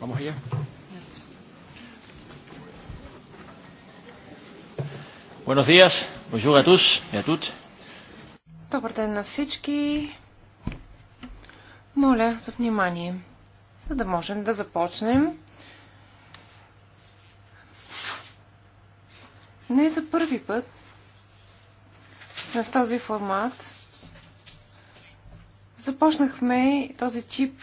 Vamos allá. Yes. Buenos días, bonjour a tous et à toutes. Добър ден на всички. Моля за внимание, за да можем да започнем. Не за първи път сме в този формат. Започнахме този тип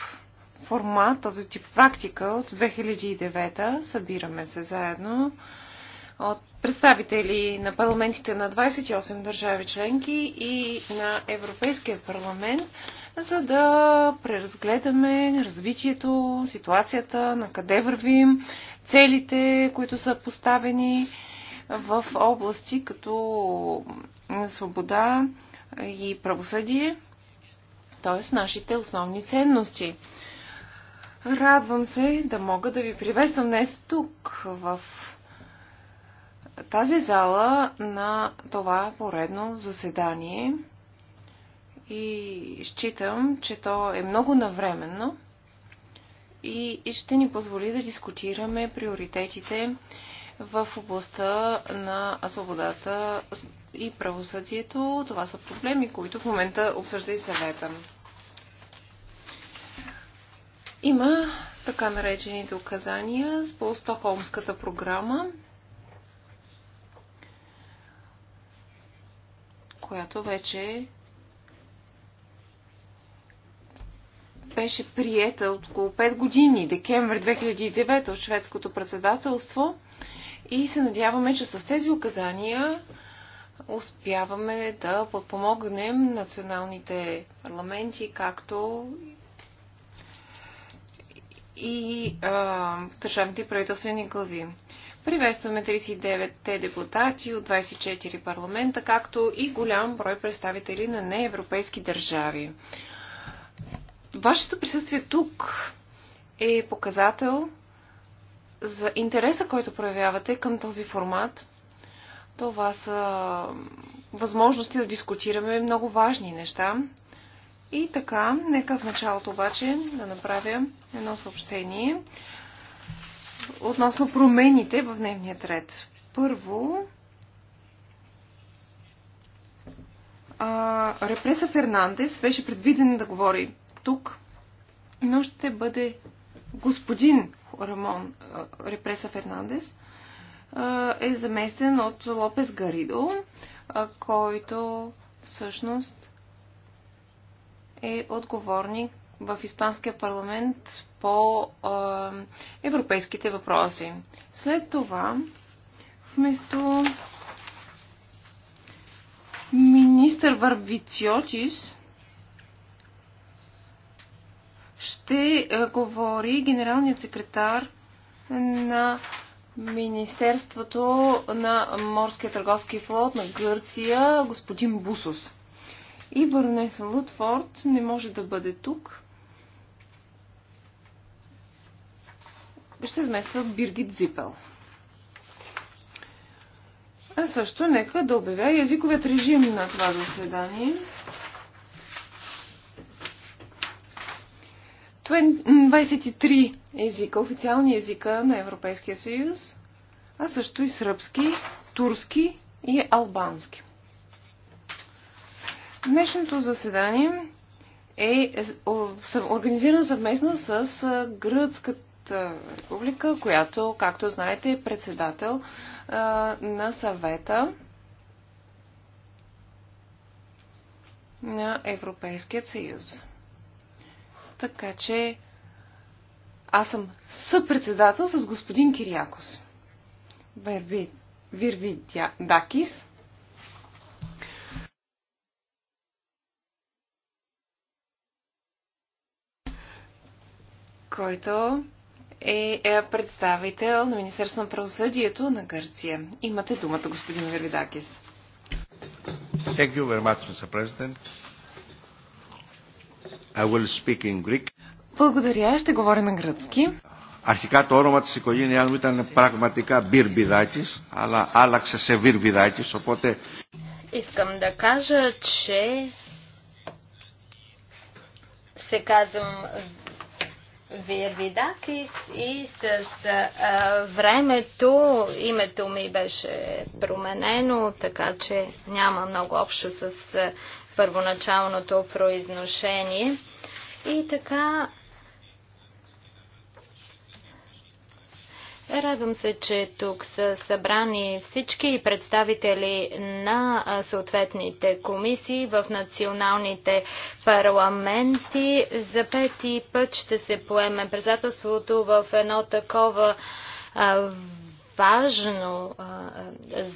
формат, този тип практика от 2009. Събираме се заедно от представители на парламентите на 28 държави членки и на Европейския парламент, за да преразгледаме развитието, ситуацията, на къде вървим, целите, които са поставени в области като свобода и правосъдие, т.е. нашите основни ценности – Радвам се да мога да ви приветствам днес тук, в тази зала на това поредно заседание. И считам, че то е много навременно и ще ни позволи да дискутираме приоритетите в областта на свободата и правосъдието. Това са проблеми, които в момента обсъжда и съвета. Има така наречените указания по Стокхолмската програма, която вече беше приета от около 5 години, декември 2009 от шведското председателство. И се надяваме, че с тези указания успяваме да подпомогнем националните парламенти, както и а, държавните правителствени глави. Приветстваме 39-те депутати от 24 парламента, както и голям брой представители на неевропейски държави. Вашето присъствие тук е показател за интереса, който проявявате към този формат. Това са възможности да дискутираме много важни неща, и така, нека в началото обаче да направя едно съобщение относно промените в дневния ред. Първо, а, Репреса Фернандес беше предвиден да говори тук, но ще бъде господин Рамон а, Репреса Фернандес а, е заместен от Лопес Гаридо, а, който всъщност е отговорник в Испанския парламент по а, европейските въпроси. След това, вместо министър Варвициотис, ще говори генералният секретар на Министерството на морския търговски флот на Гърция, господин Бусос. И баронеса Лутфорд не може да бъде тук. Ще измества Биргит Зипел. А също нека да обявя езиковият режим на това заседание. 23 е езика, официални езика на Европейския съюз, а също и сръбски, турски и албански. Днешното заседание е организирано съвместно с Гръцката република, която, както знаете, е председател на съвета на Европейският съюз. Така че аз съм съпредседател с господин Кириакос. Вирви, Вирви Дакис който е, е представител на Министерство на правосъдието на Гърция. Имате думата, господин Вервидакис. Thank you very much, Mr. President. I will speak in Greek. Благодаря, ще говоря на гръцки. Αρχικά το όνομα της οικογένειάς μου ήταν πραγματικά Μπυρμπιδάκης, αλλά άλλαξε σε Βυρβιδάκης, οπότε... Искам да кажа, че се казвам Вирвидакис и с а, времето името ми беше променено, така че няма много общо с а, първоначалното произношение. И така Радвам се, че тук са събрани всички представители на съответните комисии в националните парламенти. За пети път ще се поеме председателството в едно такова важно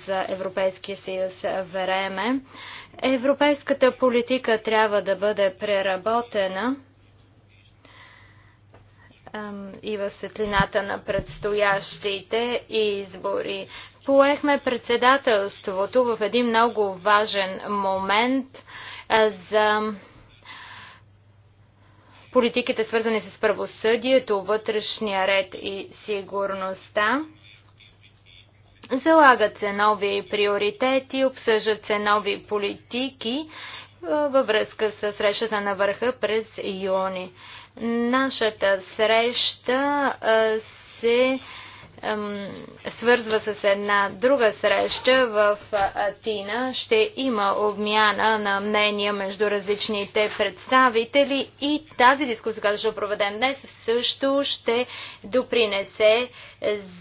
за Европейския съюз време. Европейската политика трябва да бъде преработена и в светлината на предстоящите избори. Поехме председателството в един много важен момент за политиките свързани с правосъдието, вътрешния ред и сигурността. Залагат се нови приоритети, обсъждат се нови политики във връзка с срещата на върха през юни. Нашата среща се свързва с една друга среща в Атина. Ще има обмяна на мнения между различните представители и тази дискусия, която ще проведем днес, също ще допринесе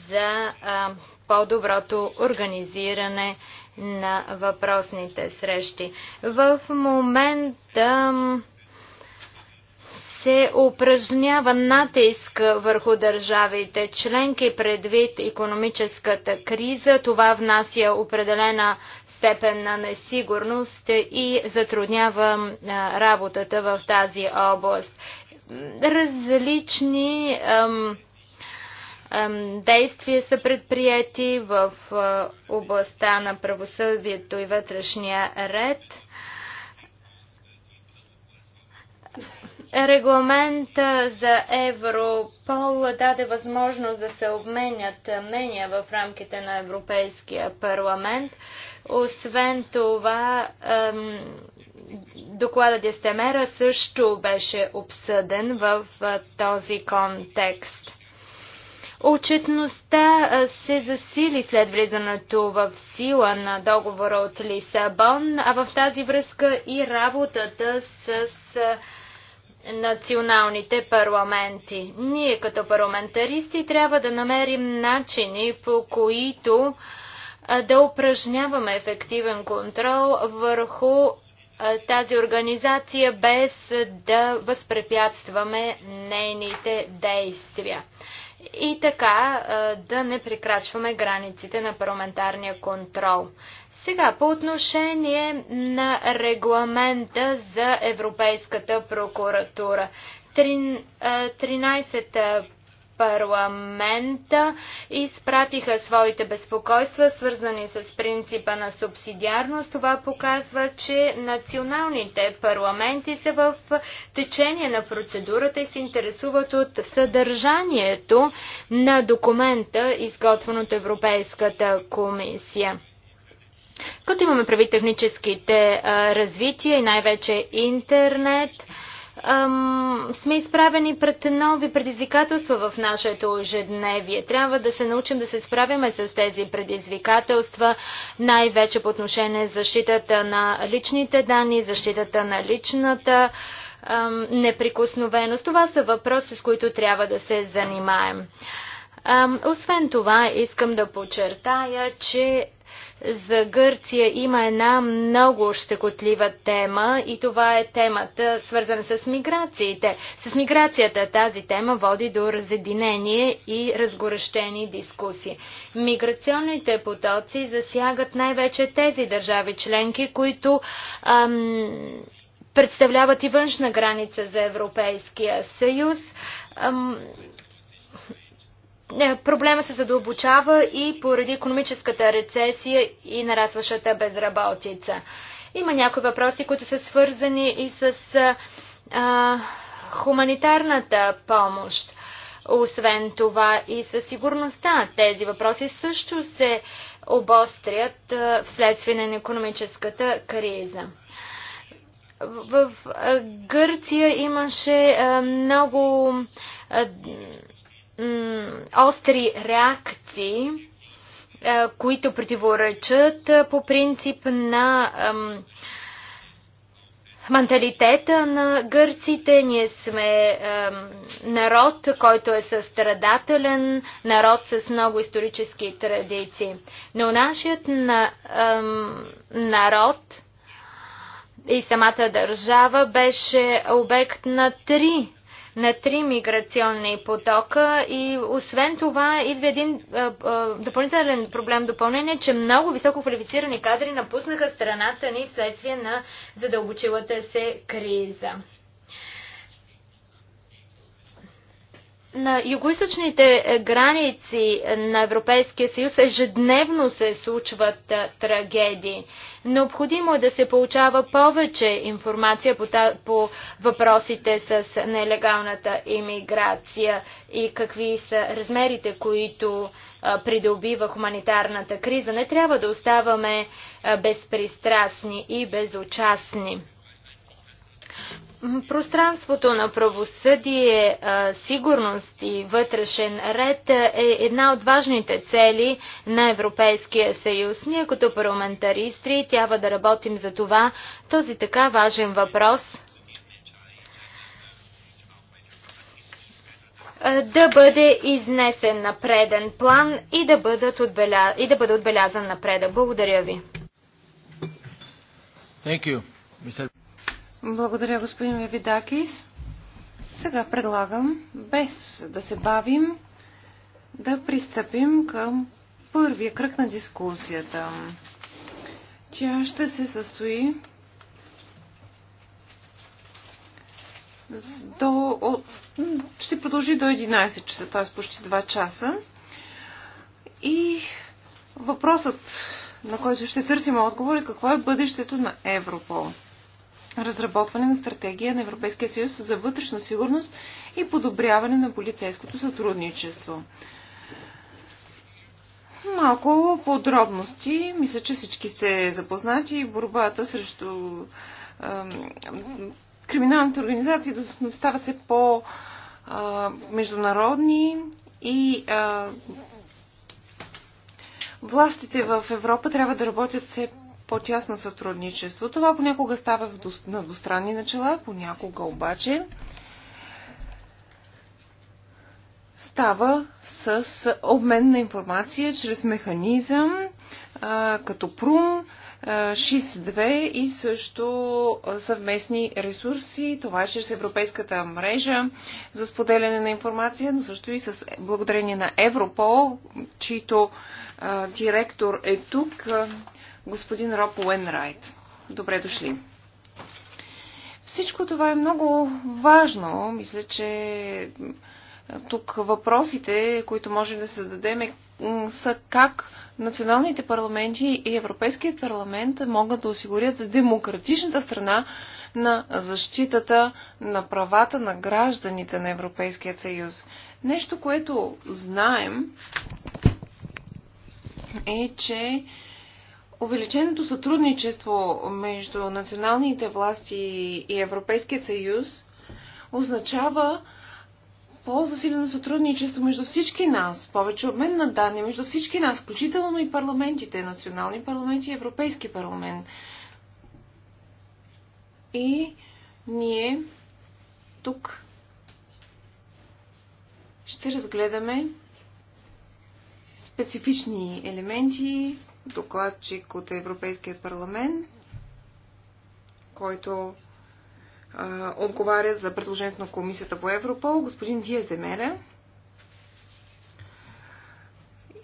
за по-доброто организиране на въпросните срещи. В момента се упражнява натиск върху държавите членки предвид економическата криза. Това внася определена степен на несигурност и затруднява работата в тази област. Различни ем, ем, действия са предприяти в областта на правосъдието и вътрешния ред. Регламент за Европол даде възможност да се обменят мнения в рамките на Европейския парламент. Освен това, докладът Естемера също беше обсъден в този контекст. Отчетността се засили след влизането в сила на договора от Лисабон, а в тази връзка и работата с националните парламенти. Ние като парламентаристи трябва да намерим начини, по които да упражняваме ефективен контрол върху тази организация, без да възпрепятстваме нейните действия. И така да не прекрачваме границите на парламентарния контрол. Сега, по отношение на регламента за Европейската прокуратура. 13 парламента изпратиха своите безпокойства, свързани с принципа на субсидиарност. Това показва, че националните парламенти са в течение на процедурата и се интересуват от съдържанието на документа, изготвен от Европейската комисия. Като имаме прави техническите развития и най-вече интернет, сме изправени пред нови предизвикателства в нашето ежедневие. Трябва да се научим да се справяме с тези предизвикателства, най-вече по отношение защитата на личните данни, защитата на личната неприкосновеност. Това са въпроси, с които трябва да се занимаем. освен това, искам да подчертая, че за Гърция има една много щекотлива тема и това е темата свързана с миграциите. С миграцията тази тема води до разединение и разгорещени дискусии. Миграционните потоци засягат най-вече тези държави членки, които ам, представляват и външна граница за Европейския съюз. Ам, е, проблема се задълбочава и поради економическата рецесия и нарастващата безработица. Има някои въпроси, които са свързани и с а, хуманитарната помощ. Освен това и със сигурността. Тези въпроси също се обострят а, вследствие на економическата криза. В, в а, Гърция имаше а, много. А, остри реакции, е, които противоречат е, по принцип на менталитета на гърците. Ние сме народ, който е състрадателен, народ с много исторически традиции. Но нашият на, народ и самата държава беше обект на три на три миграционни потока и освен това идва един а, а, допълнителен проблем, допълнение, че много високо квалифицирани кадри напуснаха страната ни вследствие на задълбочилата се криза. На югоисточните е, граници на Европейския съюз ежедневно се случват е, трагедии. Необходимо е да се получава повече информация по, та, по въпросите с нелегалната иммиграция и какви са размерите, които а, е, придобива хуманитарната криза. Не трябва да оставаме а, безпристрастни и безучастни. Пространството на правосъдие, сигурност и вътрешен ред е една от важните цели на Европейския съюз. Ние като парламентаристи трябва да работим за това този така важен въпрос да бъде изнесен на преден план и да, бъдат отбеля... и да бъде отбелязан напредък. Благодаря ви. Thank you, Mr. Благодаря, господин Вивидакис. Сега предлагам, без да се бавим, да пристъпим към първия кръг на дискусията. Тя ще се състои до, от, ще продължи до 11 часа, т.е. почти 2 часа. И въпросът, на който ще търсим отговор е какво е бъдещето на Европол разработване на стратегия на Европейския съюз за вътрешна сигурност и подобряване на полицейското сътрудничество. Малко подробности. Мисля, че всички сте запознати. Борбата срещу е, криминалните организации стават се по-международни и е, властите в Европа трябва да работят все по-тясно сътрудничество. Това понякога става на двустранни начала, понякога обаче става с обмен на информация чрез механизъм като ПРУМ, ШИС-2 и също съвместни ресурси. Това е чрез Европейската мрежа за споделяне на информация, но също и с благодарение на Европол, чийто директор е тук господин Роб Уенрайт. Добре дошли! Всичко това е много важно. Мисля, че тук въпросите, които можем да зададем дадем, са как националните парламенти и Европейският парламент могат да осигурят демократичната страна на защитата на правата на гражданите на Европейския съюз. Нещо, което знаем е, че увеличеното сътрудничество между националните власти и Европейският съюз означава по-засилено сътрудничество между всички нас, повече обмен на данни между всички нас, включително и парламентите, национални парламенти и Европейски парламент. И ние тук ще разгледаме специфични елементи докладчик от Европейския парламент, който а, отговаря за предложението на комисията по Европол, господин Диез Демере.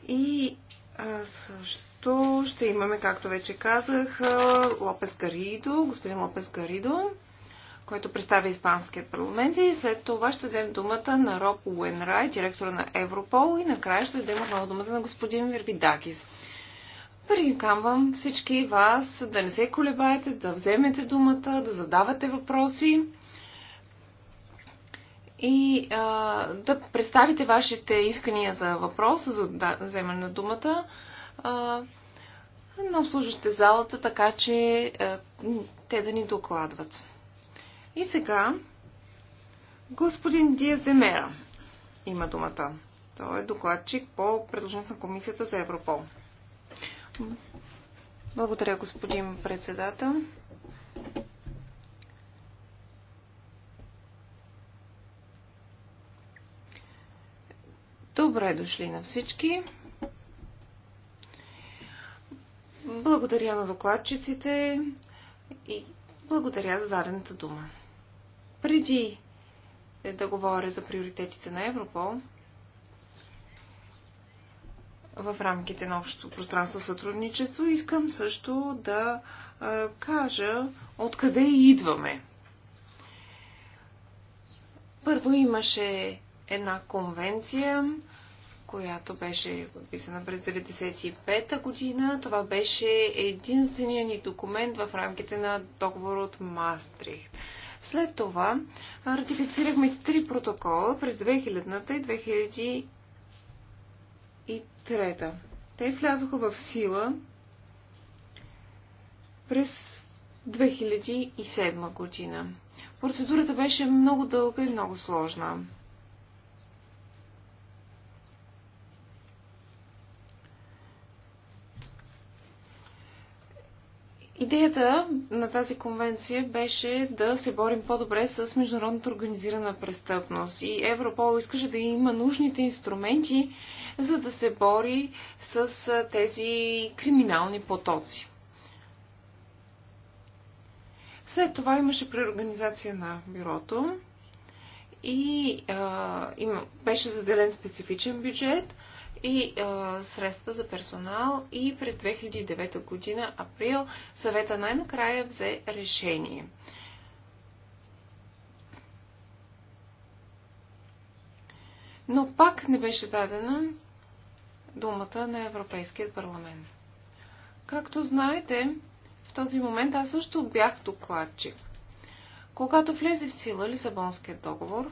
И а, също ще имаме, както вече казах, Лопес Гаридо, господин Лопес Гаридо, който представя Испанският парламент и след това ще дадем думата на Роб Уенрай, директора на Европол и накрая ще дадем отново думата на господин Вербидакис. Приканвам всички вас да не се колебаете, да вземете думата, да задавате въпроси и а, да представите вашите искания за въпрос, за да, вземане на думата, а, на обслужващите залата, така че а, те да ни докладват. И сега господин Диас Демера има думата. Той е докладчик по предложението на Комисията за Европол. Благодаря, господин председател. Добре дошли на всички. Благодаря на докладчиците и благодаря за дадената дума. Преди да говоря за приоритетите на Европол, в рамките на общото пространство сътрудничество. Искам също да кажа откъде идваме. Първо имаше една конвенция, която беше подписана през 1995 година. Това беше единствения ни документ в рамките на договор от Мастрихт. След това ратифицирахме три протокола през 2000-та и и трета. Те влязоха в сила през 2007 година. Процедурата беше много дълга и много сложна. Идеята на тази конвенция беше да се борим по-добре с международната организирана престъпност и Европол искаше да има нужните инструменти, за да се бори с тези криминални потоци. След това имаше преорганизация на бюрото и а, има, беше заделен специфичен бюджет – и а, средства за персонал и през 2009 година, април, съвета най-накрая взе решение. Но пак не беше дадена думата на Европейският парламент. Както знаете, в този момент аз също бях докладчик. Когато влезе в сила Лисабонският договор,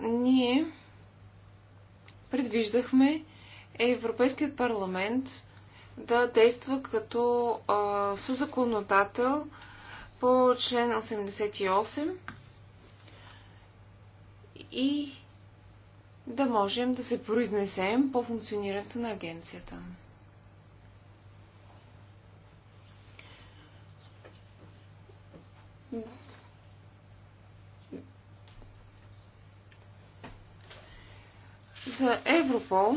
ние предвиждахме Европейският парламент да действа като а, съзаконодател по член 88 и да можем да се произнесем по функционирането на агенцията. За Европол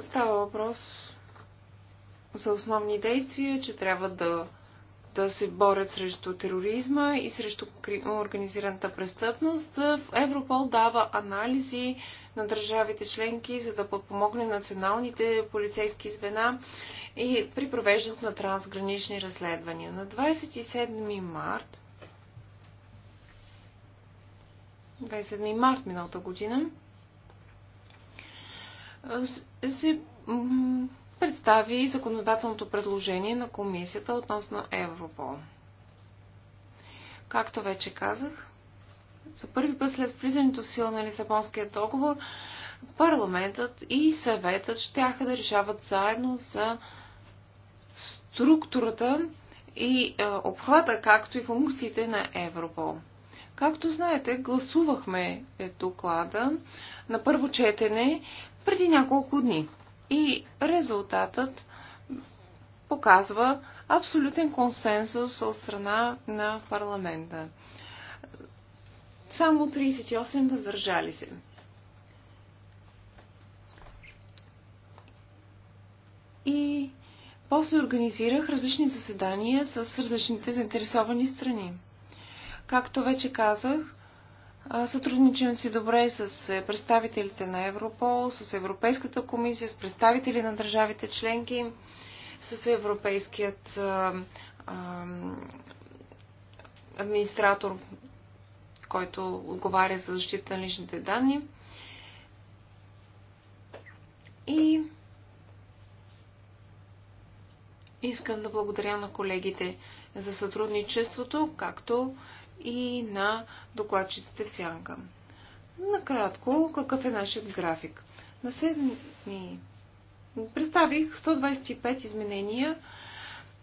става въпрос за основни действия, че трябва да, да се борят срещу тероризма и срещу организираната престъпност. Европол дава анализи на държавите членки, за да подпомогне националните полицейски звена и при провеждането на трансгранични разследвания. На 27 март 27 март миналата година, се представи законодателното предложение на комисията относно Европол. Както вече казах, за първи път след влизането в сила на Лисабонския договор, парламентът и съветът ще да решават заедно за структурата и е, обхвата, както и функциите на Европол. Както знаете, гласувахме е доклада на първо четене преди няколко дни. И резултатът показва абсолютен консенсус от страна на парламента. Само 38 въздържали се. И после организирах различни заседания с различните заинтересовани страни. Както вече казах, сътрудничим си добре с е, представителите на Европол, с Европейската комисия, с представители на държавите членки, с Европейският администратор, който отговаря за защита на личните данни. И искам да благодаря на колегите за сътрудничеството, както и на докладчиците в сянка. Накратко, какъв е нашият график? На 7... Представих 125 изменения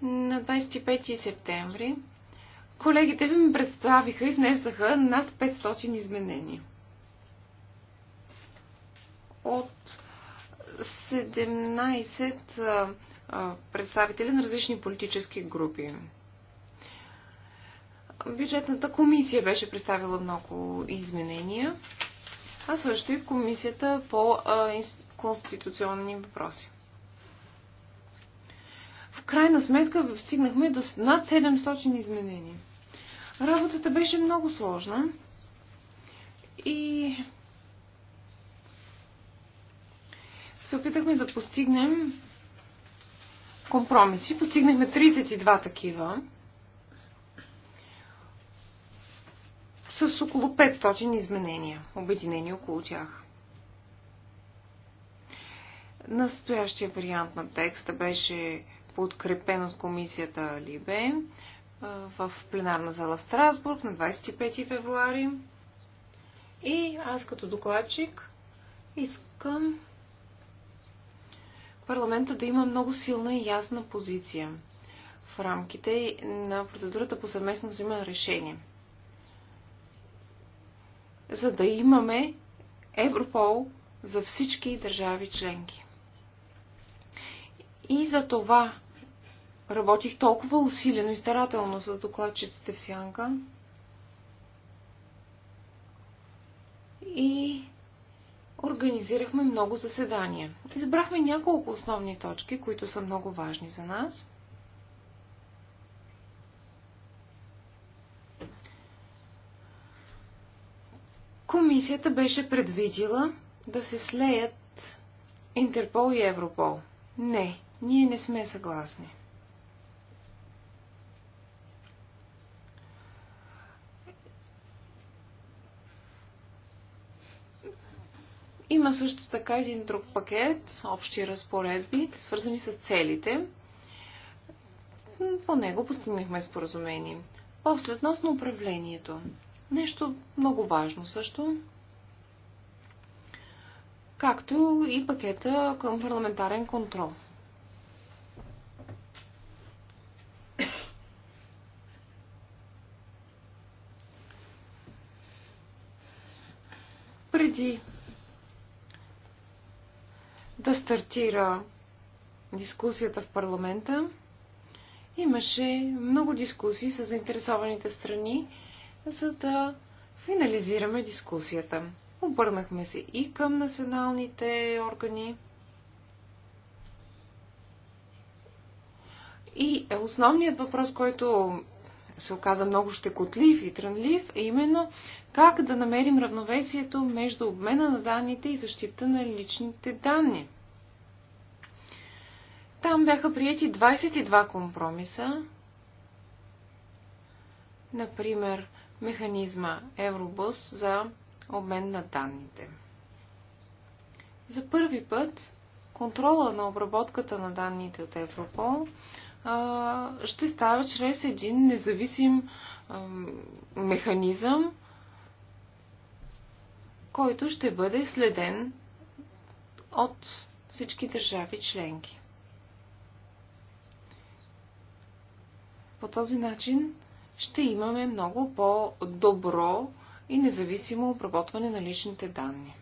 на 25 септември. Колегите ми представиха и внесаха над 500 изменения. От 17 представители на различни политически групи бюджетната комисия беше представила много изменения, а също и комисията по конституционни въпроси. В крайна сметка стигнахме до над 700 изменения. Работата беше много сложна и се опитахме да постигнем компромиси. Постигнахме 32 такива. с около 500 изменения, обединени около тях. Настоящия вариант на текста беше подкрепен от комисията Либе в пленарна зала в Страсбург на 25 февруари. И аз като докладчик искам парламента да има много силна и ясна позиция в рамките на процедурата по съвместно взимане решение за да имаме Европол за всички държави членки. И за това работих толкова усилено и старателно с докладчиците в Сянка. И организирахме много заседания. Избрахме няколко основни точки, които са много важни за нас. Комисията беше предвидила да се слеят Интерпол и Европол. Не, ние не сме съгласни. Има също така един друг пакет, общи разпоредби, свързани с целите. По него постигнахме споразумение. После относно управлението. Нещо много важно също. Както и пакета към парламентарен контрол. преди да стартира дискусията в парламента, имаше много дискусии с заинтересованите страни за да финализираме дискусията. Обърнахме се и към националните органи. И е, основният въпрос, който се оказа много щекотлив и трънлив, е именно как да намерим равновесието между обмена на данните и защита на личните данни. Там бяха прияти 22 компромиса. Например, механизма Евробус за обмен на данните. За първи път контрола на обработката на данните от Европол ще става чрез един независим механизъм, който ще бъде следен от всички държави членки. По този начин ще имаме много по-добро и независимо обработване на личните данни.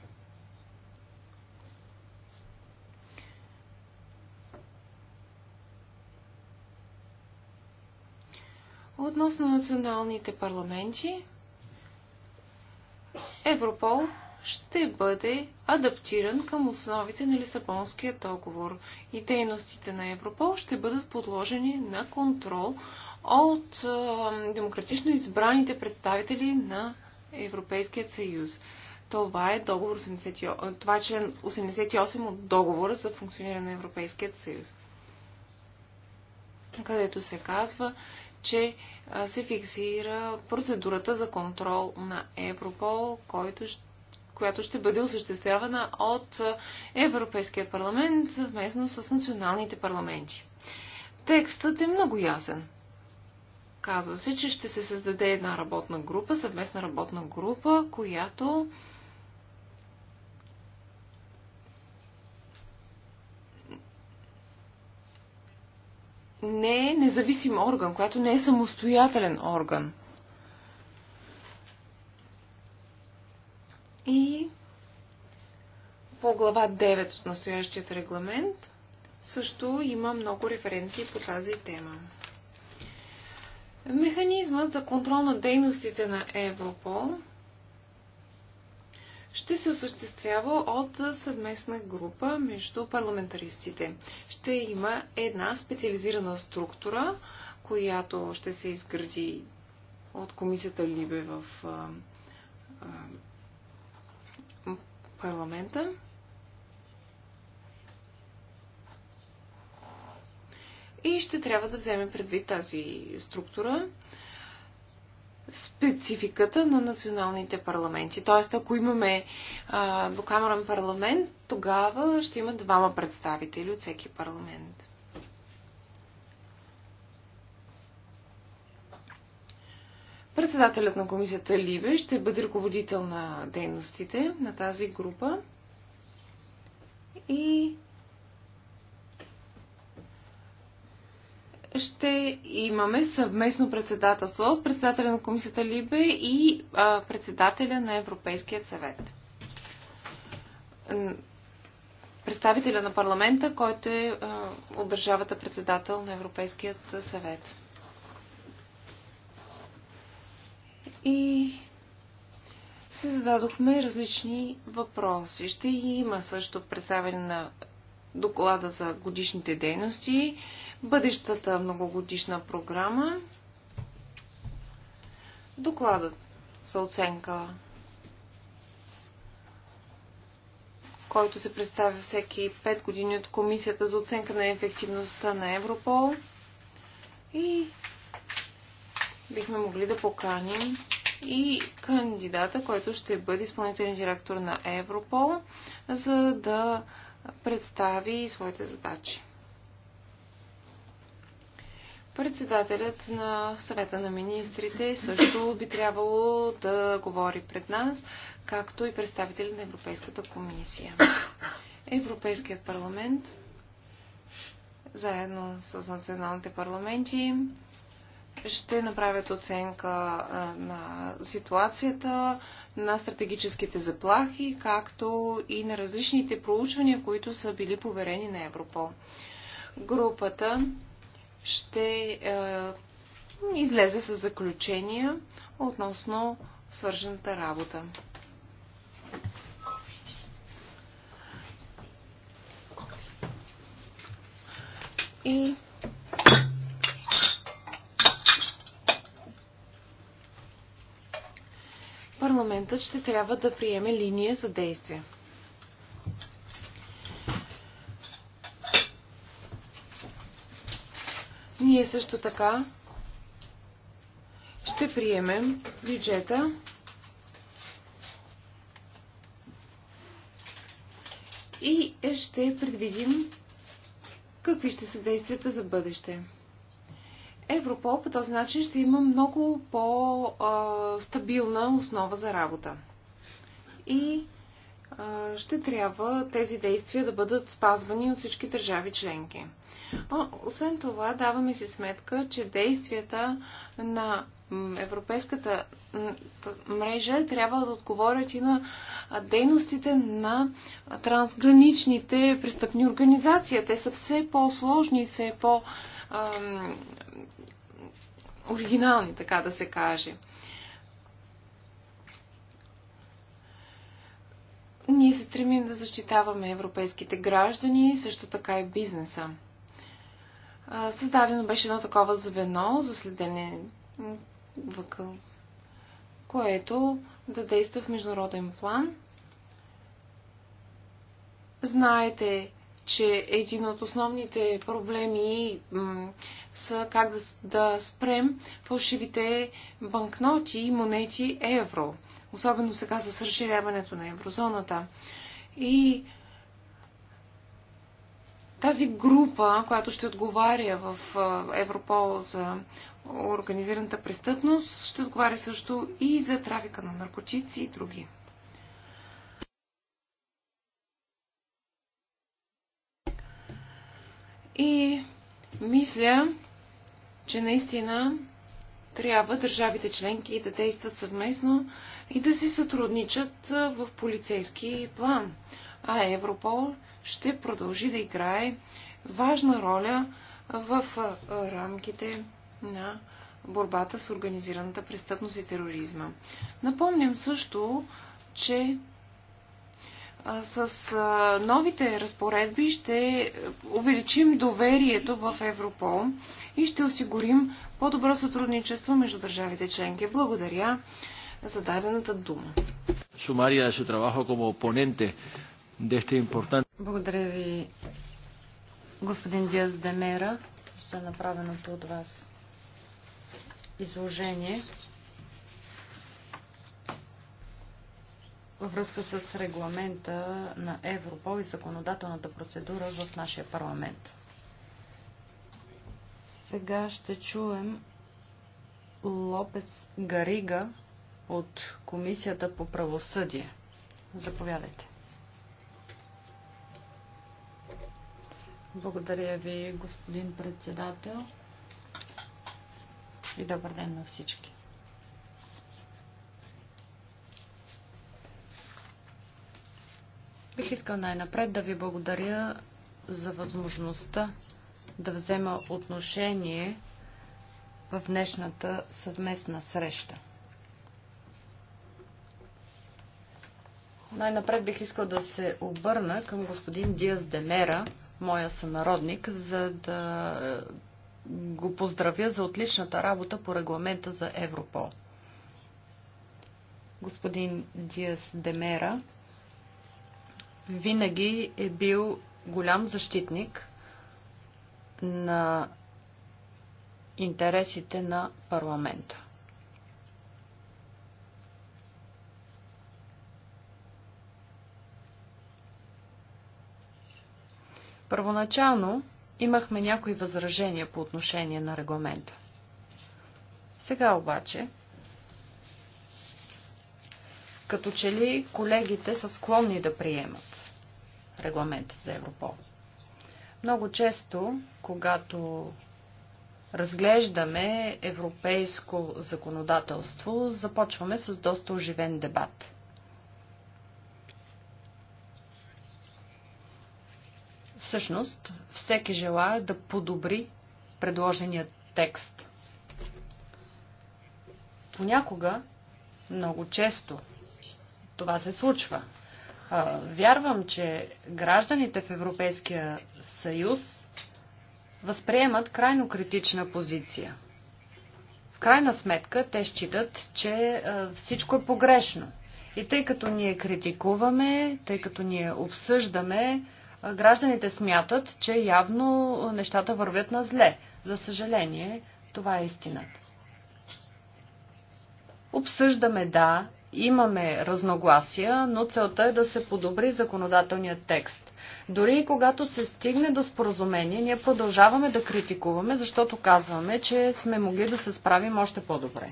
Относно националните парламенти, Европол ще бъде адаптиран към основите на Лисабонския договор и дейностите на Европол ще бъдат подложени на контрол от демократично избраните представители на Европейският съюз. Това е, договор 80, това е член 88 от договора за функциониране на Европейският съюз, където се казва, че се фиксира процедурата за контрол на Европол, който ще която ще бъде осъществявана от Европейския парламент съвместно с националните парламенти. Текстът е много ясен. Казва се, че ще се създаде една работна група, съвместна работна група, която не е независим орган, която не е самостоятелен орган. И по глава 9 от настоящият регламент също има много референции по тази тема. Механизмът за контрол на дейностите на Европол ще се осъществява от съвместна група между парламентаристите. Ще има една специализирана структура, която ще се изгради от комисията Либе в парламента. ще трябва да вземем предвид тази структура, спецификата на националните парламенти. Тоест, ако имаме а, двукамерен парламент, тогава ще има двама представители от всеки парламент. Председателят на комисията Либе ще бъде ръководител на дейностите на тази група и ще имаме съвместно председателство от председателя на комисията Либе и а, председателя на Европейския съвет. Представителя на парламента, който е а, от държавата председател на Европейският съвет. И се зададохме различни въпроси. Ще има също представяне на доклада за годишните дейности, бъдещата многогодишна програма. Докладът за оценка, който се представя всеки 5 години от Комисията за оценка на ефективността на Европол. И бихме могли да поканим и кандидата, който ще бъде изпълнителен директор на Европол, за да представи своите задачи. Председателят на съвета на министрите също би трябвало да говори пред нас, както и представители на Европейската комисия. Европейският парламент, заедно с националните парламенти, ще направят оценка на ситуацията, на стратегическите заплахи, както и на различните проучвания, които са били поверени на Европол. Групата ще е, излезе с заключения относно свържената работа. И парламентът ще трябва да приеме линия за действие. Ние също така ще приемем бюджета и ще предвидим какви ще са действията за бъдеще. Европол по този начин ще има много по-стабилна основа за работа. И ще трябва тези действия да бъдат спазвани от всички държави членки. Освен това, даваме си сметка, че действията на европейската мрежа трябва да отговорят и на дейностите на трансграничните престъпни организации. Те са все по-сложни и все по-оригинални, така да се каже. Ние се стремим да защитаваме европейските граждани, също така и бизнеса създадено беше едно такова звено за следене въкъл, което да действа в международен план. Знаете, че един от основните проблеми са как да, да спрем фалшивите банкноти и монети евро. Особено сега с разширяването на еврозоната. И тази група, която ще отговаря в Европол за организираната престъпност, ще отговаря също и за трафика на наркотици и други. И мисля, че наистина трябва държавите членки да действат съвместно и да си сътрудничат в полицейски план. А Европол ще продължи да играе важна роля в рамките на борбата с организираната престъпност и тероризма. Напомням също, че с новите разпоредби ще увеличим доверието в Европол и ще осигурим по-добро сътрудничество между държавите членки. Благодаря за дадената дума. Сумария се su като опоненте de este importante благодаря ви, господин Диас Демера, за направеното от вас изложение във връзка с регламента на Европол и законодателната процедура в нашия парламент. Сега ще чуем Лопес Гарига от Комисията по правосъдие. Заповядайте. Благодаря ви, господин председател. И добър ден на всички. Бих искал най-напред да ви благодаря за възможността да взема отношение в днешната съвместна среща. Най-напред бих искал да се обърна към господин Диас Демера, моя сънародник, за да е, го поздравя за отличната работа по регламента за Европол. Господин Диас Демера винаги е бил голям защитник на интересите на парламента. Първоначално имахме някои възражения по отношение на регламента. Сега обаче, като че ли колегите са склонни да приемат регламента за Европол. Много често, когато разглеждаме европейско законодателство, започваме с доста оживен дебат. Всъщност, всеки желая да подобри предложения текст. Понякога, много често, това се случва. Вярвам, че гражданите в Европейския съюз възприемат крайно критична позиция. В крайна сметка те считат, че всичко е погрешно. И тъй като ние критикуваме, тъй като ние обсъждаме, гражданите смятат, че явно нещата вървят на зле. За съжаление, това е истината. Обсъждаме, да, имаме разногласия, но целта е да се подобри законодателният текст. Дори и когато се стигне до споразумение, ние продължаваме да критикуваме, защото казваме, че сме могли да се справим още по-добре.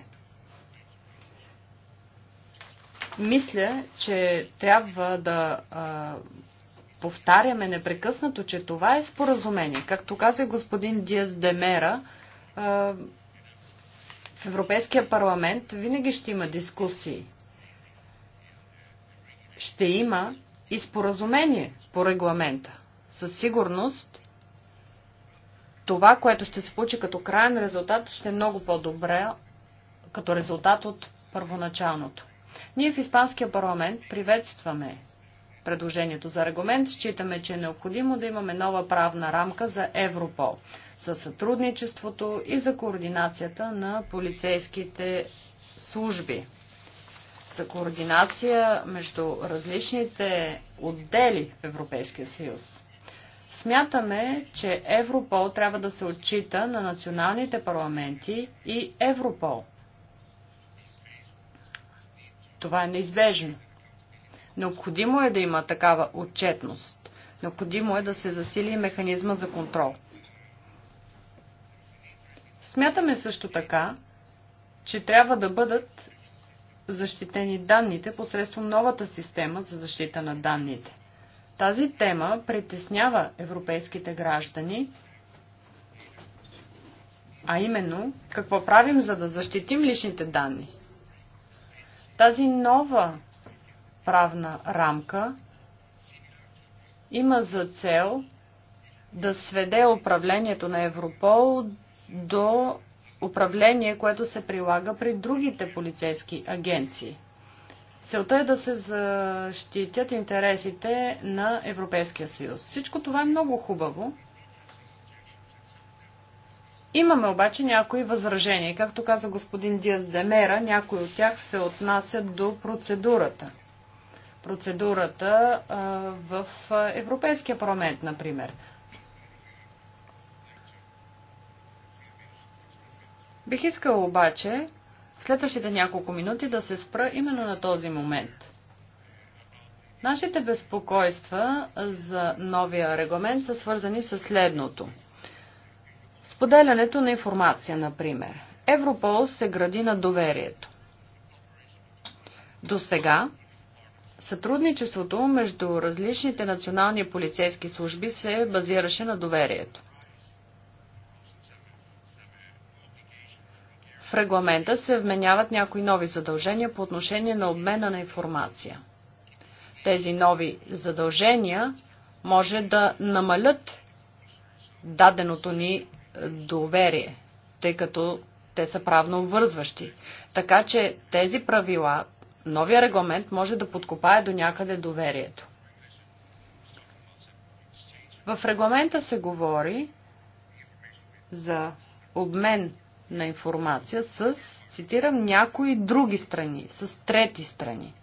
Мисля, че трябва да а, повтаряме непрекъснато, че това е споразумение. Както каза господин Диас Демера, в Европейския парламент винаги ще има дискусии. Ще има и споразумение по регламента. Със сигурност това, което ще се получи като крайен резултат, ще е много по-добре като резултат от първоначалното. Ние в Испанския парламент приветстваме предложението за регламент, считаме, че е необходимо да имаме нова правна рамка за Европол, за сътрудничеството и за координацията на полицейските служби. За координация между различните отдели в Европейския съюз. Смятаме, че Европол трябва да се отчита на националните парламенти и Европол. Това е неизбежно. Необходимо е да има такава отчетност. Необходимо е да се засили механизма за контрол. Смятаме също така, че трябва да бъдат защитени данните посредством новата система за защита на данните. Тази тема притеснява европейските граждани, а именно какво правим за да защитим личните данни. Тази нова правна рамка има за цел да сведе управлението на Европол до управление, което се прилага при другите полицейски агенции. Целта е да се защитят интересите на Европейския съюз. Всичко това е много хубаво. Имаме обаче някои възражения. Както каза господин Диас Демера, някои от тях се отнасят до процедурата процедурата в Европейския парламент, например. Бих искал обаче в следващите няколко минути да се спра именно на този момент. Нашите безпокойства за новия регламент са свързани с следното. Споделянето на информация, например. Европол се гради на доверието. До сега Сътрудничеството между различните национални полицейски служби се базираше на доверието. В регламента се вменяват някои нови задължения по отношение на обмена на информация. Тези нови задължения може да намалят даденото ни е, доверие, тъй като те са правно обвързващи. Така че тези правила новия регламент може да подкопае до някъде доверието. В регламента се говори за обмен на информация с, цитирам, някои други страни, с трети страни.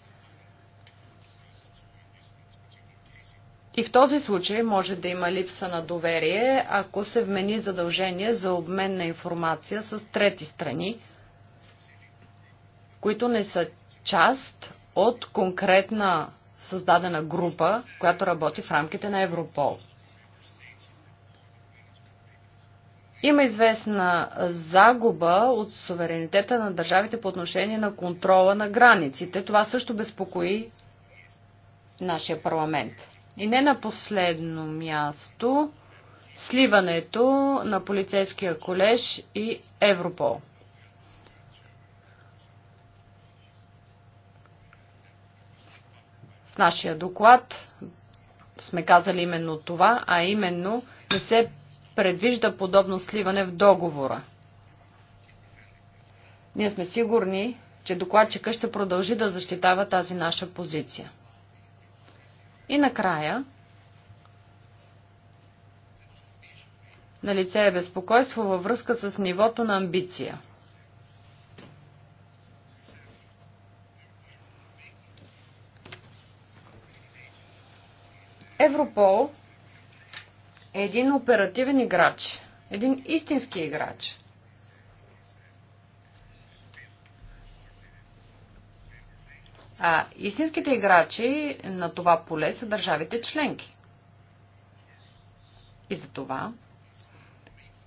И в този случай може да има липса на доверие, ако се вмени задължение за обмен на информация с трети страни, които не са част от конкретна създадена група, която работи в рамките на Европол. Има известна загуба от суверенитета на държавите по отношение на контрола на границите. Това също безпокои нашия парламент. И не на последно място сливането на полицейския колеж и Европол. нашия доклад сме казали именно това, а именно не се предвижда подобно сливане в договора. Ние сме сигурни, че докладчика ще продължи да защитава тази наша позиция. И накрая, на лице е безпокойство във връзка с нивото на амбиция. Европол е един оперативен играч, един истински играч. А истинските играчи на това поле са държавите членки. И за това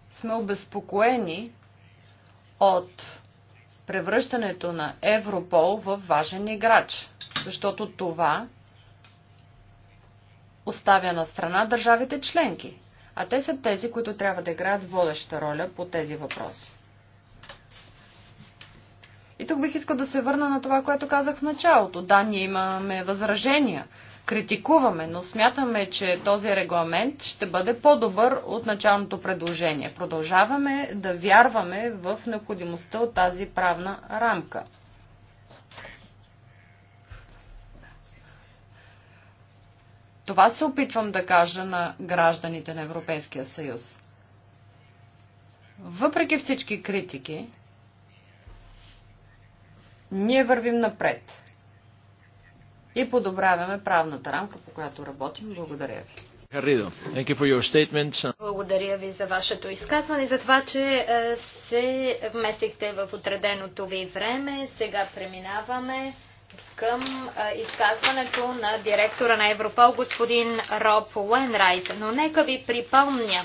сме обезпокоени от превръщането на Европол в важен играч, защото това оставя на страна държавите членки, а те са тези, които трябва да играят водеща роля по тези въпроси. И тук бих искал да се върна на това, което казах в началото. Да, ние имаме възражения, критикуваме, но смятаме, че този регламент ще бъде по-добър от началното предложение. Продължаваме да вярваме в необходимостта от тази правна рамка. Това се опитвам да кажа на гражданите на Европейския съюз. Въпреки всички критики, ние вървим напред и подобряваме правната рамка, по която работим. Благодаря ви. Благодаря ви за вашето изказване и за това, че е, се вместихте в отреденото ви време. Сега преминаваме към изказването на директора на Европол, господин Роб Уенрайт. Но нека ви припомня,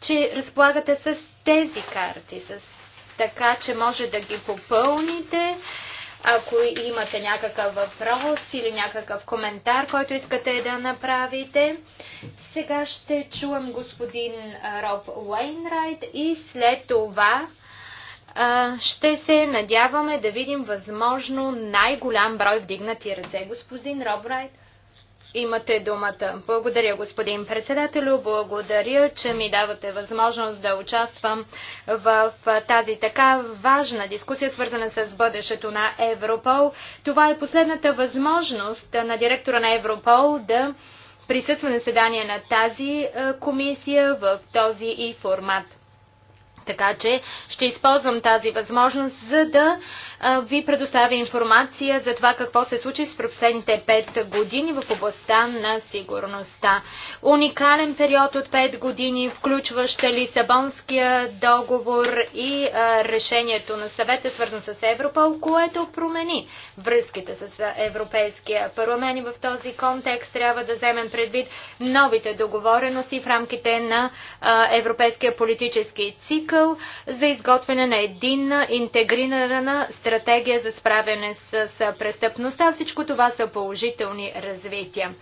че разполагате с тези карти, с... така че може да ги попълните. Ако имате някакъв въпрос или някакъв коментар, който искате да направите, сега ще чувам господин Роб Уейнрайт и след това ще се надяваме да видим възможно най-голям брой вдигнати ръце. Господин Робрайт, имате думата. Благодаря, господин председателю. Благодаря, че ми давате възможност да участвам в тази така важна дискусия, свързана с бъдещето на Европол. Това е последната възможност на директора на Европол да присъства на седание на тази е, комисия в този и формат. Така че ще използвам тази възможност, за да ви предоставя информация за това какво се случи с последните 5 години в областта на сигурността. Уникален период от 5 години, включващ Лисабонския договор и решението на съвета, свързано с Европол, което промени връзките с Европейския парламент и в този контекст трябва да вземем предвид новите договорености в рамките на Европейския политически цикъл за изготвяне на един интегрирана стратегия стратегия за справяне с, с престъпността. Всичко това са положителни развития.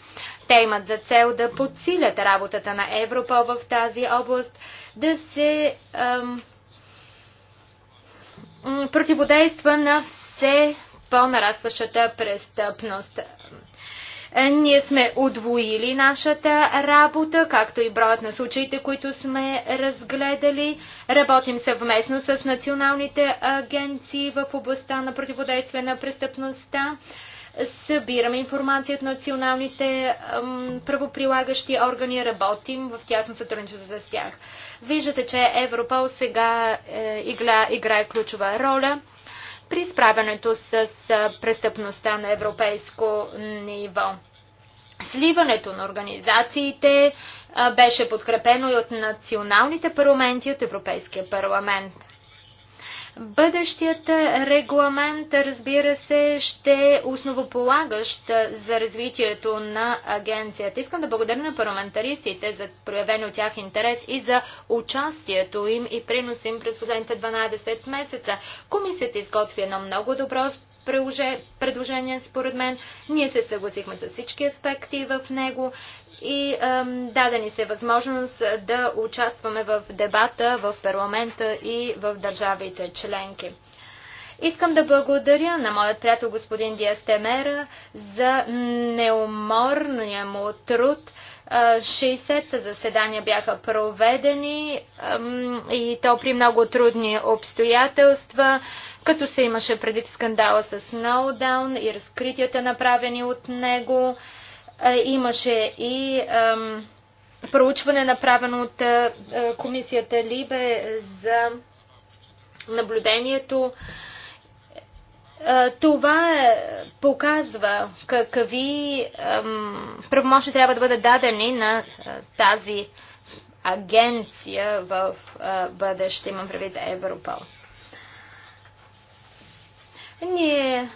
Те имат за цел да подсилят работата на Европа в тази област, да се ам, противодейства на все по-нарастващата престъпност. Ние сме удвоили нашата работа, както и броят на случаите, които сме разгледали. Работим съвместно с националните агенции в областта на противодействие на престъпността. Събираме информация от националните правоприлагащи органи, работим в тясно сътрудничество с тях. Виждате, че Европол сега е, играе ключова роля при справянето с престъпността на европейско ниво. Сливането на организациите беше подкрепено и от националните парламенти, от Европейския парламент. Бъдещият регламент, разбира се, ще основополагащ за развитието на агенцията. Искам да благодаря на парламентаристите за проявен от тях интерес и за участието им и приноса им през последните 12 месеца. Комисията изготви едно много добро предложение, според мен. Ние се съгласихме с всички аспекти в него и ем, даде ни се възможност да участваме в дебата в парламента и в държавите членки. Искам да благодаря на моят приятел господин Диастемера за неуморния му труд – 60 заседания бяха проведени и то при много трудни обстоятелства, като се имаше преди скандала с Snowdown и разкритията направени от него. Имаше и проучване направено от комисията Либе за наблюдението това е, показва какви правомощи трябва да бъдат дадени на тази агенция в бъдеще, имам предвид Европол. Ние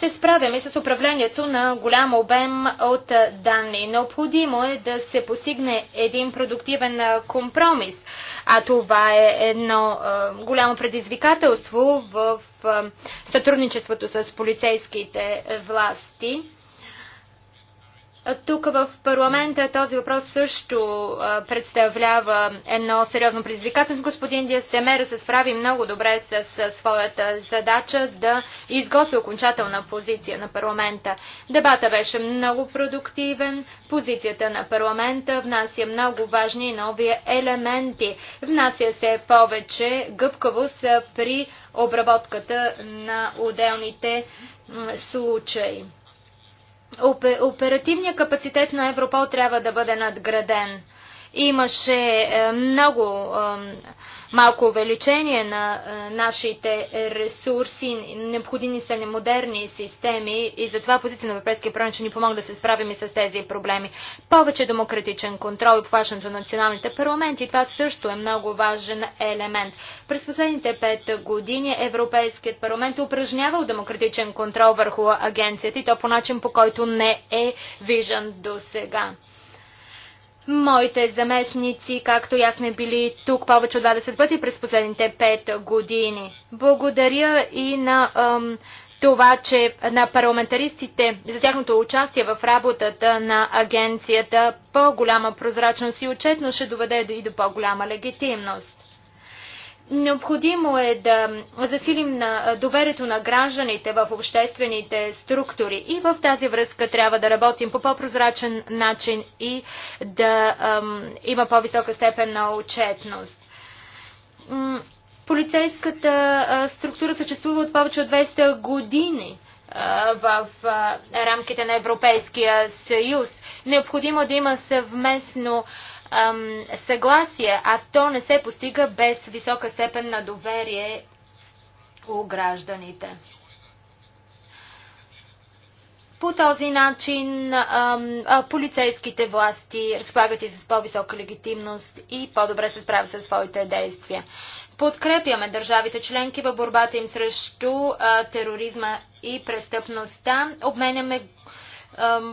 се справяме с управлението на голям обем от данни. Необходимо е да се постигне един продуктивен компромис, а това е едно голямо предизвикателство в сътрудничеството с полицейските власти. Тук в парламента този въпрос също представлява едно сериозно предизвикателство. Господин Диастемер се справи много добре с, своята задача да изготви окончателна позиция на парламента. Дебата беше много продуктивен. Позицията на парламента внася много важни и нови елементи. Внася се повече гъвкавост при обработката на отделните случаи оперативният капацитет на Европол трябва да бъде надграден. Имаше е, много малко увеличение на е, нашите ресурси. Необходими са модерни системи и затова позиция на Европейския парламент че ни помогна да се справим и с тези проблеми. Повече демократичен контрол и обхващането на националните парламенти. Това също е много важен елемент. През последните пет години Европейският парламент е упражнявал демократичен контрол върху агенцията и то по начин, по който не е виждан до сега. Моите заместници, както и аз сме били тук повече от 20 пъти през последните 5 години. Благодаря и на ам, това, че на парламентаристите за тяхното участие в работата на агенцията по-голяма прозрачност и отчетност ще доведе и до по-голяма легитимност. Необходимо е да засилим на доверието на гражданите в обществените структури и в тази връзка трябва да работим по по-прозрачен начин и да ам, има по-висока степен на отчетност. Полицейската структура съществува от повече от 200 години в рамките на Европейския съюз. Необходимо да има съвместно съгласие, а то не се постига без висока степен на доверие у гражданите. По този начин полицейските власти разполагат и с по-висока легитимност и по-добре се справят със своите действия. Подкрепяме държавите членки в борбата им срещу тероризма и престъпността. Обменяме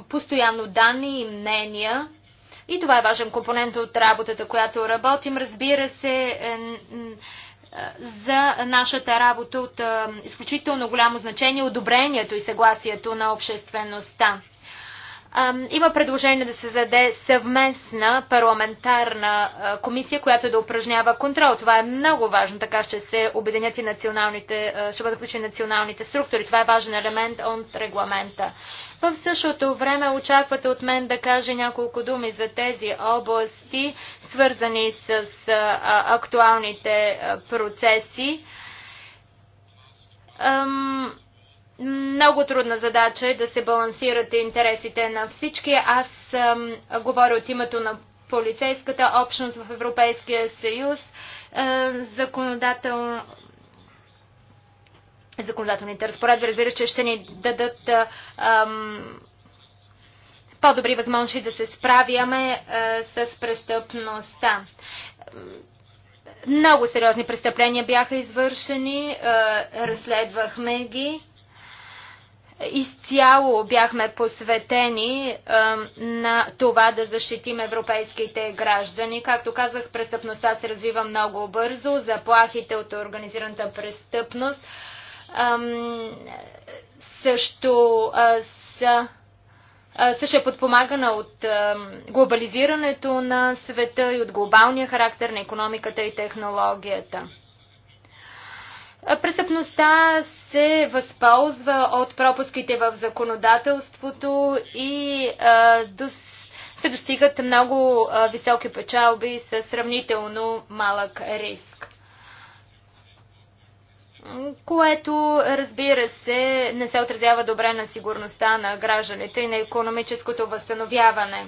постоянно данни и мнения и това е важен компонент от работата, която работим. Разбира се, е, за нашата работа от е, изключително голямо значение одобрението и съгласието на обществеността. Има предложение да се заде съвместна парламентарна е, комисия, която да упражнява контрол. Това е много важно, така ще се обединят и националните, ще бъдат включени националните структури. Това е важен елемент от регламента. В същото време очаквате от мен да кажа няколко думи за тези области, свързани с актуалните процеси. Много трудна задача е да се балансирате интересите на всички. Аз говоря от името на полицейската общност в Европейския съюз. Законодател законодателните разпоредби, разбира се, ще ни дадат по-добри възможности да се справяме а, с престъпността. Много сериозни престъпления бяха извършени, а, разследвахме ги. Изцяло бяхме посветени а, на това да защитим европейските граждани. Както казах, престъпността се развива много бързо, заплахите от организираната престъпност – също са също е подпомагана от глобализирането на света и от глобалния характер на економиката и технологията. Престъпността се възползва от пропуските в законодателството и се достигат много високи печалби с сравнително малък риск което, разбира се, не се отразява добре на сигурността на гражданите и на економическото възстановяване.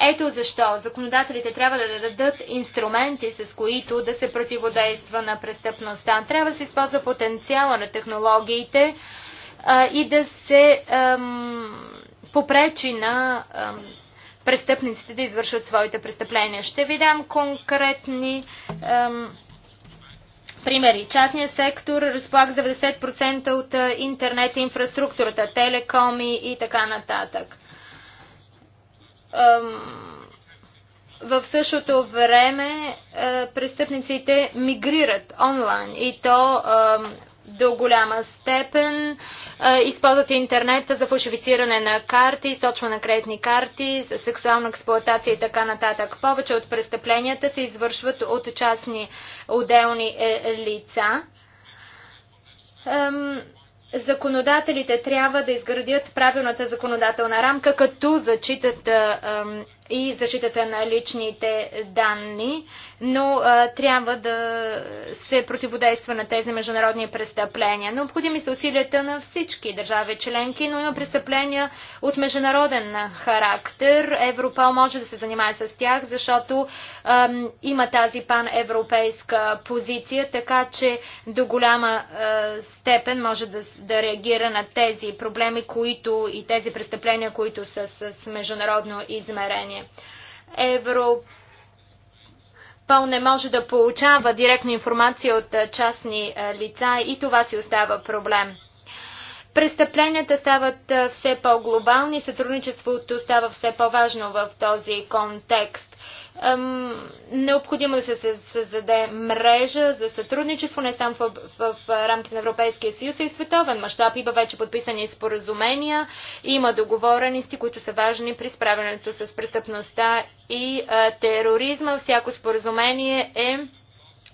Ето защо законодателите трябва да дадат инструменти, с които да се противодейства на престъпността. Трябва да се използва потенциала на технологиите а, и да се ам, попречи на ам, престъпниците да извършат своите престъпления. Ще ви дам конкретни ам, Примери. Частният сектор разполага с 90% от интернет инфраструктурата, телекоми и така нататък. В същото време престъпниците мигрират онлайн и то до голяма степен а, използват интернета за фалшифициране на карти, източване на кредитни карти, сексуална експлоатация и така нататък. Повече от престъпленията се извършват от частни отделни е, лица. законодателите трябва да изградят правилната законодателна рамка, като зачитат и защитата на личните данни но а, трябва да се противодейства на тези международни престъпления. Необходими са усилията на всички държави членки, но има престъпления от международен характер. Европол може да се занимае с тях, защото а, има тази паневропейска позиция, така че до голяма а, степен може да, да реагира на тези проблеми, които и тези престъпления, които са с международно измерение. Европол Пол не може да получава директна информация от частни лица и това си остава проблем. Престъпленията стават все по-глобални, сътрудничеството става все по-важно в този контекст. Необходимо е да се създаде мрежа за сътрудничество не само в, в, в рамките на Европейския съюз, а и световен мащаб. Има вече подписани споразумения, има договорености, които са важни при справянето с престъпността и а, тероризма. Всяко споразумение е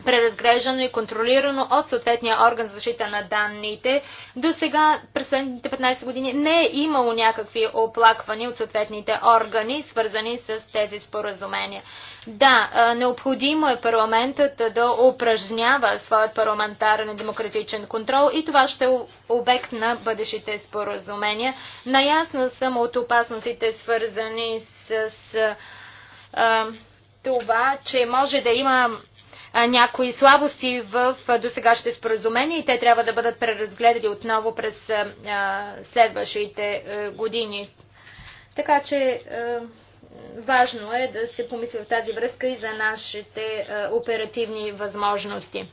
преразглеждано и контролирано от съответния орган за защита на данните. До сега, през следните 15 години, не е имало някакви оплаквания от съответните органи, свързани с тези споразумения. Да, необходимо е парламентът да упражнява своят парламентарен и демократичен контрол и това ще е обект на бъдещите споразумения. Наясно съм от опасностите, свързани с, с а, това, че може да има някои слабости в досегащите споразумения и те трябва да бъдат преразгледани отново през следващите години. Така че важно е да се помисли в тази връзка и за нашите оперативни възможности.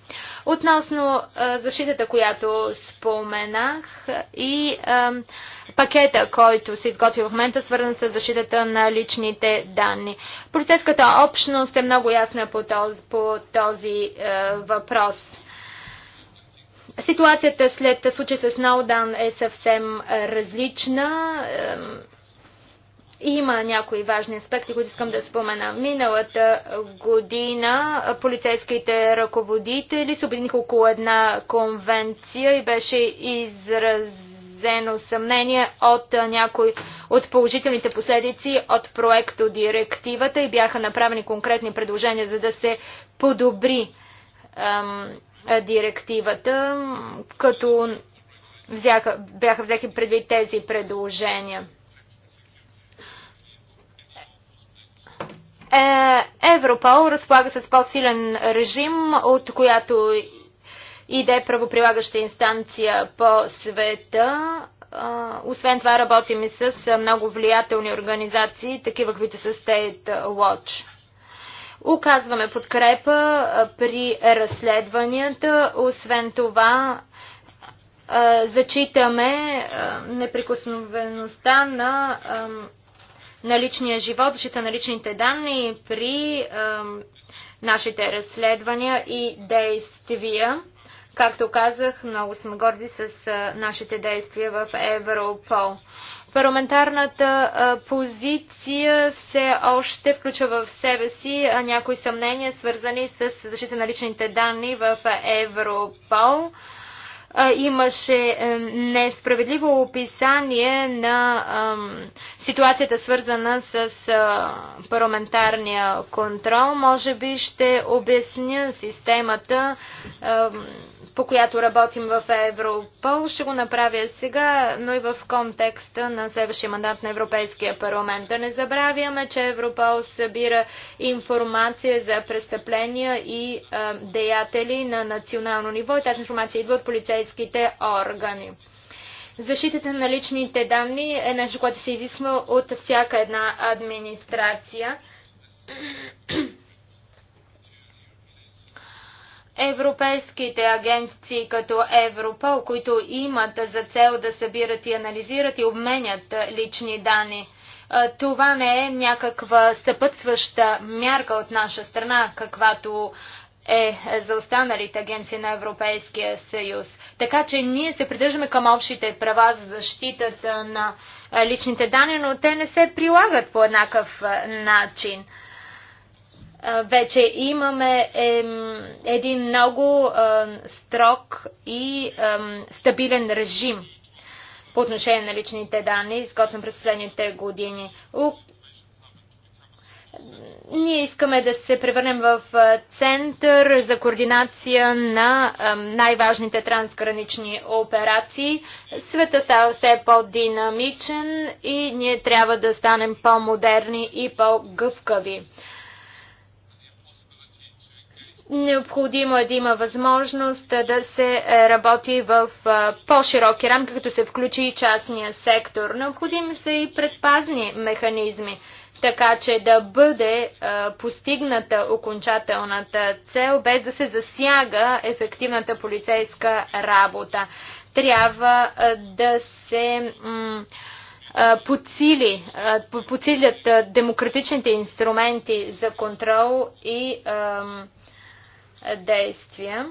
Относно защитата, която споменах и пакета, който се изготви в момента, свързан с защитата на личните данни. Полицейската общност е много ясна по този, по този въпрос. Ситуацията след случай с Сноудан е съвсем различна. Има някои важни аспекти, които искам да спомена. Миналата година полицейските ръководители се обединиха около една конвенция и беше изразено съмнение от някои от положителните последици от проекто директивата и бяха направени конкретни предложения, за да се подобри ем, директивата, като взяха, бяха взети предвид тези предложения. Е, Европол разполага с по-силен режим, от която иде правоприлагаща инстанция по света. Освен това работим и с много влиятелни организации, такива каквито са State Watch. Оказваме подкрепа при разследванията. Освен това, зачитаме неприкосновеността на на личния живот, защита на личните данни при е, нашите разследвания и действия. Както казах, много сме горди с е, нашите действия в Европол. Парламентарната е, позиция все още включва в себе си някои съмнения, свързани с защита на личните данни в Европол. Е, имаше несправедливо описание на ситуацията свързана с е, парламентарния контрол. Може би ще обясня системата по която работим в Европол. Ще го направя сега, но и в контекста на следващия мандат на Европейския парламент. Да не забравяме, че Европол събира информация за престъпления и а, деятели на национално ниво и тази информация идва от полицейските органи. Защитата на личните данни е нещо, което се изисква от всяка една администрация. Европейските агенции като Европол, които имат за цел да събират и анализират и обменят лични данни. Това не е някаква съпътстваща мярка от наша страна, каквато е за останалите агенции на Европейския съюз. Така че ние се придържаме към общите права за защитата на личните данни, но те не се прилагат по еднакъв начин вече имаме един много строг и стабилен режим по отношение на личните данни, изготвен през последните години. Ние искаме да се превърнем в център за координация на най-важните трансгранични операции. Света става все по-динамичен и ние трябва да станем по-модерни и по-гъвкави. Необходимо е да има възможност да се работи в по-широки рамки, като се включи и частния сектор. Необходими са и предпазни механизми, така че да бъде постигната окончателната цел, без да се засяга ефективната полицейска работа. Трябва да се подсилят демократичните инструменти за контрол и ам, действия.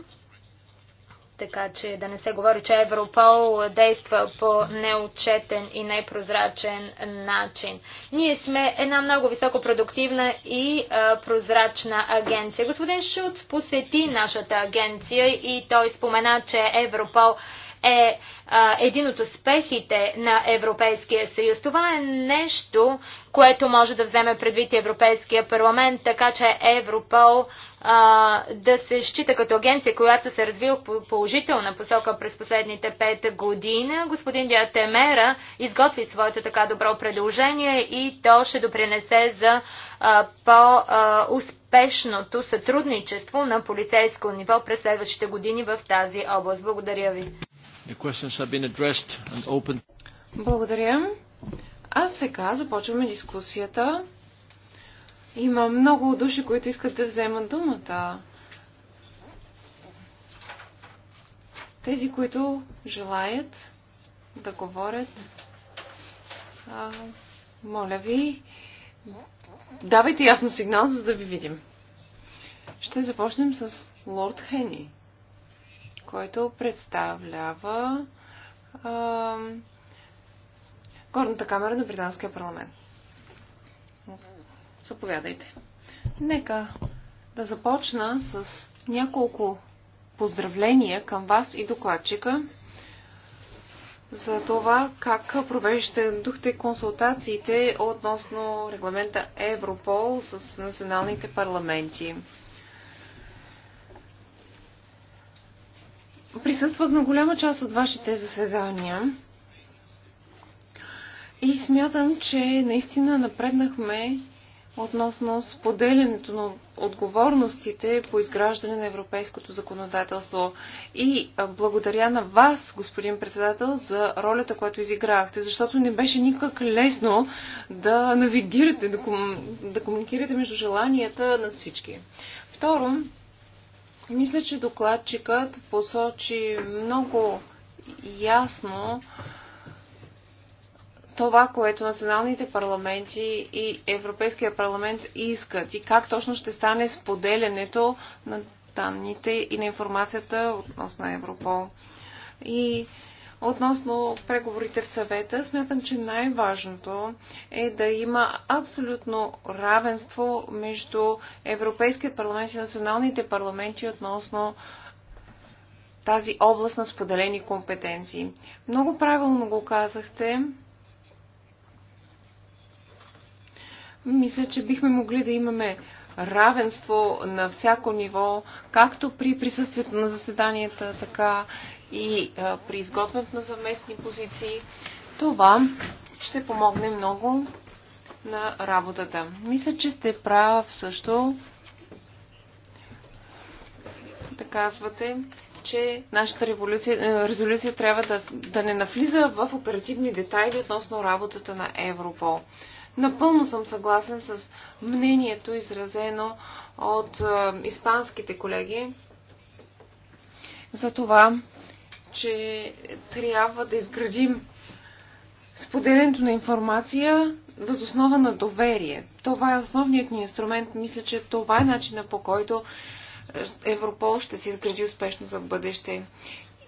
Така че да не се говори, че Европол действа по неучетен и непрозрачен начин. Ние сме една много високо продуктивна и а, прозрачна агенция. Господин Шут посети нашата агенция и той спомена, че Европол е а, един от успехите на Европейския съюз. Това е нещо, което може да вземе предвид Европейския парламент, така че Европол а, да се счита като агенция, която се е развива по положителна посока през последните пет години. Господин Диатемера изготви своето така добро предложение и то ще допринесе за по-успешното сътрудничество на полицейско ниво през следващите години в тази област. Благодаря ви. Благодаря. А сега започваме дискусията. Има много души, които искат да вземат думата. Тези, които желаят да говорят, а, моля ви, давайте ясно сигнал, за да ви видим. Ще започнем с Лорд Хени, който представлява а, горната камера на Британския парламент. Заповядайте. Нека да започна с няколко поздравления към вас и докладчика за това как духте консултациите относно регламента Европол с националните парламенти. Присъствах на голяма част от вашите заседания и смятам, че наистина напреднахме относно споделянето на отговорностите по изграждане на европейското законодателство. И благодаря на вас, господин председател, за ролята, която изиграхте, защото не беше никак лесно да навигирате, да, ком... да комуникирате между желанията на всички. Второ, мисля, че докладчикът посочи много ясно, това, което националните парламенти и Европейския парламент искат и как точно ще стане споделянето на данните и на информацията относно Европол. И Относно преговорите в съвета, смятам, че най-важното е да има абсолютно равенство между Европейския парламент и националните парламенти относно тази област на споделени компетенции. Много правилно го казахте, Мисля, че бихме могли да имаме равенство на всяко ниво, както при присъствието на заседанията, така и при изготвянето на съвместни позиции. Това ще помогне много на работата. Мисля, че сте прав също да казвате, че нашата революция, е, резолюция трябва да, да не навлиза в оперативни детайли относно работата на Европол. Напълно съм съгласен с мнението, изразено от е, испанските колеги, за това, че трябва да изградим споделянето на информация възоснова на доверие. Това е основният ни инструмент. Мисля, че това е начина по който Европол ще се изгради успешно за бъдеще.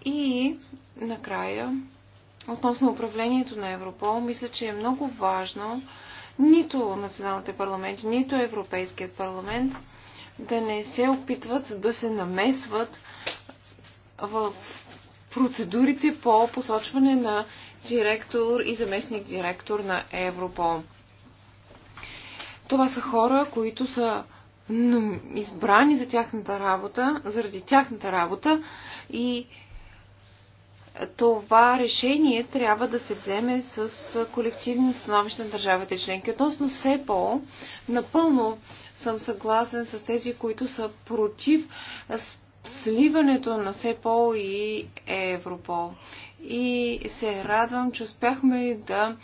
И накрая, относно управлението на Европол, мисля, че е много важно нито националните парламенти, нито Европейският парламент да не се опитват да се намесват в процедурите по посочване на директор и заместник директор на Европол. Това са хора, които са избрани за тяхната работа, заради тяхната работа и това решение трябва да се вземе с колективни установища на държавите членки. Относно СЕПО, напълно съм съгласен с тези, които са против сливането на СЕПО и Европол. И се радвам, че успяхме да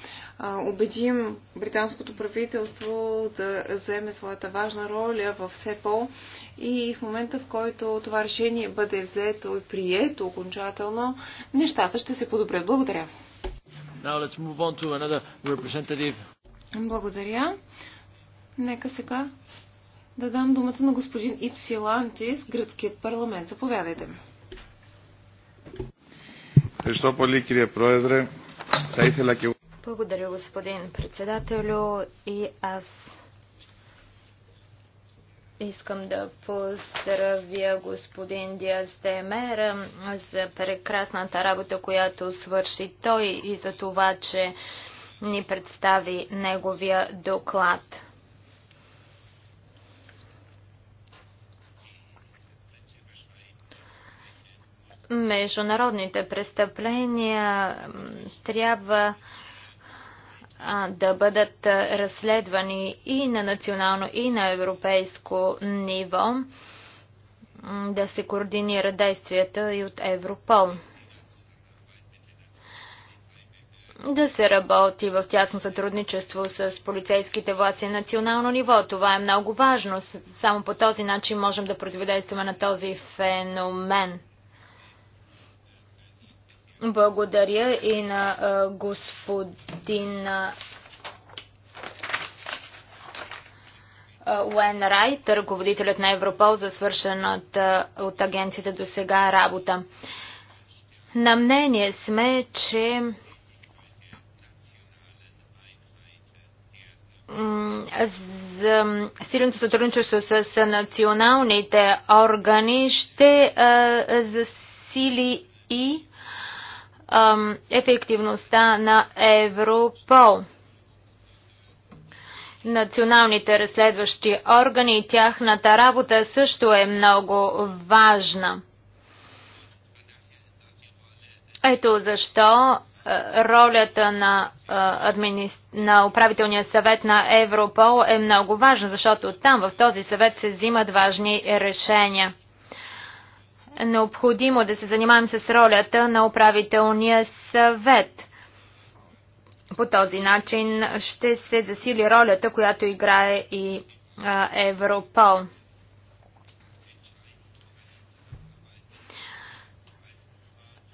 убедим британското правителство да вземе своята важна роля в СЕПО и в момента, в който това решение бъде взето и прието окончателно, нещата ще се подобрят. Благодаря. Благодаря. Нека сега да дам думата на господин Ипсилантис, гръцкият парламент. Заповядайте. Ευχαριστώ πολύ κύριε Πρόεδρε. Θα ήθελα και благодаря, господин председателю. И аз искам да поздравя господин Диас Демер за прекрасната работа, която свърши той и за това, че ни представи неговия доклад. Международните престъпления трябва да бъдат разследвани и на национално, и на европейско ниво, да се координира действията и от Европол. Да се работи в тясно сътрудничество с полицейските власти на национално ниво. Това е много важно. Само по този начин можем да противодействаме на този феномен. Благодаря и на господин Уен Рай, търговодителят на Европол, за свършената от агенцията до сега работа. На мнение сме, че за силното сътрудничество с националните органи ще засили и ефективността на Европол. Националните разследващи органи и тяхната работа също е много важна. Ето защо ролята на, админи... на управителния съвет на Европол е много важна, защото там в този съвет се взимат важни решения необходимо да се занимаем с ролята на управителния съвет. По този начин ще се засили ролята, която играе и Европол.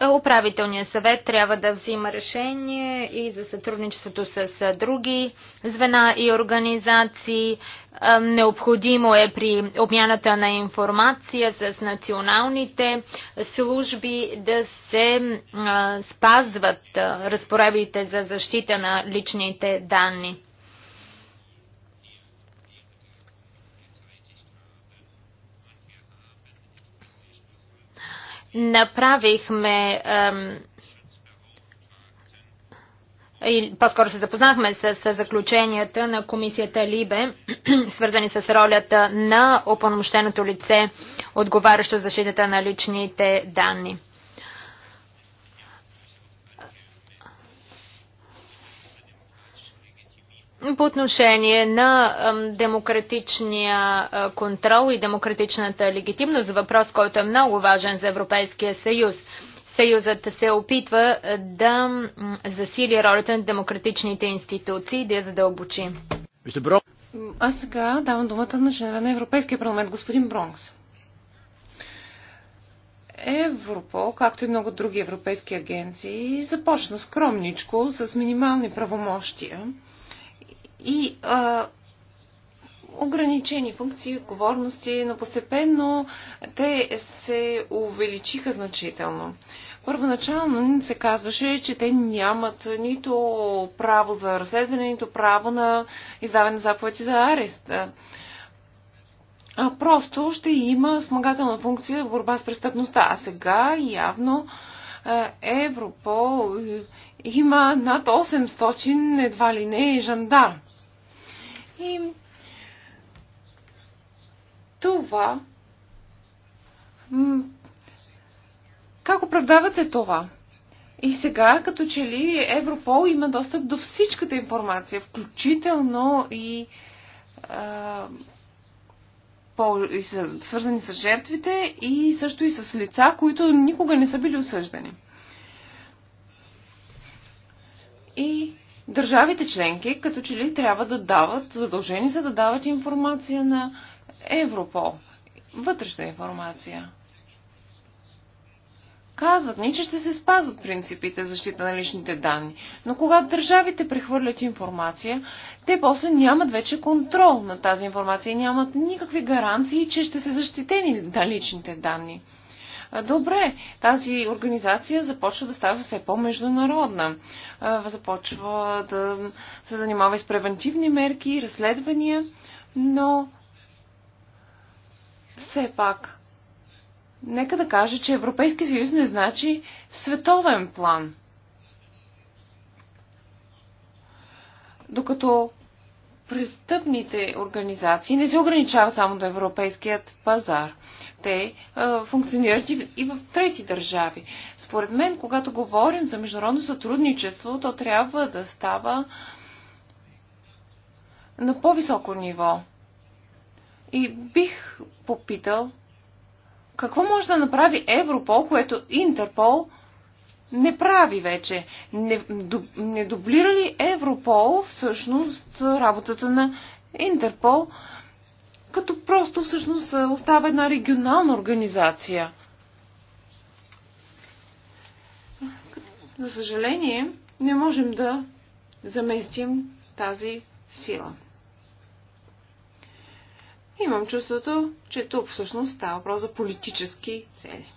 Управителният съвет трябва да взима решение и за сътрудничеството с други звена и организации. Необходимо е при обмяната на информация с националните служби да се спазват разпоредбите за защита на личните данни. направихме и по-скоро се запознахме с заключенията на комисията Либе, свързани с ролята на опълномощеното лице, отговарящо за защитата на личните данни. по отношение на демократичния контрол и демократичната легитимност, въпрос, който е много важен за Европейския съюз. Съюзът се опитва да засили ролята на демократичните институции и да я задълбочи. Аз сега давам думата на жена на Европейския парламент, господин Бронкс. Европол, както и много други европейски агенции, започна скромничко, с минимални правомощия и а, ограничени функции, отговорности, но постепенно те се увеличиха значително. Първоначално се казваше, че те нямат нито право за разследване, нито право на издаване на заповеди за арест. А просто ще има спомагателна функция в борба с престъпността. А сега явно Европол има над 800 едва ли не жандар и това. Как оправдавате това? И сега, като че ли Европол има достъп до всичката информация, включително и а, по, и с, свързани с жертвите и също и с лица, които никога не са били осъждани. И държавите членки като че ли трябва да дават, задължени са да дават информация на Европол. Вътрешна информация. Казват ни, че ще се спазват принципите защита на личните данни, но когато държавите прехвърлят информация, те после нямат вече контрол на тази информация и нямат никакви гаранции, че ще се защитени на личните данни. Добре, тази организация започва да става все по-международна. Започва да се занимава и с превентивни мерки, разследвания, но все пак, нека да кажа, че Европейски съюз не значи световен план. Докато престъпните организации не се ограничават само до европейският пазар те а, функционират и, и в трети държави. Според мен, когато говорим за международно сътрудничество, то трябва да става на по-високо ниво. И бих попитал, какво може да направи Европол, което Интерпол не прави вече? Не, не дублира ли Европол всъщност работата на Интерпол? като просто всъщност остава една регионална организация. За съжаление, не можем да заместим тази сила. Имам чувството, че тук всъщност става въпрос за политически цели.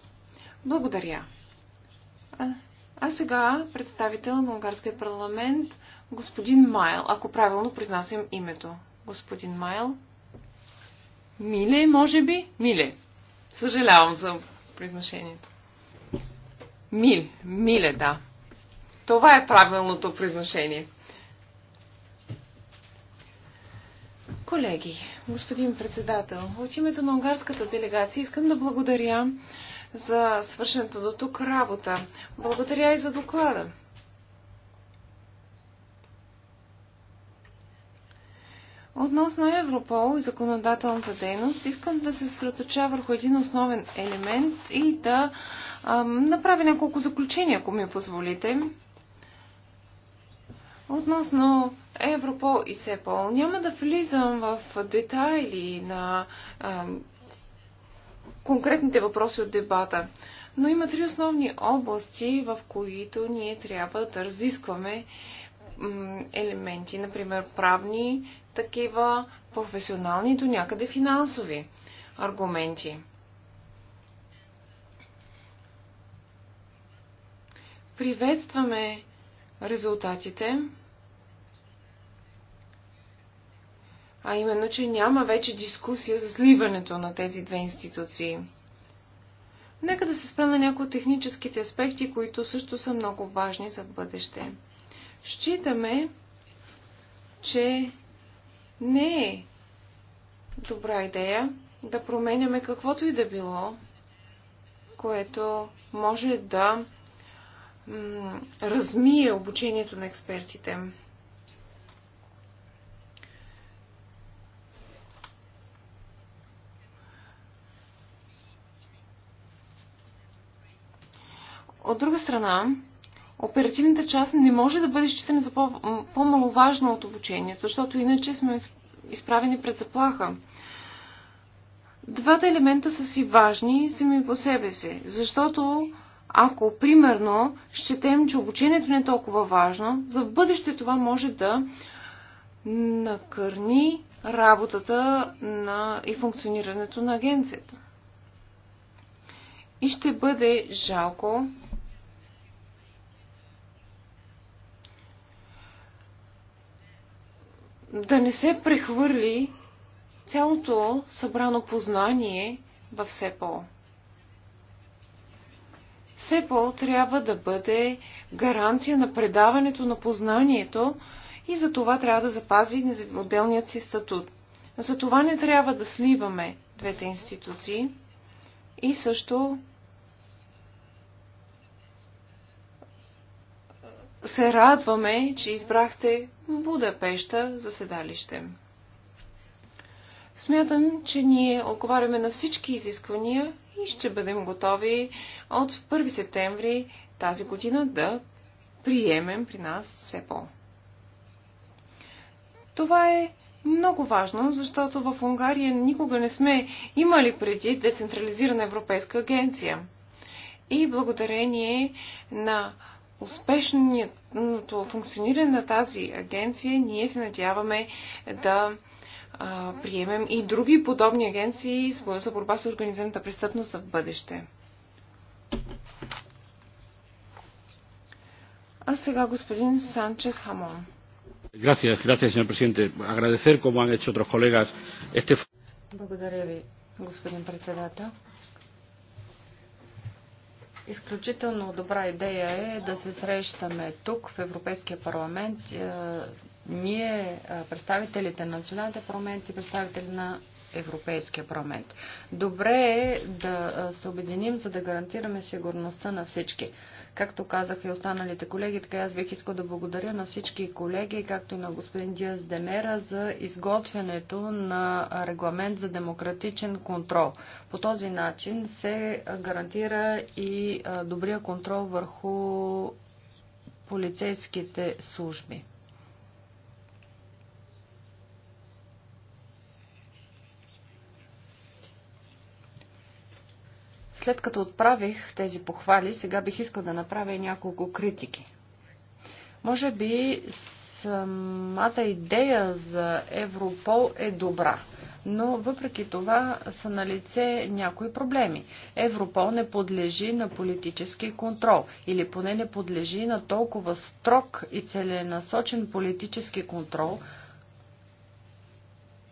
Благодаря. А, сега представител на Унгарския парламент господин Майл, ако правилно произнасям името. Господин Майл. Миле, може би? Миле. Съжалявам за произношението. Миле, миле, да. Това е правилното произношение. Колеги, господин председател, от името на унгарската делегация искам да благодаря за свършената до тук работа. Благодаря и за доклада. Относно Европол и законодателната дейност, искам да се средоча върху един основен елемент и да ам, направя няколко заключения, ако ми позволите. Относно Европол и СЕПОЛ, няма да влизам в детайли на ам, конкретните въпроси от дебата, но има три основни области, в които ние трябва да разискваме елементи, например правни, такива професионални, до някъде финансови аргументи. Приветстваме резултатите, а именно, че няма вече дискусия за сливането на тези две институции. Нека да се спра на някои от техническите аспекти, които също са много важни за бъдеще. Считаме, че не е добра идея да променяме каквото и да било, което може да размие обучението на експертите. От друга страна, оперативната част не може да бъде считана за по-маловажна от обучението, защото иначе сме изправени пред заплаха. Двата елемента са си важни сами по себе си, защото ако, примерно, счетем, че обучението не е толкова важно, за в бъдеще това може да накърни работата на и функционирането на агенцията. И ще бъде жалко, да не се прехвърли цялото събрано познание в СЕПО. СЕПО трябва да бъде гаранция на предаването на познанието и за това трябва да запази отделният си статут. За това не трябва да сливаме двете институции и също се радваме, че избрахте Будапешта за седалище. Смятам, че ние отговаряме на всички изисквания и ще бъдем готови от 1 септември тази година да приемем при нас СЕПО. Това е много важно, защото в Унгария никога не сме имали преди децентрализирана европейска агенция. И благодарение на успешното функциониране на тази агенция ние се надяваме да а, приемем и други подобни агенции за борба с организираната престъпност в бъдеще. А сега господин Санчес Хамон. Gracias, gracias, señor presidente. Agradecer, como han hecho otros colegas, este... Благодаря ви, господин председател. Изключително добра идея е да се срещаме тук в Европейския парламент. Е, ние, е, представителите на националните парламенти и представители на Европейския парламент. Добре е да е, се обединим, за да гарантираме сигурността на всички. Както казах и останалите колеги, така аз бих искал да благодаря на всички колеги, както и на господин Диас Демера за изготвянето на регламент за демократичен контрол. По този начин се гарантира и добрия контрол върху полицейските служби. След като отправих тези похвали, сега бих искал да направя и няколко критики. Може би самата идея за Европол е добра, но въпреки това са на лице някои проблеми. Европол не подлежи на политически контрол или поне не подлежи на толкова строг и целенасочен политически контрол,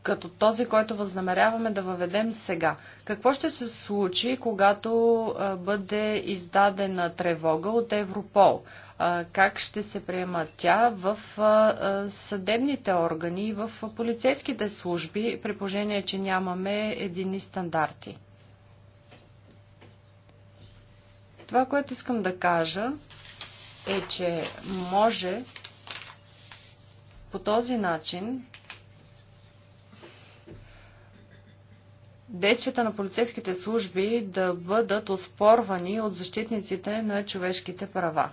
като този, който възнамеряваме да въведем сега. Какво ще се случи, когато бъде издадена тревога от Европол? Как ще се приема тя в съдебните органи и в полицейските служби, при положение, че нямаме едини стандарти? Това, което искам да кажа, е, че може по този начин действията на полицейските служби да бъдат оспорвани от защитниците на човешките права.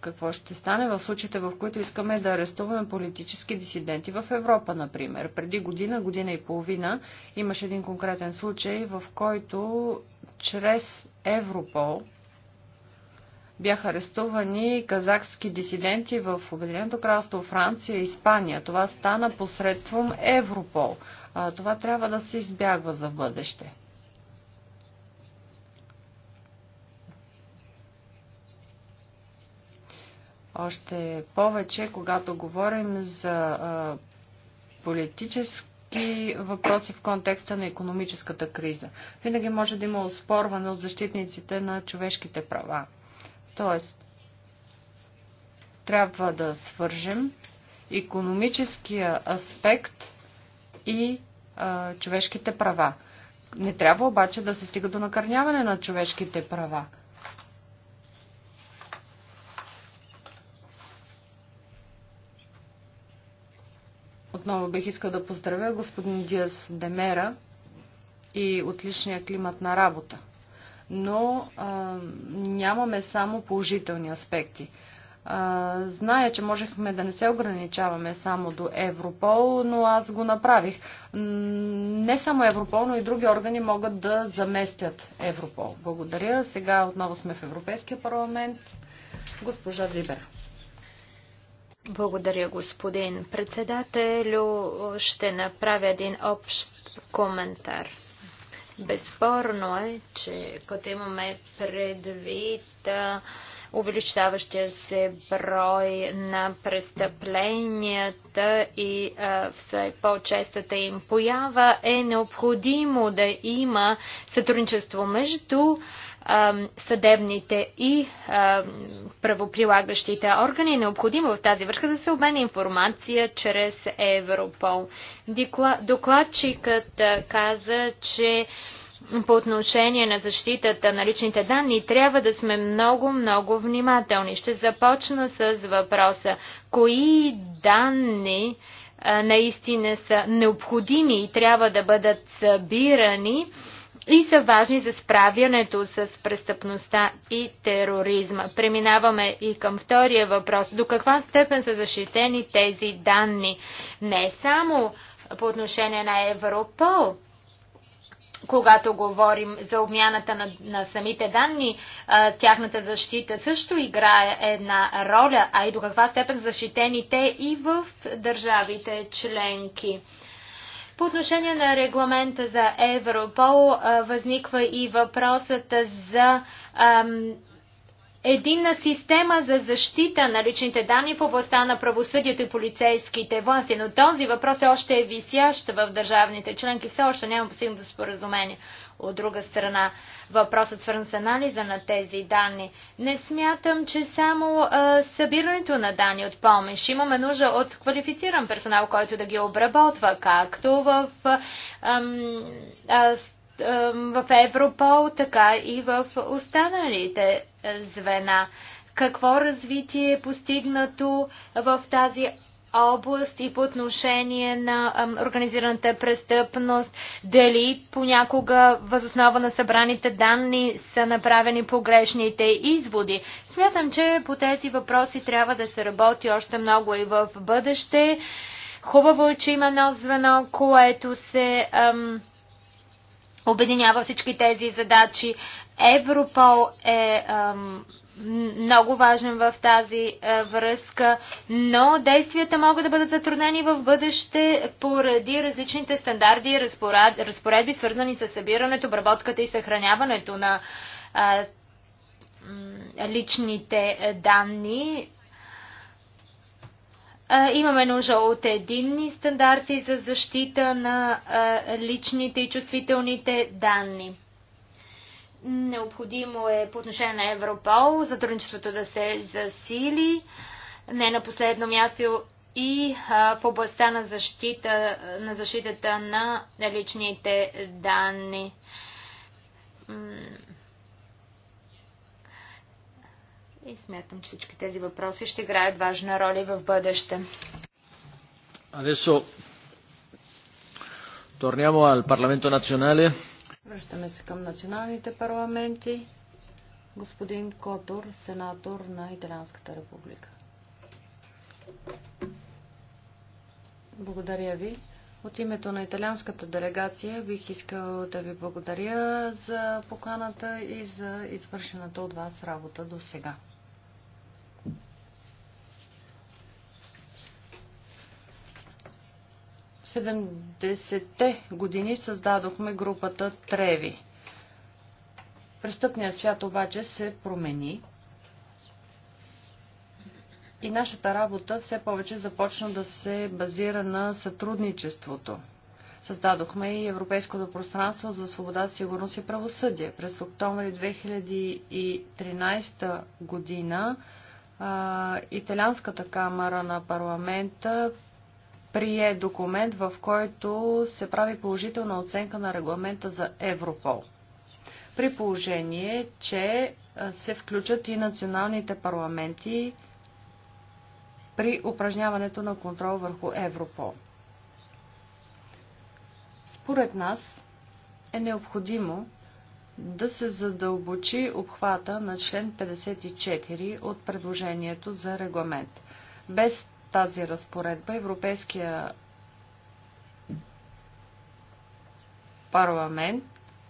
Какво ще стане в случаите, в които искаме да арестуваме политически дисиденти в Европа, например? Преди година, година и половина имаше един конкретен случай, в който чрез Европол бяха арестувани казахски дисиденти в Обединеното кралство, Франция и Испания. Това стана посредством Европол. А, това трябва да се избягва за бъдеще. Още повече, когато говорим за а, политически и въпроси в контекста на економическата криза. Винаги може да има оспорване от защитниците на човешките права. Тоест, трябва да свържем економическия аспект и а, човешките права. Не трябва обаче да се стига до накърняване на човешките права. Отново бих искал да поздравя господин Диас Демера и отличния климат на работа но а, нямаме само положителни аспекти. А, зная, че можехме да не се ограничаваме само до Европол, но аз го направих. Не само Европол, но и други органи могат да заместят Европол. Благодаря. Сега отново сме в Европейския парламент. Госпожа Зибер. Благодаря, господин председателю. Ще направя един общ коментар. Безспорно е, че като имаме предвид увеличаващия се брой на престъпленията и все по-честата им поява, е необходимо да има сътрудничество между съдебните и правоприлагащите органи е необходимо в тази връзка да се обменя информация чрез Европол. Докладчикът каза, че по отношение на защитата на личните данни трябва да сме много, много внимателни. Ще започна с въпроса, кои данни наистина са необходими и трябва да бъдат събирани, и са важни за справянето с престъпността и тероризма. Преминаваме и към втория въпрос. До каква степен са защитени тези данни? Не само по отношение на Европол, когато говорим за обмяната на, на самите данни, а, тяхната защита също играе една роля, а и до каква степен защитени те и в държавите членки. По отношение на регламента за Европол възниква и въпросът за единна система за защита на личните данни в областта на правосъдието и полицейските власти, но този въпрос е още е висящ в държавните членки. Все още няма постигнато споразумение. От друга страна, въпросът свързан с анализа на тези данни. Не смятам, че само а, събирането на данни от помощ. Имаме нужда от квалифициран персонал, който да ги обработва, както в ам, а, в Европол, така и в останалите звена. Какво развитие е постигнато в тази област и по отношение на организираната престъпност, дали понякога възоснова на събраните данни са направени погрешните изводи. Смятам, че по тези въпроси трябва да се работи още много и в бъдеще. Хубаво е, че има едно звено, което се ам, обединява всички тези задачи. Европол е ам, много важен в тази е, връзка, но действията могат да бъдат затруднени в бъдеще поради различните стандарти и разпоредби, свързани с събирането, обработката и съхраняването на е, личните е, данни. Имаме нужда от единни стандарти за защита на личните и чувствителните данни. Необходимо е по отношение на Европол сътрудничеството да се засили. Не на последно място и в областта на, защита, на защитата на личните данни. И смятам, че всички тези въпроси ще играят важна роля в бъдеще. Adesso torniamo al Parlamento nazionale. Връщаме се към националните парламенти. Господин Котор, сенатор на Италианската република. Благодаря ви. От името на италианската делегация бих искал да ви благодаря за поканата и за извършената от вас работа до сега. 70-те години създадохме групата Треви. Престъпният свят обаче се промени и нашата работа все повече започна да се базира на сътрудничеството. Създадохме и Европейското пространство за свобода, сигурност и правосъдие. През октомври 2013 година Италианската камера на парламента прие документ, в който се прави положителна оценка на регламента за Европол. При положение, че се включат и националните парламенти при упражняването на контрол върху Европол. Според нас е необходимо да се задълбочи обхвата на член 54 от предложението за регламент. Без тази разпоредба Европейския парламент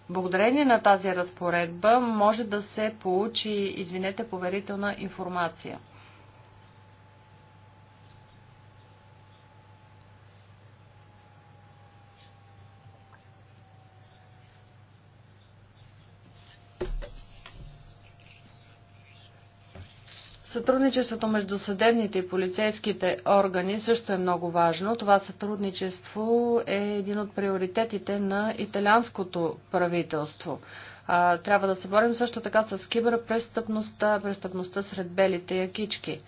Благодарение на тази разпоредба може да се получи, извинете, поверителна информация. Сътрудничеството между съдебните и полицейските органи също е много важно. Това сътрудничество е един от приоритетите на италианското правителство. Трябва да се борим също така с киберпрестъпността, престъпността сред белите якички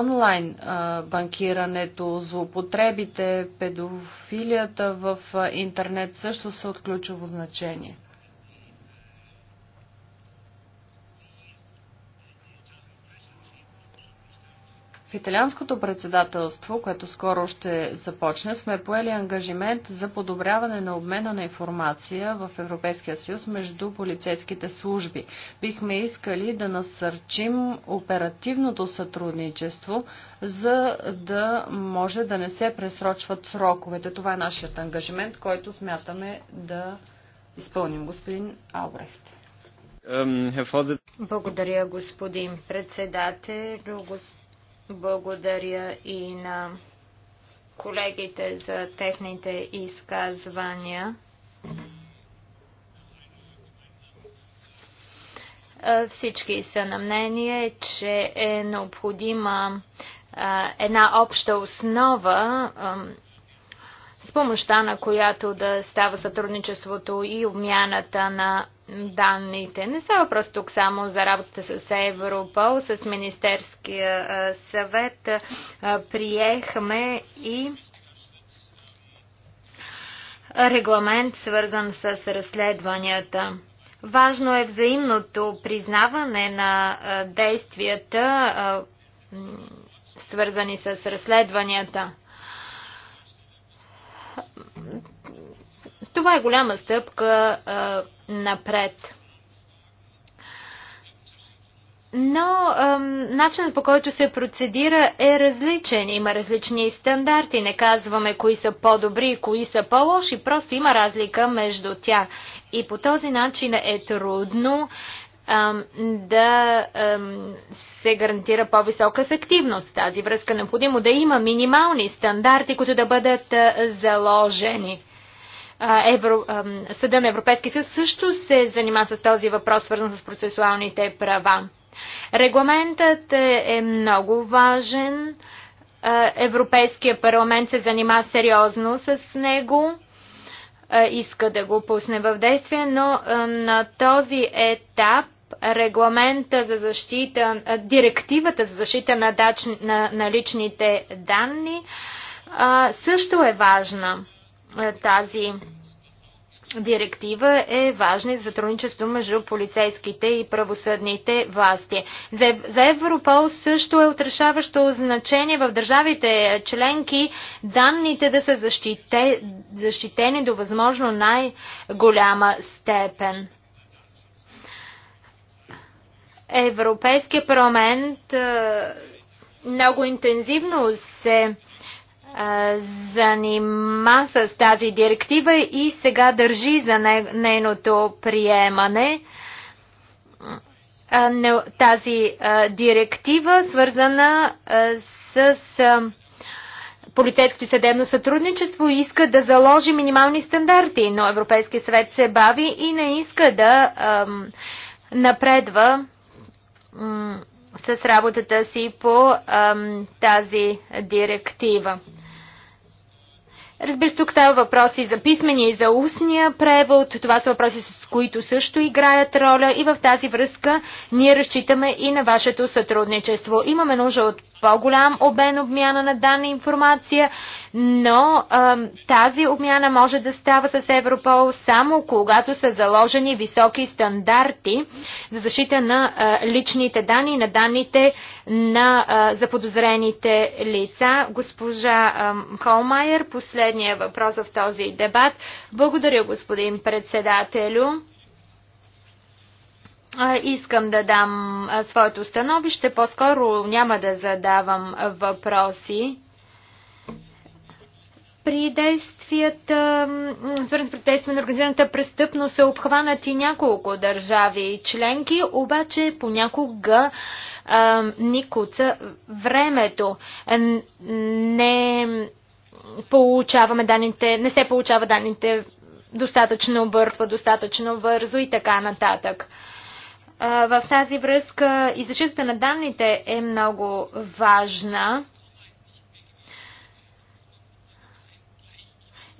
онлайн банкирането, злоупотребите, педофилията в интернет също са от ключово значение. В италианското председателство, което скоро ще започне, сме поели ангажимент за подобряване на обмена на информация в Европейския съюз между полицейските служби. Бихме искали да насърчим оперативното сътрудничество, за да може да не се пресрочват сроковете. Това е нашият ангажимент, който смятаме да изпълним. Господин Албрехт. Благодаря, господин председател. Благодаря и на колегите за техните изказвания. Всички са на мнение, че е необходима една обща основа, с помощта на която да става сътрудничеството и обмяната на данните. Не става въпрос тук само за работата с Европол, с Министерския съвет. Приехме и регламент, свързан с разследванията. Важно е взаимното признаване на действията, свързани с разследванията. Това е голяма стъпка напред. Но ем, начинът по който се процедира е различен. Има различни стандарти. Не казваме кои са по-добри и кои са по-лоши. Просто има разлика между тях. И по този начин е трудно ем, да ем, се гарантира по-висока ефективност. Тази връзка е необходимо да има минимални стандарти, които да бъдат заложени. Евро, Съда на Европейския съюз също се занима с този въпрос, свързан с процесуалните права. Регламентът е, е много важен. Европейския парламент се занима сериозно с него, иска да го пусне в действие, но на този етап регламента за защита, директивата за защита на, дач, на, на личните данни също е важна. Е, тази директива е важна за сътрудничество между полицейските и правосъдните власти. За, Европол също е отрешаващо значение в държавите членки данните да са защитени до възможно най-голяма степен. Европейския парламент е, много интензивно се занима с тази директива и сега държи за нейното приемане. Тази директива, свързана с полицейското и съдебно сътрудничество, иска да заложи минимални стандарти, но Европейския съвет се бави и не иска да напредва с работата си по тази директива. Разбира се, тук става въпроси за писмения и за устния превод. Това са въпроси, с които също играят роля и в тази връзка ние разчитаме и на вашето сътрудничество. Имаме нужда от по-голям обем обмяна на данни информация, но а, тази обмяна може да става с Европол само когато са заложени високи стандарти за защита на а, личните данни и на данните на а, заподозрените лица. Госпожа а, Холмайер, последния въпрос в този дебат. Благодаря, господин председателю. Искам да дам своето становище, по-скоро няма да задавам въпроси. При действията, свързани с протества на организираната престъпност, са обхванати няколко държави и членки, обаче понякога а, ни куца времето. Не получаваме данните, не се получава данните достатъчно бързо, достатъчно бързо и така нататък. В тази връзка и защитата на данните е много важна.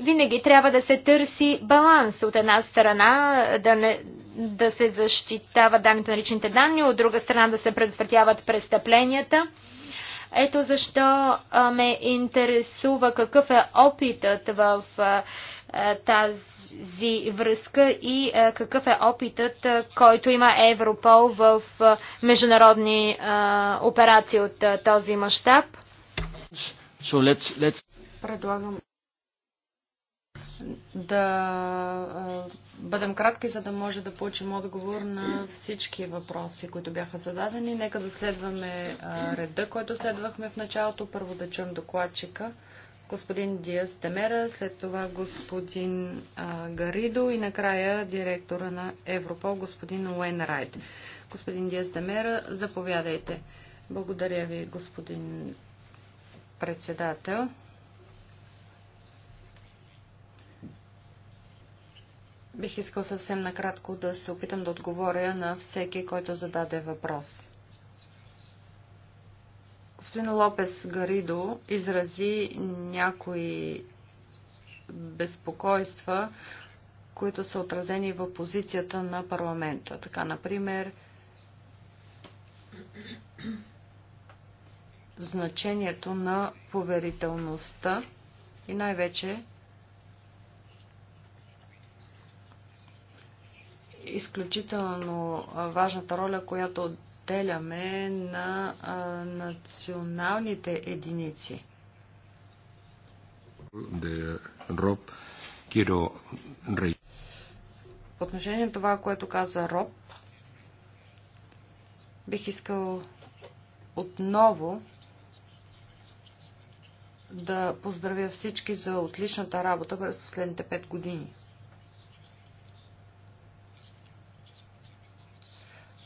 Винаги трябва да се търси баланс от една страна, да, не, да се защитава данните на личните данни, от друга страна да се предотвратяват престъпленията. Ето защо ме интересува какъв е опитът в тази тази връзка и е, какъв е опитът, е, който има Европол в е, международни операции от този мащаб? Предлагам да бъдем кратки, за да може да получим отговор на всички въпроси, които бяха зададени. Нека да следваме реда, който следвахме в началото. Първо да чуем докладчика господин Диас Темера, след това господин а, Гаридо и накрая директора на Европол, господин Уен Райт. Господин Диас Темера, заповядайте. Благодаря ви, господин председател. Бих искал съвсем накратко да се опитам да отговоря на всеки, който зададе въпрос. Господин Лопес Гаридо изрази някои безпокойства, които са отразени в позицията на парламента. Така, например, значението на поверителността и най-вече изключително важната роля, която отделяме на националните единици. По отношение на това, което каза Роб, бих искал отново да поздравя всички за отличната работа през последните 5 години.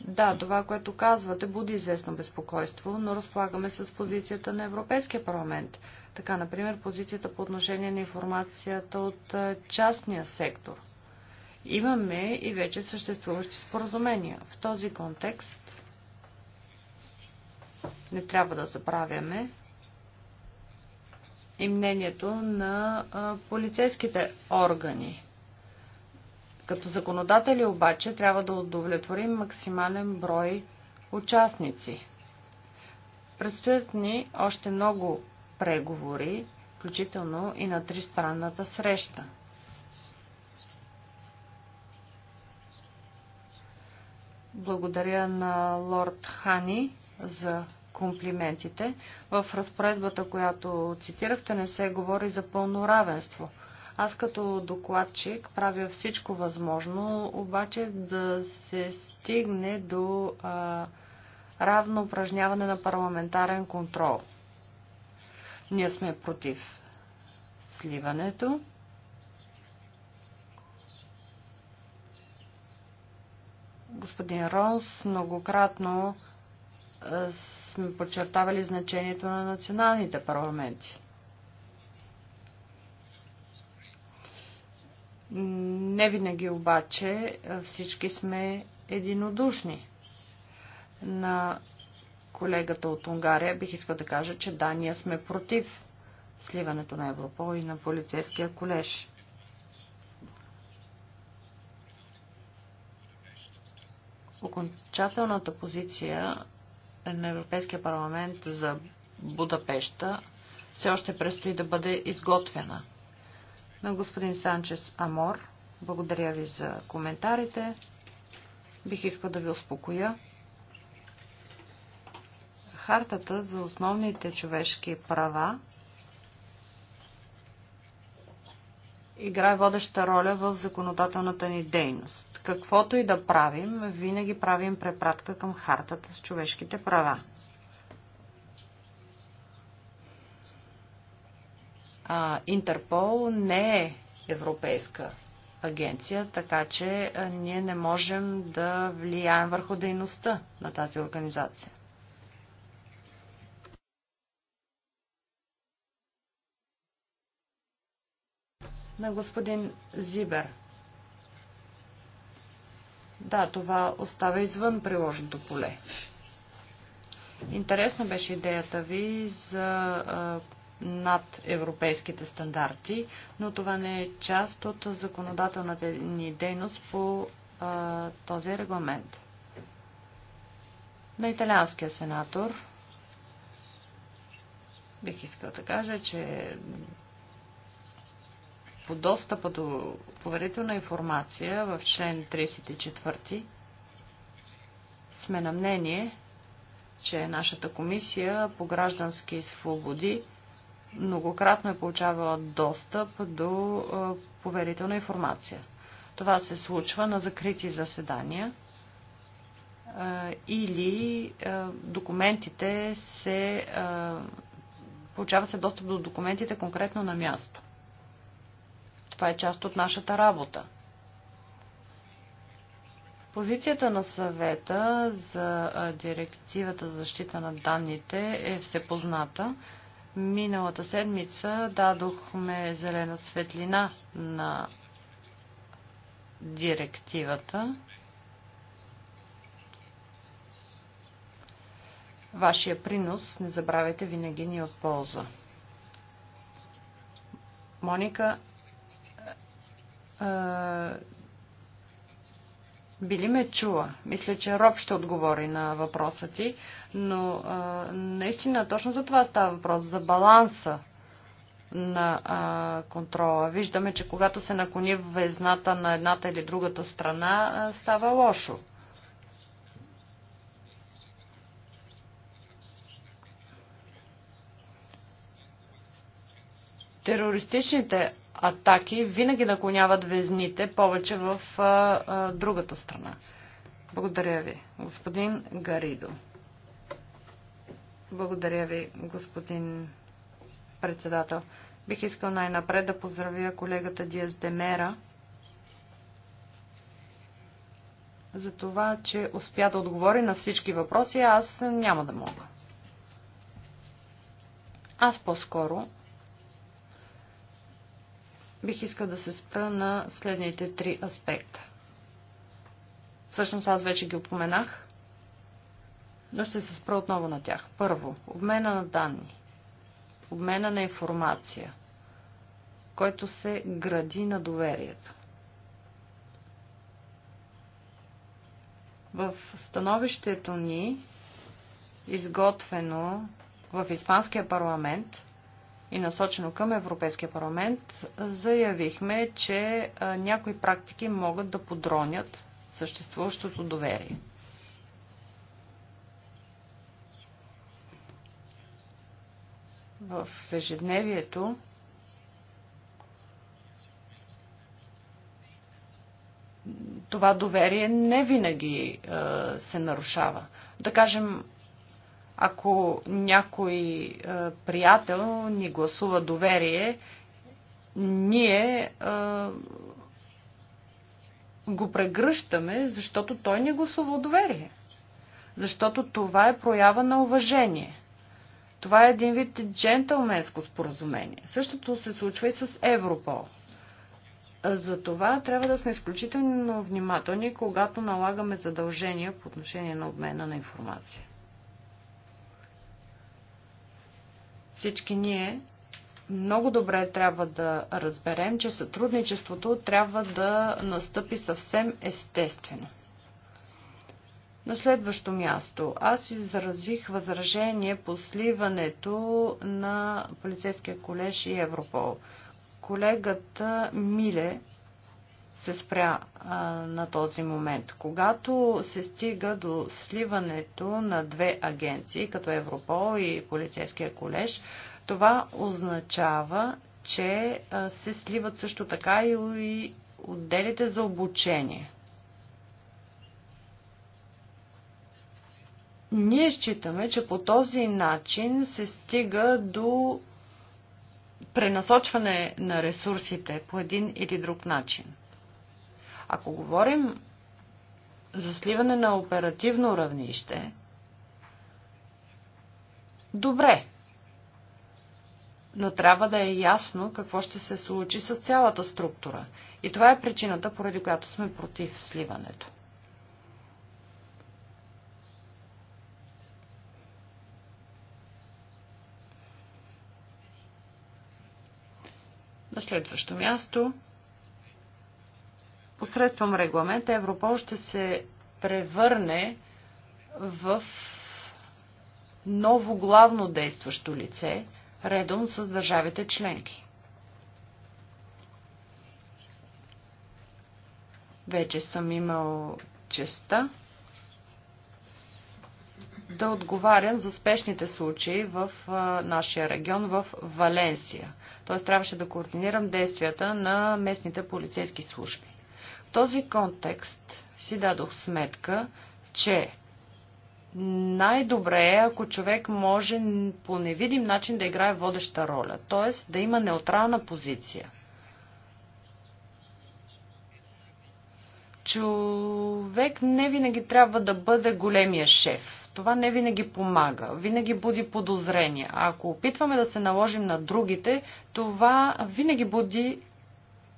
Да, това, което казвате, буди известно безпокойство, но разполагаме с позицията на Европейския парламент. Така, например, позицията по отношение на информацията от частния сектор. Имаме и вече съществуващи споразумения. В този контекст не трябва да забравяме и мнението на полицейските органи като законодатели обаче трябва да удовлетворим максимален брой участници. Предстоят ни още много преговори, включително и на тристранната среща. Благодаря на лорд Хани за комплиментите. В разпоредбата, която цитирахте, не се говори за пълно равенство – аз като докладчик правя всичко възможно, обаче да се стигне до а, равно упражняване на парламентарен контрол. Ние сме против сливането. Господин Ронс многократно сме подчертавали значението на националните парламенти. Не винаги обаче всички сме единодушни. На колегата от Унгария бих искал да кажа, че да, ние сме против сливането на Европол и на полицейския колеж. Окончателната позиция на Европейския парламент за Будапешта все още предстои да бъде изготвена на господин Санчес Амор. Благодаря ви за коментарите. Бих искал да ви успокоя. Хартата за основните човешки права играе водеща роля в законодателната ни дейност. Каквото и да правим, винаги правим препратка към хартата с човешките права. а, Интерпол не е европейска агенция, така че а, ние не можем да влияем върху дейността на тази организация. На господин Зибер. Да, това остава извън приложното поле. Интересна беше идеята ви за над европейските стандарти, но това не е част от законодателната ни дейност по а, този регламент. На италианския сенатор бих искал да кажа, че по достъпа до поверителна информация в член 34 сме на мнение, че нашата комисия по граждански свободи многократно е получавала достъп до поверителна информация. Това се случва на закрити заседания или документите се получава се достъп до документите конкретно на място. Това е част от нашата работа. Позицията на съвета за директивата за защита на данните е всепозната. Миналата седмица дадохме зелена светлина на директивата. Вашия принос, не забравяйте, винаги ни е от полза. Моника, е, били ме чула? Мисля, че Роб ще отговори на въпроса ти, но а, наистина точно за това става въпрос, за баланса на а, контрола. Виждаме, че когато се накони везната на едната или другата страна, а, става лошо. Терористичните атаки винаги наклоняват везните повече в а, а, другата страна. Благодаря ви, господин Гаридо. Благодаря ви, господин председател. Бих искал най-напред да поздравя колегата Диас Демера за това, че успя да отговори на всички въпроси, а аз няма да мога. Аз по-скоро бих искал да се спра на следните три аспекта. Всъщност аз вече ги упоменах, но ще се спра отново на тях. Първо, обмена на данни, обмена на информация, който се гради на доверието. В становището ни, изготвено в Испанския парламент, и насочено към Европейския парламент, заявихме, че някои практики могат да подронят съществуващото доверие. В ежедневието това доверие не винаги се нарушава. Да кажем, ако някой е, приятел ни гласува доверие, ние е, го прегръщаме, защото той ни е гласува доверие. Защото това е проява на уважение. Това е един вид джентълменско споразумение. Същото се случва и с Европол. За това трябва да сме изключително внимателни, когато налагаме задължения по отношение на обмена на информация. Всички ние много добре трябва да разберем, че сътрудничеството трябва да настъпи съвсем естествено. На следващо място, аз изразих възражение по сливането на полицейския колеж и Европол. Колегата Миле се спря а, на този момент. Когато се стига до сливането на две агенции, като Европол и полицейския колеж, това означава, че а, се сливат също така и, и отделите за обучение. Ние считаме, че по този начин се стига до пренасочване на ресурсите по един или друг начин. Ако говорим за сливане на оперативно равнище, добре, но трябва да е ясно какво ще се случи с цялата структура. И това е причината, поради която сме против сливането. На следващо място посредством регламент Европол ще се превърне в ново главно действащо лице, редом с държавите членки. Вече съм имал честа да отговарям за спешните случаи в нашия регион, в Валенсия. Т.е. трябваше да координирам действията на местните полицейски служби този контекст си дадох сметка, че най-добре е, ако човек може по невидим начин да играе водеща роля, т.е. да има неутрална позиция. Човек не винаги трябва да бъде големия шеф. Това не винаги помага, винаги буди подозрения. А ако опитваме да се наложим на другите, това винаги буди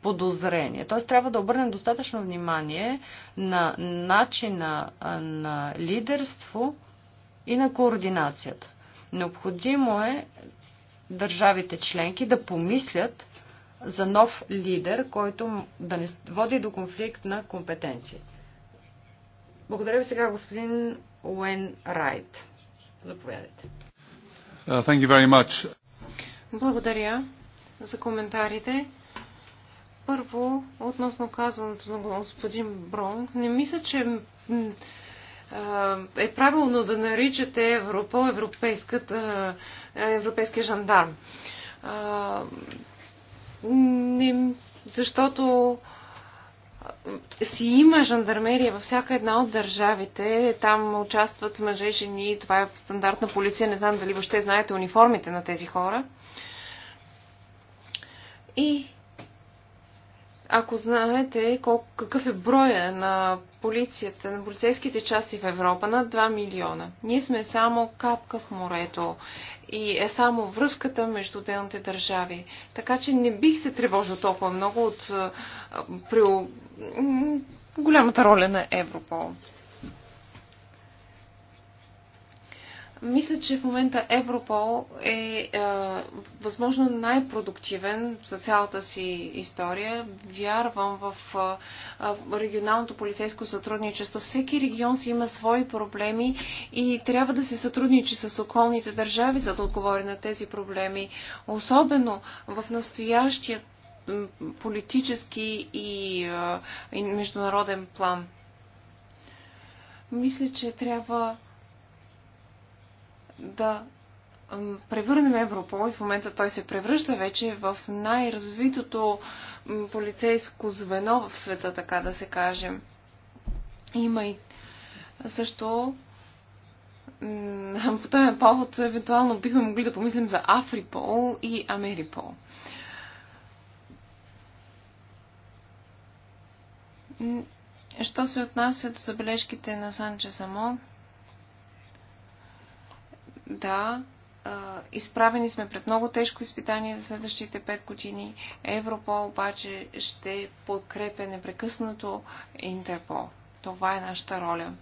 подозрение. Т.е. трябва да обърнем достатъчно внимание на начина на лидерство и на координацията. Необходимо е държавите членки да помислят за нов лидер, който да не води до конфликт на компетенции. Благодаря ви сега, господин Уен Райт. Заповядайте. Uh, Благодаря за коментарите. Първо, относно казаното на господин Брон, не мисля, че е правилно да наричате Европа европейския жандарм. Не, защото си има жандармерия във всяка една от държавите. Там участват мъже и жени. Това е стандартна полиция. Не знам дали въобще знаете униформите на тези хора. И ако знаете колко, какъв е броя на полицията, на полицейските части в Европа, над 2 милиона. Ние сме само капка в морето и е само връзката между отделните държави. Така че не бих се тревожил толкова много от при, голямата роля на Европол. Мисля, че в момента Европол е, е, възможно най-продуктивен за цялата си история. Вярвам в е, регионалното полицейско сътрудничество. Всеки регион си има свои проблеми и трябва да се сътрудничи с околните държави, за да отговори на тези проблеми. Особено в настоящия политически и, е, и международен план. Мисля, че трябва да превърнем Европол и в момента той се превръща вече в най-развитото полицейско звено в света, така да се каже. Има и също по този повод евентуално бихме могли да помислим за Африпол и Америпол. Що се отнася до забележките на Санче Само? да, изправени сме пред много тежко изпитание за следващите 5 години. Европол обаче ще подкрепя непрекъснато Интерпол. Това е нашата роля.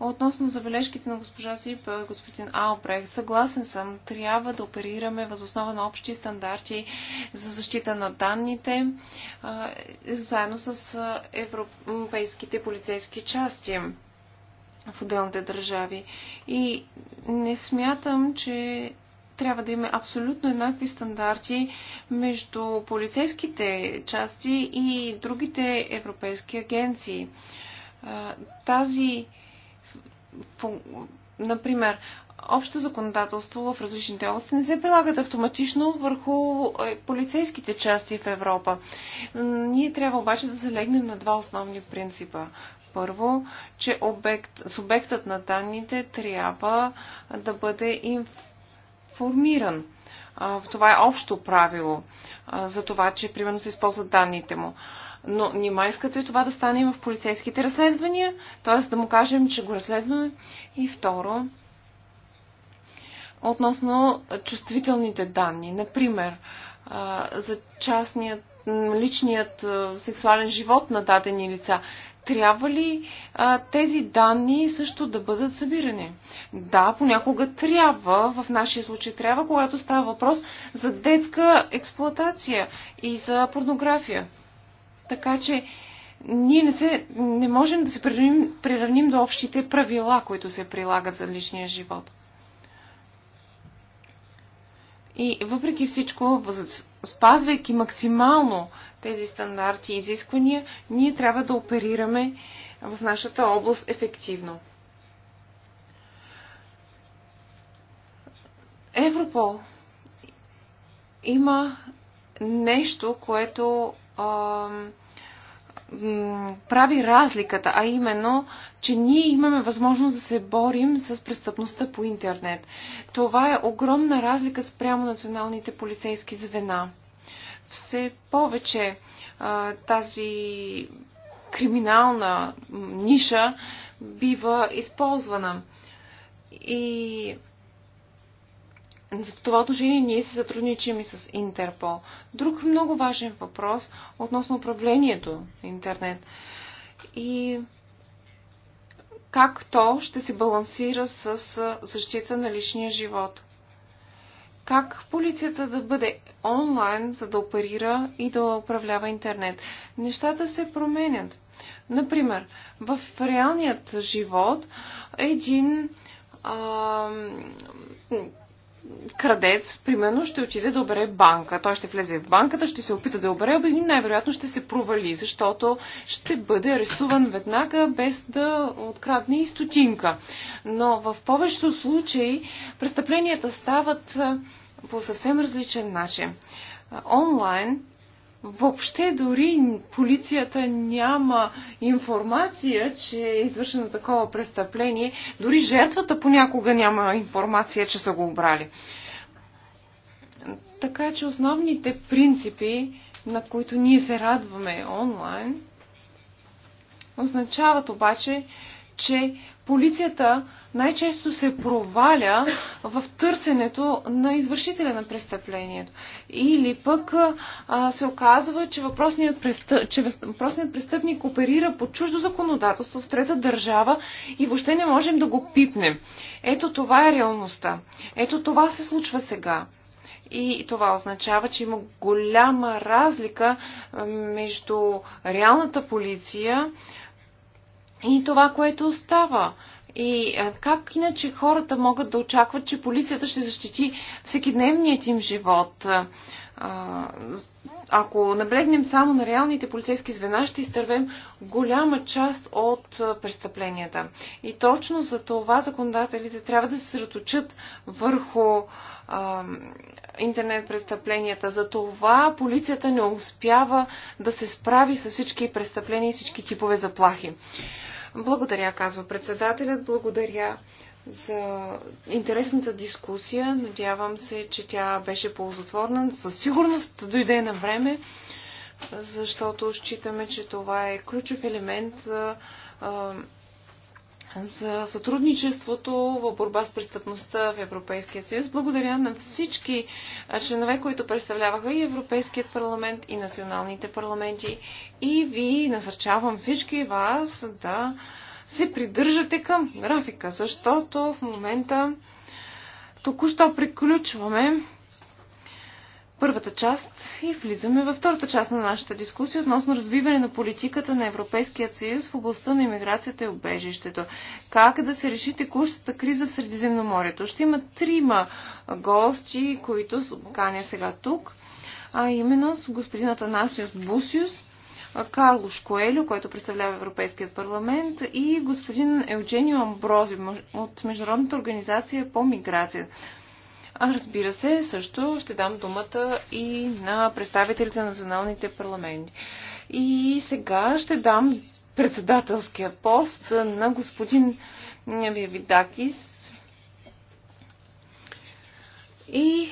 Относно забележките на госпожа Сипа, господин Албрех, съгласен съм, трябва да оперираме възоснова на общи стандарти за защита на данните, заедно с европейските полицейски части в отделните държави. И не смятам, че трябва да има абсолютно еднакви стандарти между полицейските части и другите европейски агенции. Тази, например, общо законодателство в различните области не се прилагат автоматично върху е, полицейските части в Европа. Ние трябва обаче да залегнем на два основни принципа. Първо, че обект, субектът на данните трябва да бъде информиран. Това е общо правило за това, че примерно се използват данните му. Но нима искате това да стане и в полицейските разследвания, т.е. да му кажем, че го разследваме. И второ, относно чувствителните данни. Например, за частният, личният сексуален живот на дадени лица трябва ли а, тези данни също да бъдат събирани? Да, понякога трябва, в нашия случай трябва, когато става въпрос за детска експлоатация и за порнография. Така че ние не, се, не можем да се приравним, приравним до общите правила, които се прилагат за личния живот. И въпреки всичко, спазвайки максимално тези стандарти и изисквания, ние трябва да оперираме в нашата област ефективно. Европол има нещо, което ам, прави разликата, а именно, че ние имаме възможност да се борим с престъпността по интернет. Това е огромна разлика спрямо националните полицейски звена. Все повече а, тази криминална ниша бива използвана. И в това отношение ние се сътрудничим и с Интерпол. Друг много важен въпрос относно управлението в интернет и как то ще се балансира с защита на личния живот. Как полицията да бъде онлайн, за да оперира и да управлява интернет. Нещата се променят. Например, в реалният живот един а, крадец, примерно, ще отиде да обере банка. Той ще влезе в банката, ще се опита да обере, и най-вероятно ще се провали, защото ще бъде арестуван веднага, без да открадне и стотинка. Но в повечето случаи престъпленията стават по съвсем различен начин. Онлайн Въобще дори полицията няма информация, че е извършено такова престъпление. Дори жертвата понякога няма информация, че са го обрали. Така че основните принципи, на които ние се радваме онлайн, означават обаче, че полицията най-често се проваля в търсенето на извършителя на престъплението. Или пък а, се оказва, че въпросният, престъп, че въпросният престъпник оперира по чуждо законодателство в трета държава и въобще не можем да го пипнем. Ето това е реалността. Ето това се случва сега. И това означава, че има голяма разлика между реалната полиция, и това, което остава, И как иначе хората могат да очакват, че полицията ще защити всекидневният им живот? Ако наблегнем само на реалните полицейски звена, ще изтървем голяма част от престъпленията. И точно за това законодателите трябва да се средоточат върху интернет престъпленията. За това полицията не успява да се справи с всички престъпления и всички типове заплахи. Благодаря, казва председателят. Благодаря за интересната дискусия. Надявам се, че тя беше ползотворна. Със сигурност дойде на време, защото считаме, че това е ключов елемент за за сътрудничеството в борба с престъпността в Европейския съюз. Благодаря на всички членове, които представляваха и Европейският парламент, и националните парламенти. И ви насърчавам всички вас да се придържате към графика, защото в момента току-що приключваме първата част и влизаме във втората част на нашата дискусия относно развиване на политиката на Европейския съюз в областта на иммиграцията и обежището. Как да се реши текущата криза в Средиземноморието? Ще има трима гости, които каня сега тук, а именно с господин Атанасиус Бусиус, Карло Шкоелю, който представлява Европейският парламент, и господин Евгений Амбрози от Международната организация по миграция. А разбира се, също ще дам думата и на представителите на националните парламенти. И сега ще дам председателския пост на господин Вивидакис. И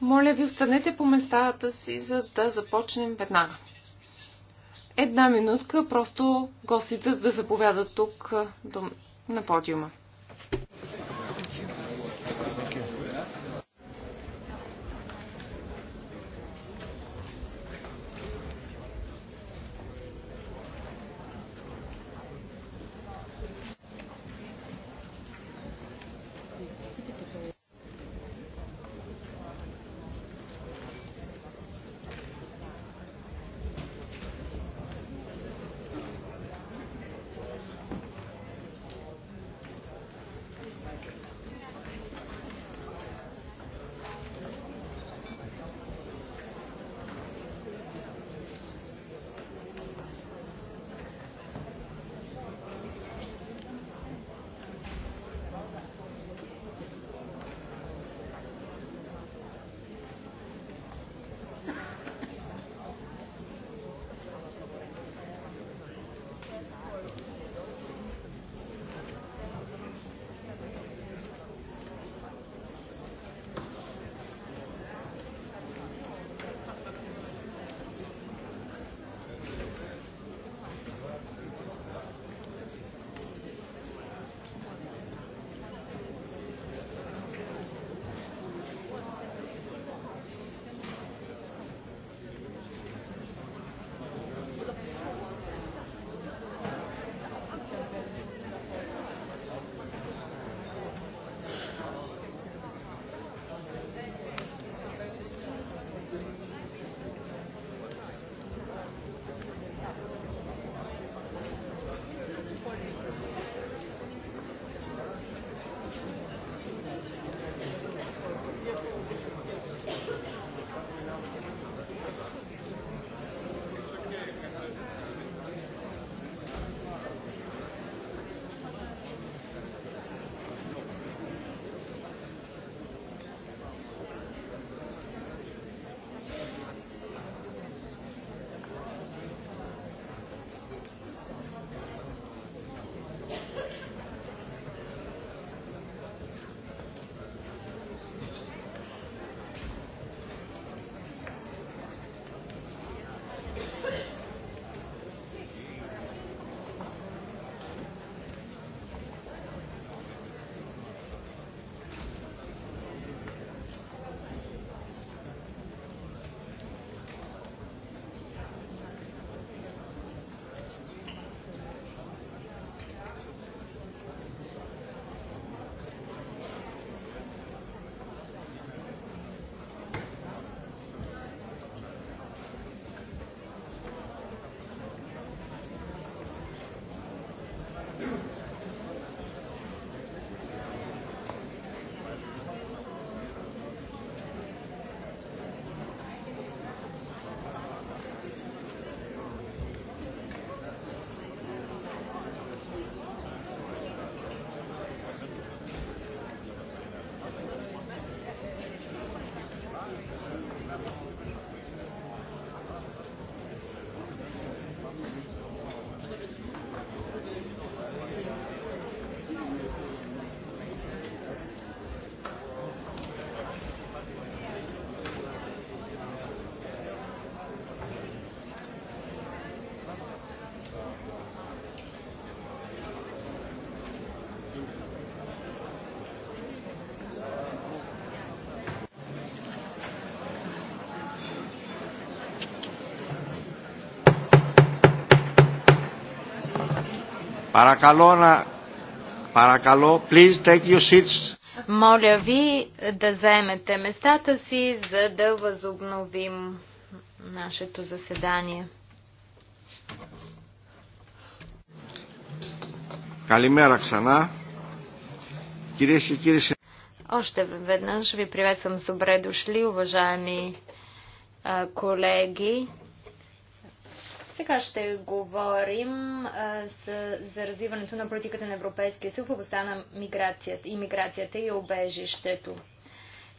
моля ви, останете по местата си, за да започнем веднага. Една минутка, просто гостите да заповядат тук на подиума. Παρακαλώ να... Παρακαλώ, please take your seats. Моля ви да заемете местата си, за да възобновим нашето заседание. Καλημέρα ξανά. Κυρίες και κύριοι... Още веднъж ви приветствам с добре дошли, уважаеми колеги сега ще говорим а, за развиването на политиката на Европейския съюз в областта на миграцията, иммиграцията и обежището.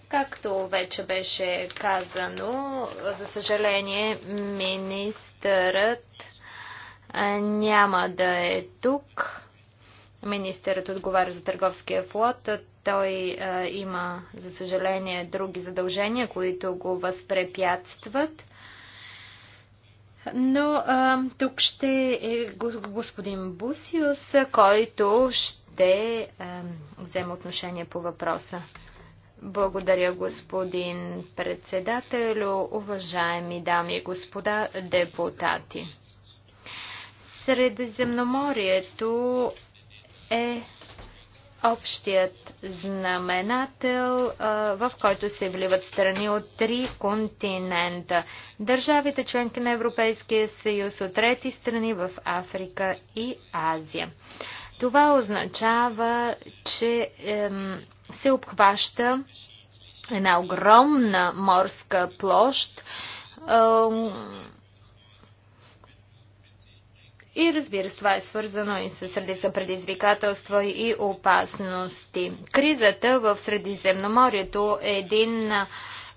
Както вече беше казано, за съжаление, министърът няма да е тук. Министърът отговаря за търговския флот. Той а, има, за съжаление, други задължения, които го възпрепятстват. Но а, тук ще е господин Бусиус, който ще а, вземе отношение по въпроса. Благодаря, господин председател, уважаеми дами и господа депутати. Средиземноморието е общият знаменател, в който се вливат страни от три континента. Държавите членки на Европейския съюз от трети страни в Африка и Азия. Това означава, че ем, се обхваща една огромна морска площ, ем, и разбира се, това е свързано и с средица предизвикателства и опасности. Кризата в Средиземноморието е един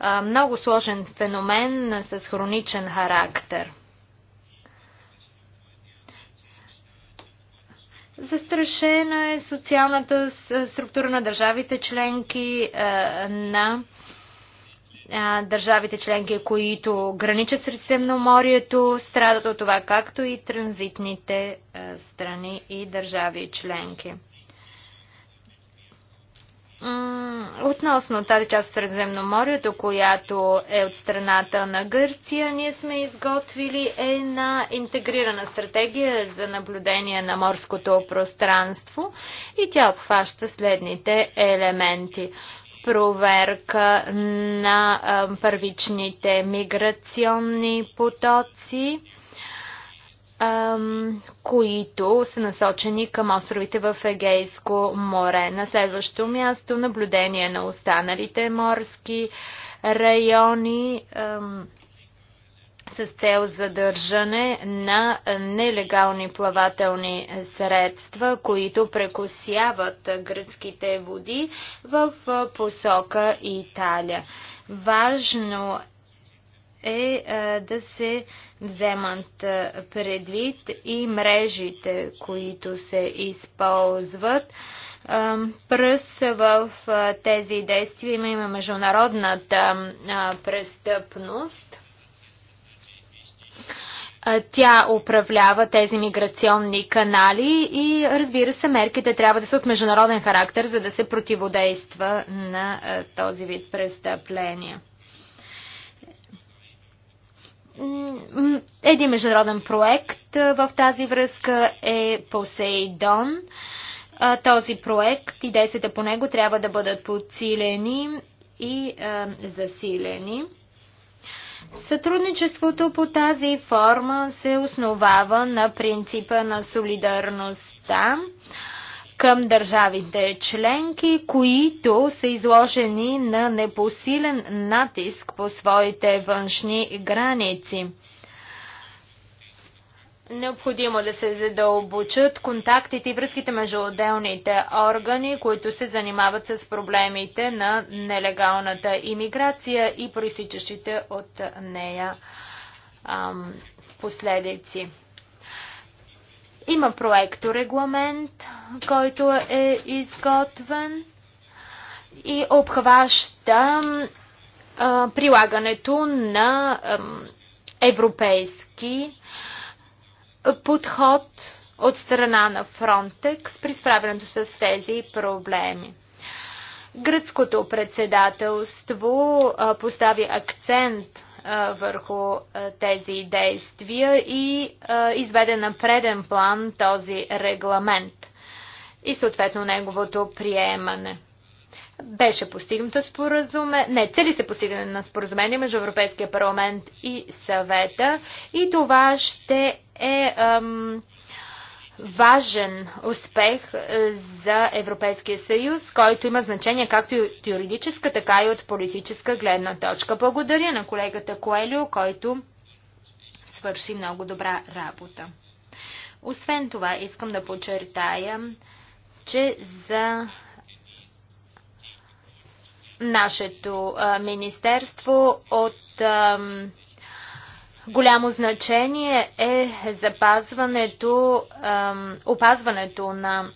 а, много сложен феномен с хроничен характер. Застрашена е социалната структура на държавите членки а, на държавите членки, които граничат с Средиземноморието, страдат от това, както и транзитните страни и държави членки. Относно тази част от Средиземноморието, която е от страната на Гърция, ние сме изготвили една интегрирана стратегия за наблюдение на морското пространство и тя обхваща следните елементи проверка на първичните миграционни потоци, които са насочени към островите в Егейско море. На следващо място наблюдение на останалите морски райони с цел задържане на нелегални плавателни средства, които прекусяват гръцките води в посока Италия. Важно е да се вземат предвид и мрежите, които се използват. Пръс в тези действия има международната престъпност тя управлява тези миграционни канали и разбира се, мерките трябва да са от международен характер, за да се противодейства на този вид престъпления. Един международен проект в тази връзка е Посейдон. Този проект и действията по него трябва да бъдат подсилени и засилени. Сътрудничеството по тази форма се основава на принципа на солидарността към държавите членки, които са изложени на непосилен натиск по своите външни граници. Необходимо да се задълбочат контактите и връзките между отделните органи, които се занимават с проблемите на нелегалната иммиграция и проистичащите от нея ам, последици. Има проекторегламент, който е изготвен и обхваща а, прилагането на а, европейски подход от страна на Фронтекс при справянето с тези проблеми. Гръцкото председателство постави акцент върху тези действия и изведе на преден план този регламент и съответно неговото приемане. Беше постигнато споразумение, не, цели се постигане на споразумение между Европейския парламент и съвета и това ще е ам, важен успех е, за Европейския съюз, който има значение както и от юридическа, така и от политическа гледна точка. Благодаря на колегата Коелио, който свърши много добра работа. Освен това, искам да подчертая, че за нашето министерство от голямо значение е запазването, опазването на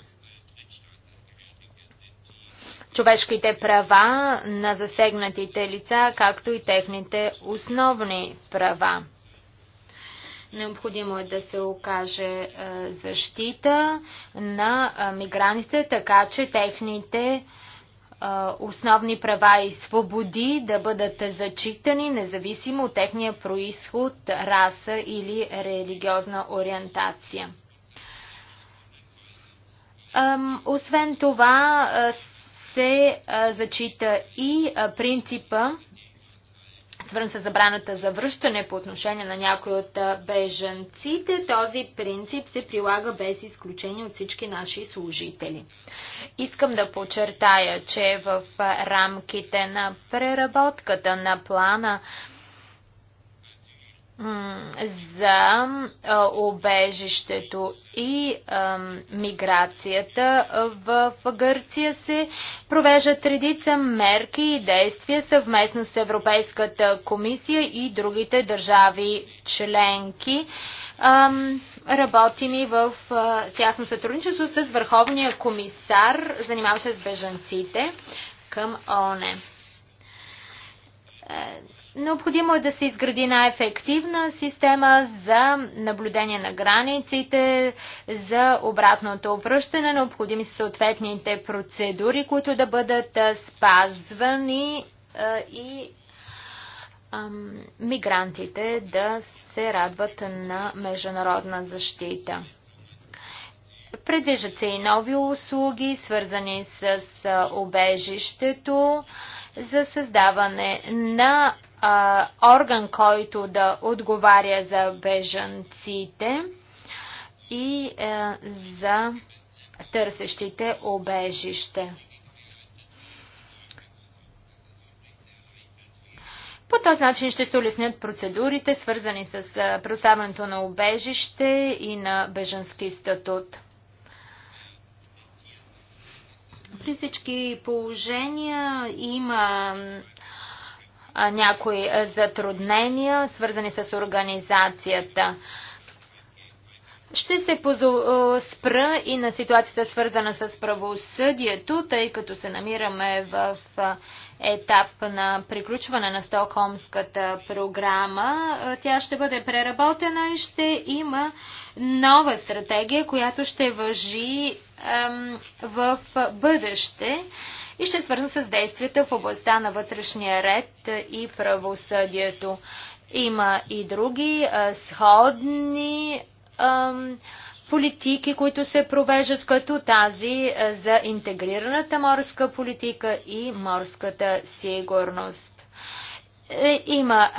човешките права на засегнатите лица, както и техните основни права. Необходимо е да се окаже защита на мигрантите, така че техните основни права и свободи да бъдат зачитани, независимо от техния происход, раса или религиозна ориентация. Освен това се зачита и принципа свързан с забраната за връщане по отношение на някои от бежанците, този принцип се прилага без изключение от всички наши служители. Искам да подчертая, че в рамките на преработката на плана за обежището и миграцията в Гърция се провеждат редица мерки и действия съвместно с Европейската комисия и другите държави членки. Работим и в тясно сътрудничество с Върховния комисар, занимаващ се с бежанците към ОНЕ Необходимо е да се изгради най-ефективна система за наблюдение на границите, за обратното връщане. Необходими са съответните процедури, които да бъдат спазвани и мигрантите да се радват на международна защита. Предвижат се и нови услуги, свързани с обежището за създаване на орган, който да отговаря за бежанците и е, за търсещите обежище. По този начин ще се улеснят процедурите, свързани с е, предоставянето на обежище и на беженски статут. При всички положения има някои затруднения, свързани с организацията. Ще се спра и на ситуацията свързана с правосъдието, тъй като се намираме в етап на приключване на Стокхолмската програма. Тя ще бъде преработена и ще има нова стратегия, която ще въжи в бъдеще и ще е свързан с действията в областта на вътрешния ред и правосъдието. Има и други а, сходни политики, които се провеждат като тази а, за интегрираната морска политика и морската сигурност. Е, има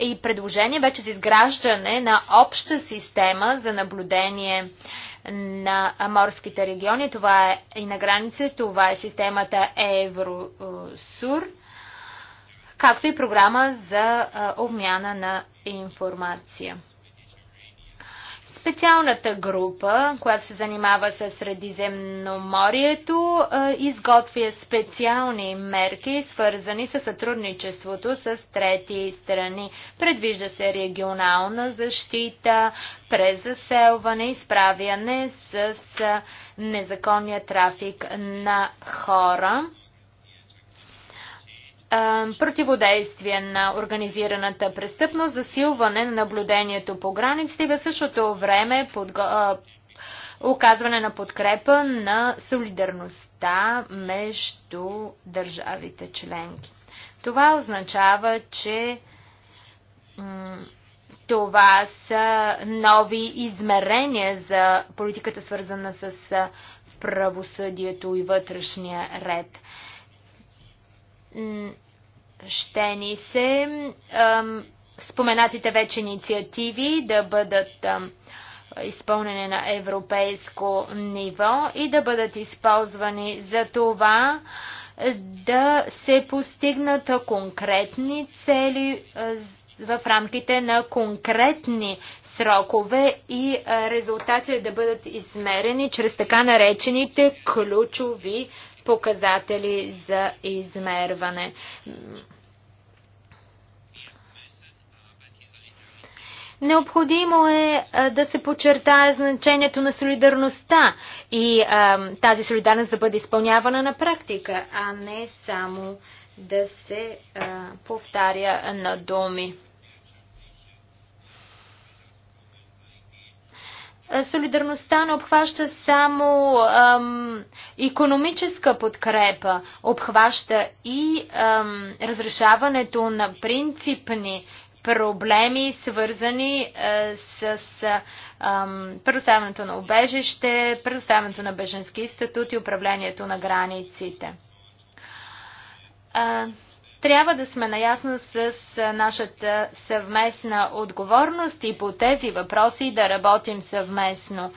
и предложение вече за изграждане на обща система за наблюдение на морските региони. Това е и на граница. Това е системата Евросур, както и програма за обмяна на информация. Специалната група, която се занимава с Средиземноморието, изготвя специални мерки, свързани с сътрудничеството с трети страни. Предвижда се регионална защита, презаселване, изправяне с незаконния трафик на хора противодействие на организираната престъпност, засилване на наблюдението по границите и в същото време оказване на подкрепа на солидарността между държавите членки. Това означава, че това са нови измерения за политиката, свързана с правосъдието и вътрешния ред ще ни се споменатите вече инициативи да бъдат изпълнени на европейско ниво и да бъдат използвани за това е, да се постигнат конкретни цели е, в рамките на конкретни срокове и е, резултатите да бъдат измерени чрез така наречените ключови показатели за измерване. Необходимо е а, да се подчертае значението на солидарността и а, тази солидарност да бъде изпълнявана на практика, а не само да се а, повтаря на думи. Е, солидарността не обхваща само ам, економическа подкрепа, обхваща и ам, разрешаването на принципни проблеми, свързани е, с ам, предоставянето на убежище, предоставянето на беженски статут и управлението на границите. А, трябва да сме наясно с нашата съвместна отговорност и по тези въпроси да работим съвместно.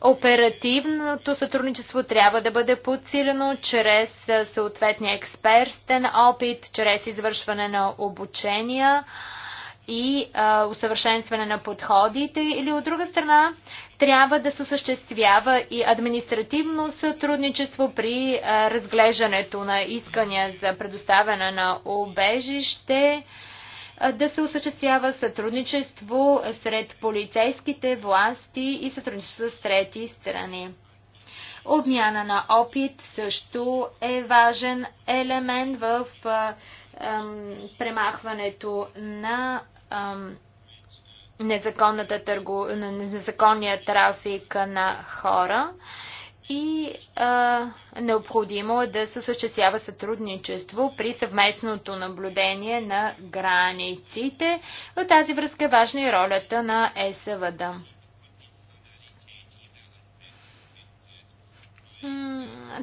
Оперативното сътрудничество трябва да бъде подсилено чрез съответния експертен опит, чрез извършване на обучения и а, усъвършенстване на подходите или от друга страна трябва да се осъществява и административно сътрудничество при разглеждането на искания за предоставяне на обежище да се осъществява сътрудничество сред полицейските власти и сътрудничество с трети страни. Обмяна на опит също е важен елемент в премахването на незаконната търго... незаконния трафик на хора и а, необходимо е да се осъществява сътрудничество при съвместното наблюдение на границите. В тази връзка е важна и ролята на ЕСВД.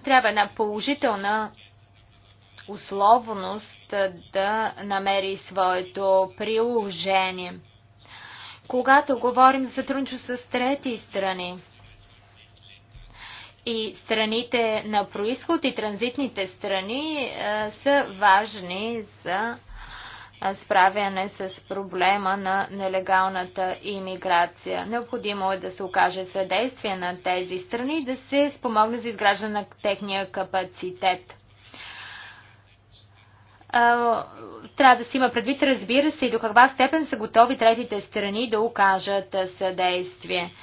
Трябва една положителна условност да намери своето приложение когато говорим за сътрудничество с трети страни и страните на происход и транзитните страни е, са важни за е, справяне с проблема на нелегалната иммиграция. Необходимо е да се окаже съдействие на тези страни и да се спомогне за изграждане на техния капацитет. Е, трябва да се има предвид, разбира се, и до каква степен са готови третите страни да окажат съдействие.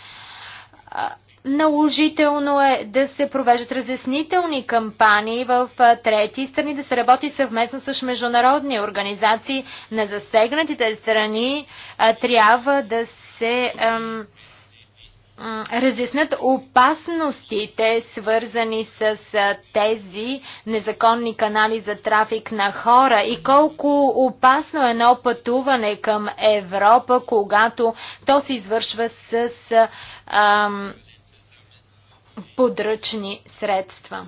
Наложително е да се провеждат разяснителни кампании в трети страни, да се работи съвместно с международни организации на засегнатите страни. Трябва да се ем, разяснят опасностите, свързани с тези незаконни канали за трафик на хора и колко опасно е едно пътуване към Европа, когато то се извършва с ам, подръчни средства.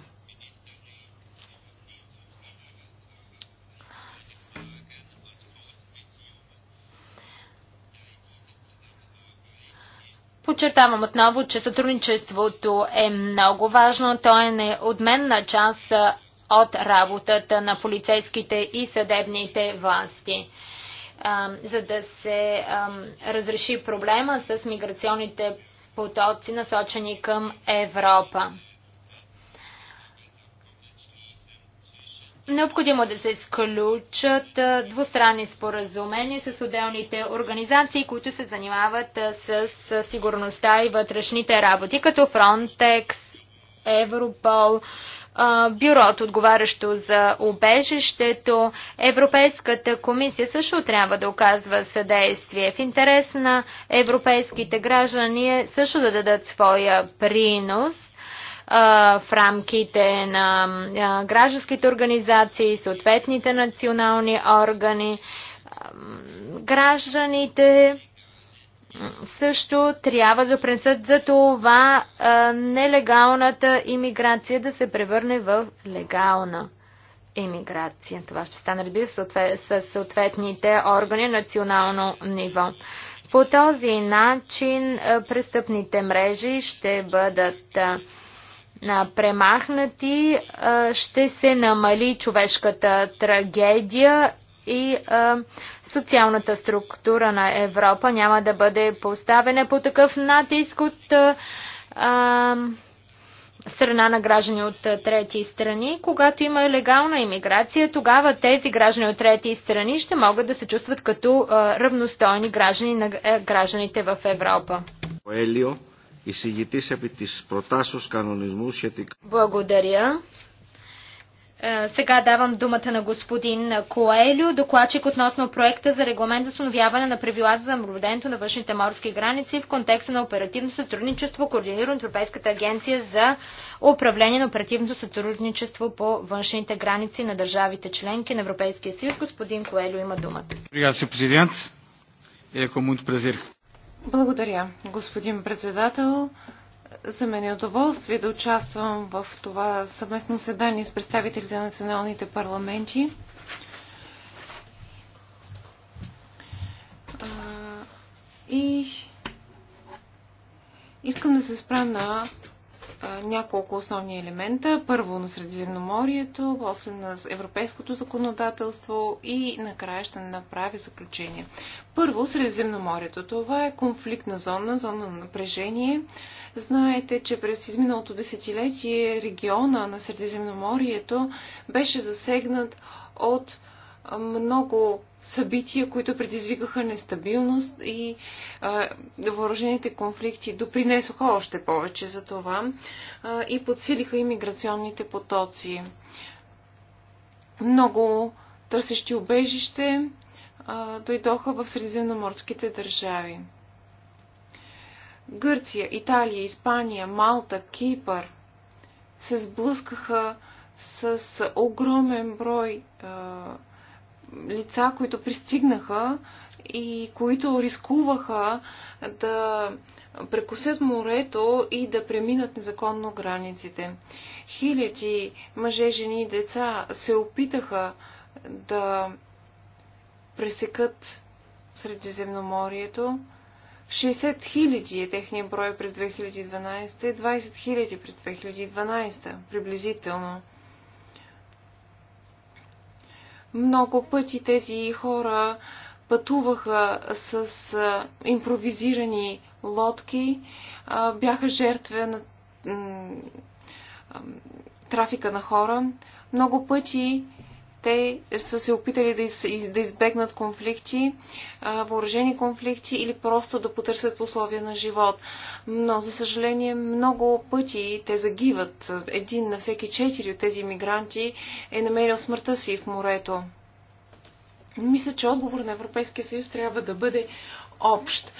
Подчертавам отново, че сътрудничеството е много важно. То е неотменна част от работата на полицейските и съдебните власти. За да се разреши проблема с миграционните потоци, насочени към Европа. Необходимо да се изключат двустранни споразумения с отделните организации, които се занимават с сигурността и вътрешните работи, като Frontex, Европол, Бюрото, отговарящо за убежището, Европейската комисия също трябва да оказва съдействие. В интерес на европейските граждани е също да дадат своя принос в рамките на гражданските организации, съответните национални органи. Гражданите също трябва да принесат за това нелегалната иммиграция да се превърне в легална иммиграция. Това ще стане, разбира с съответните органи национално ниво. По този начин престъпните мрежи ще бъдат премахнати, ще се намали човешката трагедия и социалната структура на Европа няма да бъде поставена по такъв натиск от страна на граждани от трети страни. Когато има легална иммиграция, тогава тези граждани от трети страни ще могат да се чувстват като равностойни граждани на гражданите в Европа. Елио εισηγητής επί της προτάσεως κανονισμού σχετικά... Благодаря. Е, сега давам думата на господин Коелю, докладчик относно проекта за регламент за установяване на правила за наблюдението на външните морски граници в контекста на оперативно сътрудничество, координирано от Европейската агенция за управление на оперативното сътрудничество по външните граници на държавите членки на Европейския съюз. Господин Коелю има думата. Благодаря, Sr. Presidente. Благодаря, господин председател. За мен е удоволствие да участвам в това съвместно седание с представителите на националните парламенти. И искам да се спра на няколко основни елемента. Първо на Средиземноморието, после на европейското законодателство и накрая ще направя заключение. Първо Средиземноморието. Това е конфликтна зона, зона на напрежение. Знаете, че през изминалото десетилетие региона на Средиземноморието беше засегнат от много събития, които предизвикаха нестабилност и а, въоръжените конфликти допринесоха още повече за това а, и подсилиха иммиграционните потоци. Много търсещи убежище а, дойдоха в средиземноморските държави. Гърция, Италия, Испания, Малта, Кипър се сблъскаха с огромен брой а, лица, които пристигнаха и които рискуваха да прекусят морето и да преминат незаконно границите. Хиляди мъже, жени и деца се опитаха да пресекат Средиземноморието. 60 хиляди е техния брой през 2012, 20 хиляди през 2012 приблизително. Много пъти тези хора пътуваха с импровизирани лодки, бяха жертва на трафика на хора. Много пъти те са се опитали да, из, да избегнат конфликти, въоръжени конфликти или просто да потърсят условия на живот. Но, за съжаление, много пъти те загиват. Един на всеки четири от тези мигранти е намерил смъртта си в морето. Мисля, че отговор на Европейския съюз трябва да бъде общ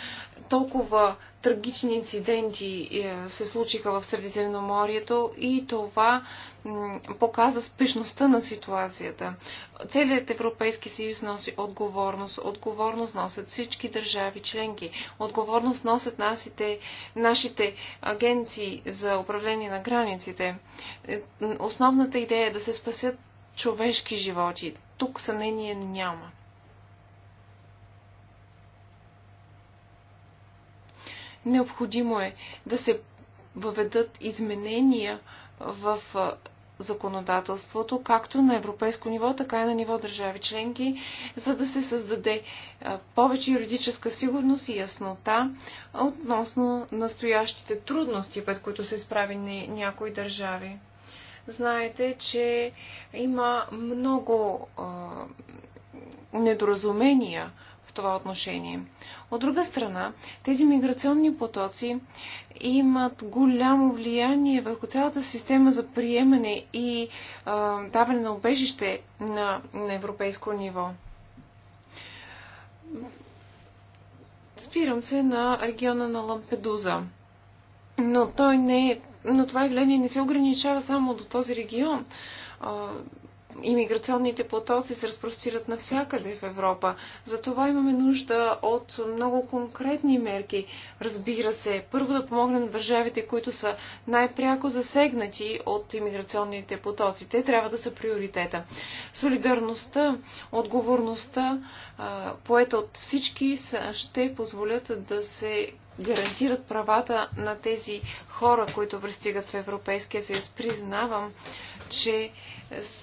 толкова трагични инциденти е, се случиха в Средиземноморието и това показа спешността на ситуацията. Целият Европейски съюз носи отговорност. Отговорност носят всички държави членки. Отговорност носят нашите, нашите агенции за управление на границите. Е, основната идея е да се спасят човешки животи. Тук съмнение няма. Необходимо е да се въведат изменения в законодателството, както на европейско ниво, така и на ниво държави членки, за да се създаде повече юридическа сигурност и яснота относно настоящите трудности, пред които са изправени някои държави. Знаете, че има много недоразумения в това отношение. От друга страна, тези миграционни потоци имат голямо влияние върху цялата система за приемане и а, даване на обежище на, на европейско ниво. Спирам се на региона на Лампедуза. Но той не Но това явление не се ограничава само до този регион имиграционните потоци се разпростират навсякъде в Европа. Затова имаме нужда от много конкретни мерки. Разбира се, първо да помогнем на държавите, които са най-пряко засегнати от имиграционните потоци. Те трябва да са приоритета. Солидарността, отговорността, поета от всички, ще позволят да се гарантират правата на тези хора, които пристигат в Европейския съюз. Признавам, че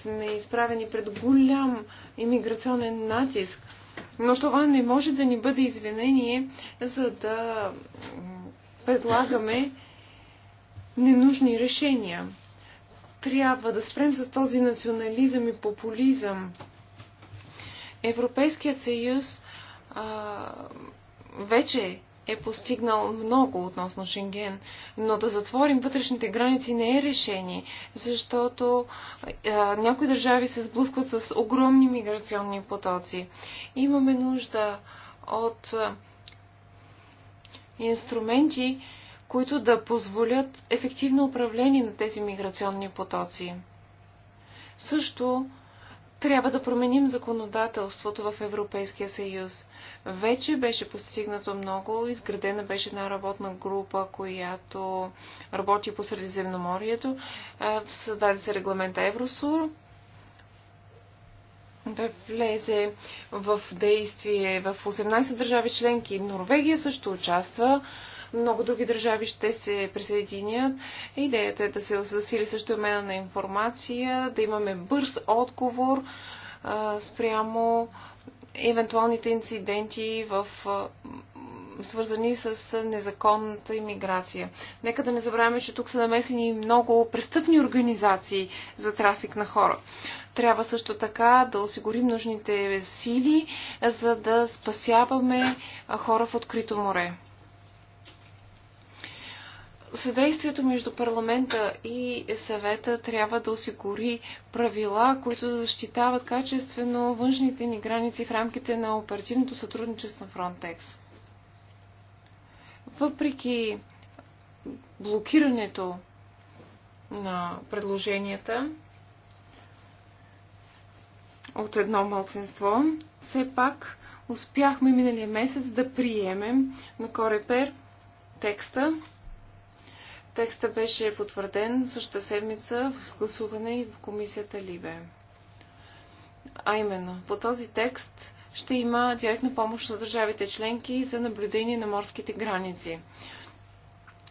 сме изправени пред голям иммиграционен натиск. Но това не може да ни бъде извинение, за да предлагаме ненужни решения. Трябва да спрем с този национализъм и популизъм. Европейският съюз а, вече е постигнал много относно Шенген, но да затворим вътрешните граници не е решение, защото е, някои държави се сблъскват с огромни миграционни потоци. Имаме нужда от инструменти, които да позволят ефективно управление на тези миграционни потоци. Също трябва да променим законодателството в Европейския съюз. Вече беше постигнато много, изградена беше една работна група, която работи по Средиземноморието. Е, създаде се регламента Евросур. Той влезе в действие в 18 държави членки. Норвегия също участва. Много други държави ще се присъединят. Идеята е да се засили също обмена на информация, да имаме бърз отговор а, спрямо евентуалните инциденти в а, свързани с незаконната иммиграция. Нека да не забравяме, че тук са намесени много престъпни организации за трафик на хора. Трябва също така да осигурим нужните сили, за да спасяваме хора в открито море съдействието между парламента и съвета трябва да осигури правила, които да защитават качествено външните ни граници в рамките на оперативното сътрудничество на Frontex. Въпреки блокирането на предложенията от едно мълценство, все пак успяхме миналия месец да приемем на Корепер текста Текста беше потвърден същата седмица в гласуване и в комисията Либе. А именно, по този текст ще има директна помощ за държавите членки за наблюдение на морските граници.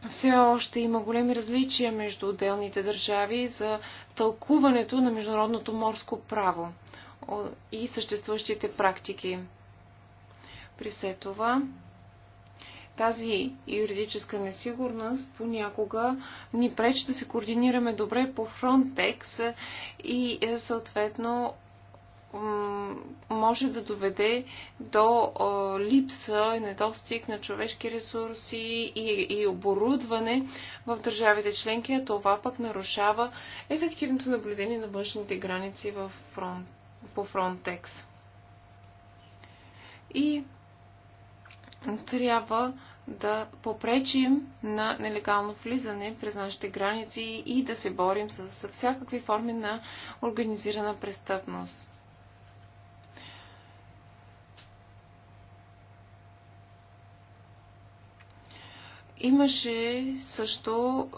Все още има големи различия между отделните държави за тълкуването на международното морско право и съществуващите практики. При все това, тази юридическа несигурност понякога ни пречи да се координираме добре по Frontex и е, съответно може да доведе до липса и недостиг на човешки ресурси и, и оборудване в държавите членки, а това пък нарушава ефективното наблюдение на външните граници в фронт, по фронтекс. И трябва да попречим на нелегално влизане през нашите граници и да се борим с всякакви форми на организирана престъпност. Имаше също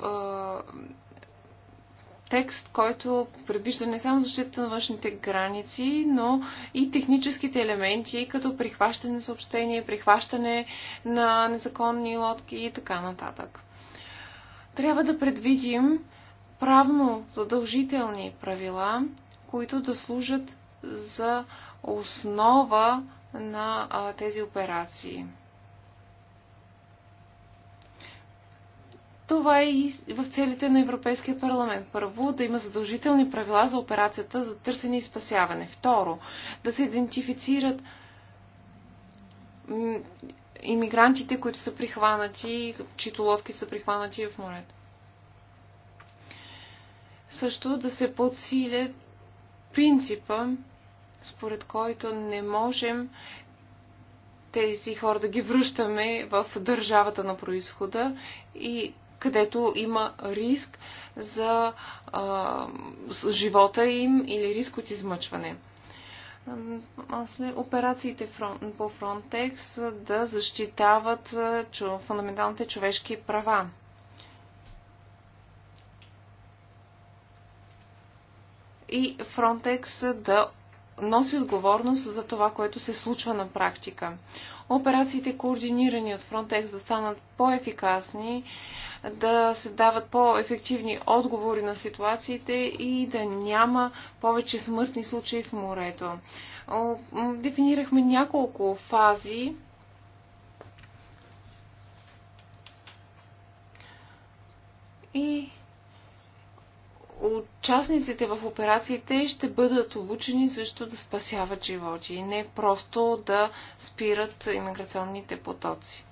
текст, който предвижда не само защита на външните граници, но и техническите елементи, като прихващане на съобщения, прихващане на незаконни лодки и така нататък. Трябва да предвидим правно задължителни правила, които да служат за основа на а, тези операции. Това е и в целите на Европейския парламент. Първо, да има задължителни правила за операцията за търсене и спасяване. Второ, да се идентифицират иммигрантите, които са прихванати, чието лодки са прихванати в морето. Също да се подсилят принципа, според който не можем тези хора да ги връщаме в държавата на происхода и където има риск за а, живота им или риск от измъчване. операциите по Frontex да защитават фундаменталните човешки права. И Frontex да носи отговорност за това, което се случва на практика. Операциите, координирани от Frontex, да станат по-ефикасни да се дават по-ефективни отговори на ситуациите и да няма повече смъртни случаи в морето. Дефинирахме няколко фази и участниците в операциите ще бъдат обучени също да спасяват животи, не просто да спират иммиграционните потоци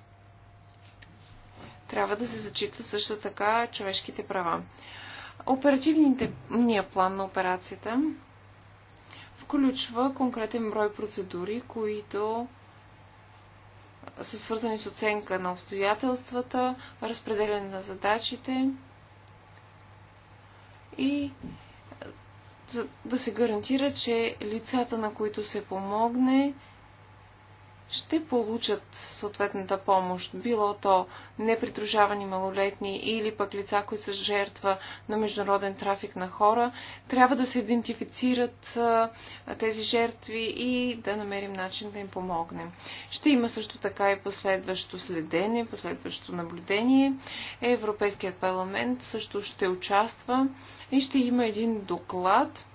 трябва да се зачита също така човешките права. Оперативният план на операцията включва конкретен брой процедури, които са свързани с оценка на обстоятелствата, разпределяне на задачите и да се гарантира, че лицата, на които се помогне, ще получат съответната помощ, било то непридружавани малолетни или пък лица, които са жертва на международен трафик на хора. Трябва да се идентифицират тези жертви и да намерим начин да им помогнем. Ще има също така и последващо следение, последващо наблюдение. Европейският парламент също ще участва и ще има един доклад,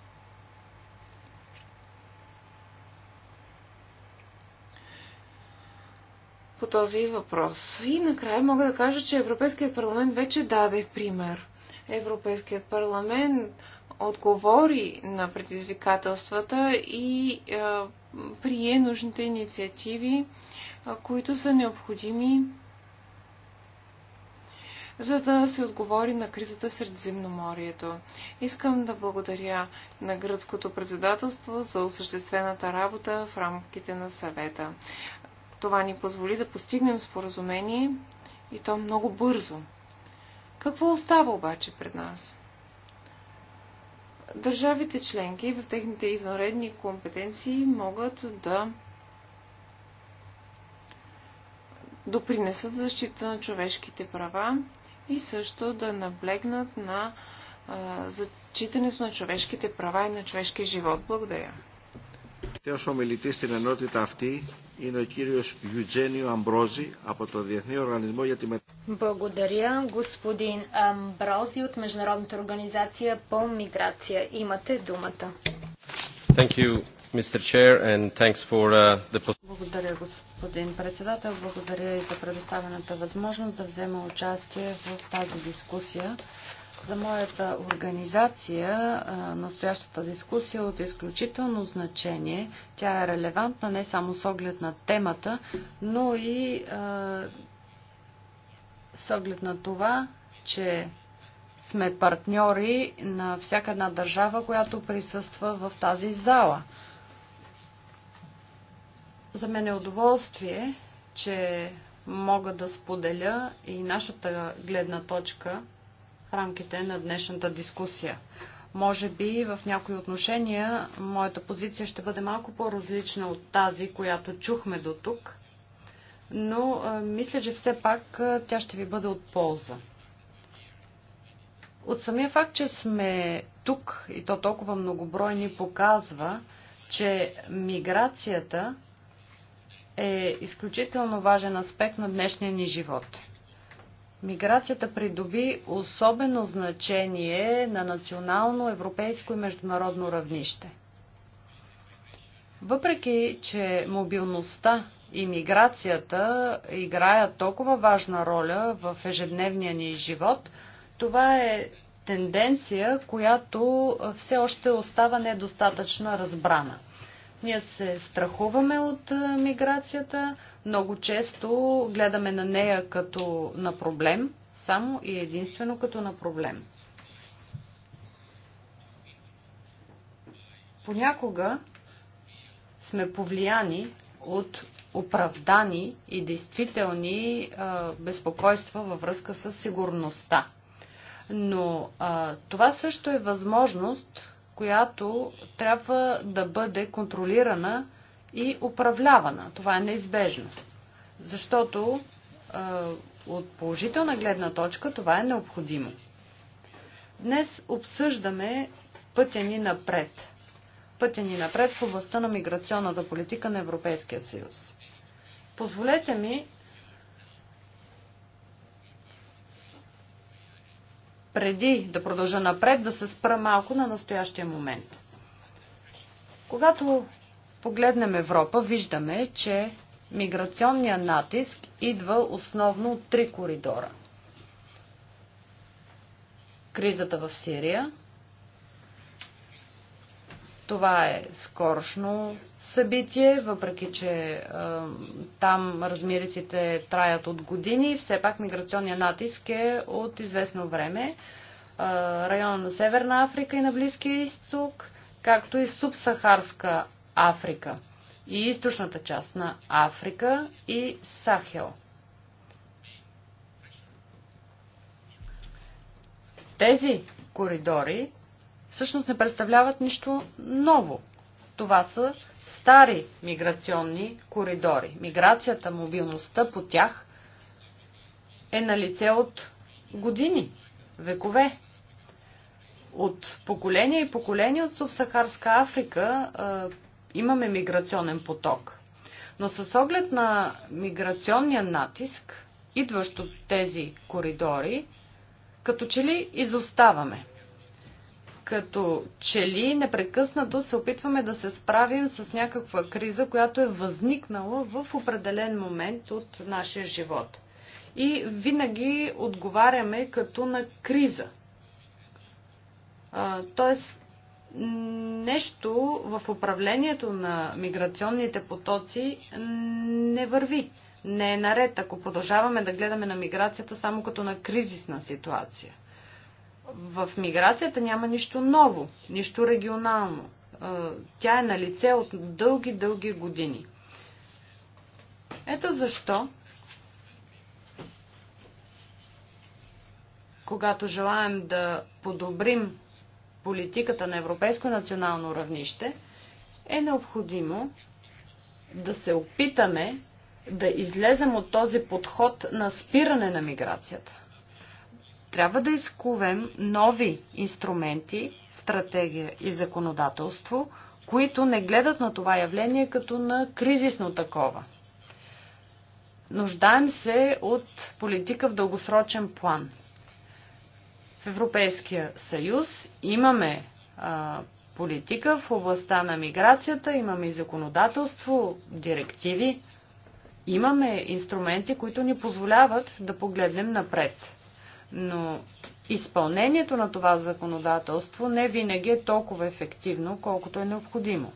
по този въпрос. И накрая мога да кажа, че Европейският парламент вече даде пример. Европейският парламент отговори на предизвикателствата и е, прие нужните инициативи, които са необходими за да се отговори на кризата в Средиземноморието. Искам да благодаря на гръцкото председателство за осъществената работа в рамките на съвета. Това ни позволи да постигнем споразумение и то много бързо. Какво остава обаче пред нас? Държавите членки в техните извънредни компетенции могат да допринесат защита на човешките права и също да наблегнат на а, зачитането на човешките права и на човешкия живот. Благодаря. Те είναι ο κύριος Eugeniu Ambrosi από το Διεθνή Οργανισμό για τη Благодаря, господин Амбрози от Международната организация по миграция. Имате думата. Uh, Благодаря, господин председател. Благодаря и за предоставената възможност да взема участие в тази дискусия. За моята организация настоящата дискусия е от изключително значение. Тя е релевантна не само с оглед на темата, но и с оглед на това, че сме партньори на всяка една държава, която присъства в тази зала. За мен е удоволствие, че мога да споделя и нашата гледна точка – рамките на днешната дискусия. Може би в някои отношения моята позиция ще бъде малко по-различна от тази, която чухме до тук, но мисля, че все пак тя ще ви бъде от полза. От самия факт, че сме тук и то толкова многобройни показва, че миграцията е изключително важен аспект на днешния ни живот – Миграцията придоби особено значение на национално, европейско и международно равнище. Въпреки, че мобилността и миграцията играят толкова важна роля в ежедневния ни живот, това е тенденция, която все още остава недостатъчно разбрана. Ние се страхуваме от миграцията, много често гледаме на нея като на проблем, само и единствено като на проблем. Понякога сме повлияни от оправдани и действителни а, безпокойства във връзка с сигурността. Но а, това също е възможност която трябва да бъде контролирана и управлявана. Това е неизбежно. Защото от положителна гледна точка това е необходимо. Днес обсъждаме пътя ни напред. Пътя ни напред в областта на миграционната политика на Европейския съюз. Позволете ми преди да продължа напред, да се спра малко на настоящия момент. Когато погледнем Европа, виждаме, че миграционният натиск идва основно от три коридора. Кризата в Сирия, това е скорошно събитие, въпреки че е, там размериците траят от години, все пак миграционният натиск е от известно време. Е, района на Северна Африка и на Близкия изток, както и Субсахарска Африка и източната част на Африка и Сахел. Тези коридори всъщност не представляват нищо ново. Това са стари миграционни коридори. Миграцията, мобилността по тях е на лице от години, векове. От поколение и поколение от Субсахарска Африка е, имаме миграционен поток. Но с оглед на миграционния натиск, идващ от тези коридори, като че ли изоставаме като че ли непрекъснато се опитваме да се справим с някаква криза, която е възникнала в определен момент от нашия живот. И винаги отговаряме като на криза. Тоест, нещо в управлението на миграционните потоци не върви. Не е наред, ако продължаваме да гледаме на миграцията само като на кризисна ситуация в миграцията няма нищо ново, нищо регионално. Тя е на лице от дълги-дълги години. Ето защо, когато желаем да подобрим политиката на европейско национално равнище, е необходимо да се опитаме да излезем от този подход на спиране на миграцията. Трябва да изкувем нови инструменти, стратегия и законодателство, които не гледат на това явление като на кризисно такова. Нуждаем се от политика в дългосрочен план. В Европейския съюз имаме а, политика в областта на миграцията, имаме и законодателство, директиви, имаме инструменти, които ни позволяват да погледнем напред но изпълнението на това законодателство не винаги е толкова ефективно, колкото е необходимо.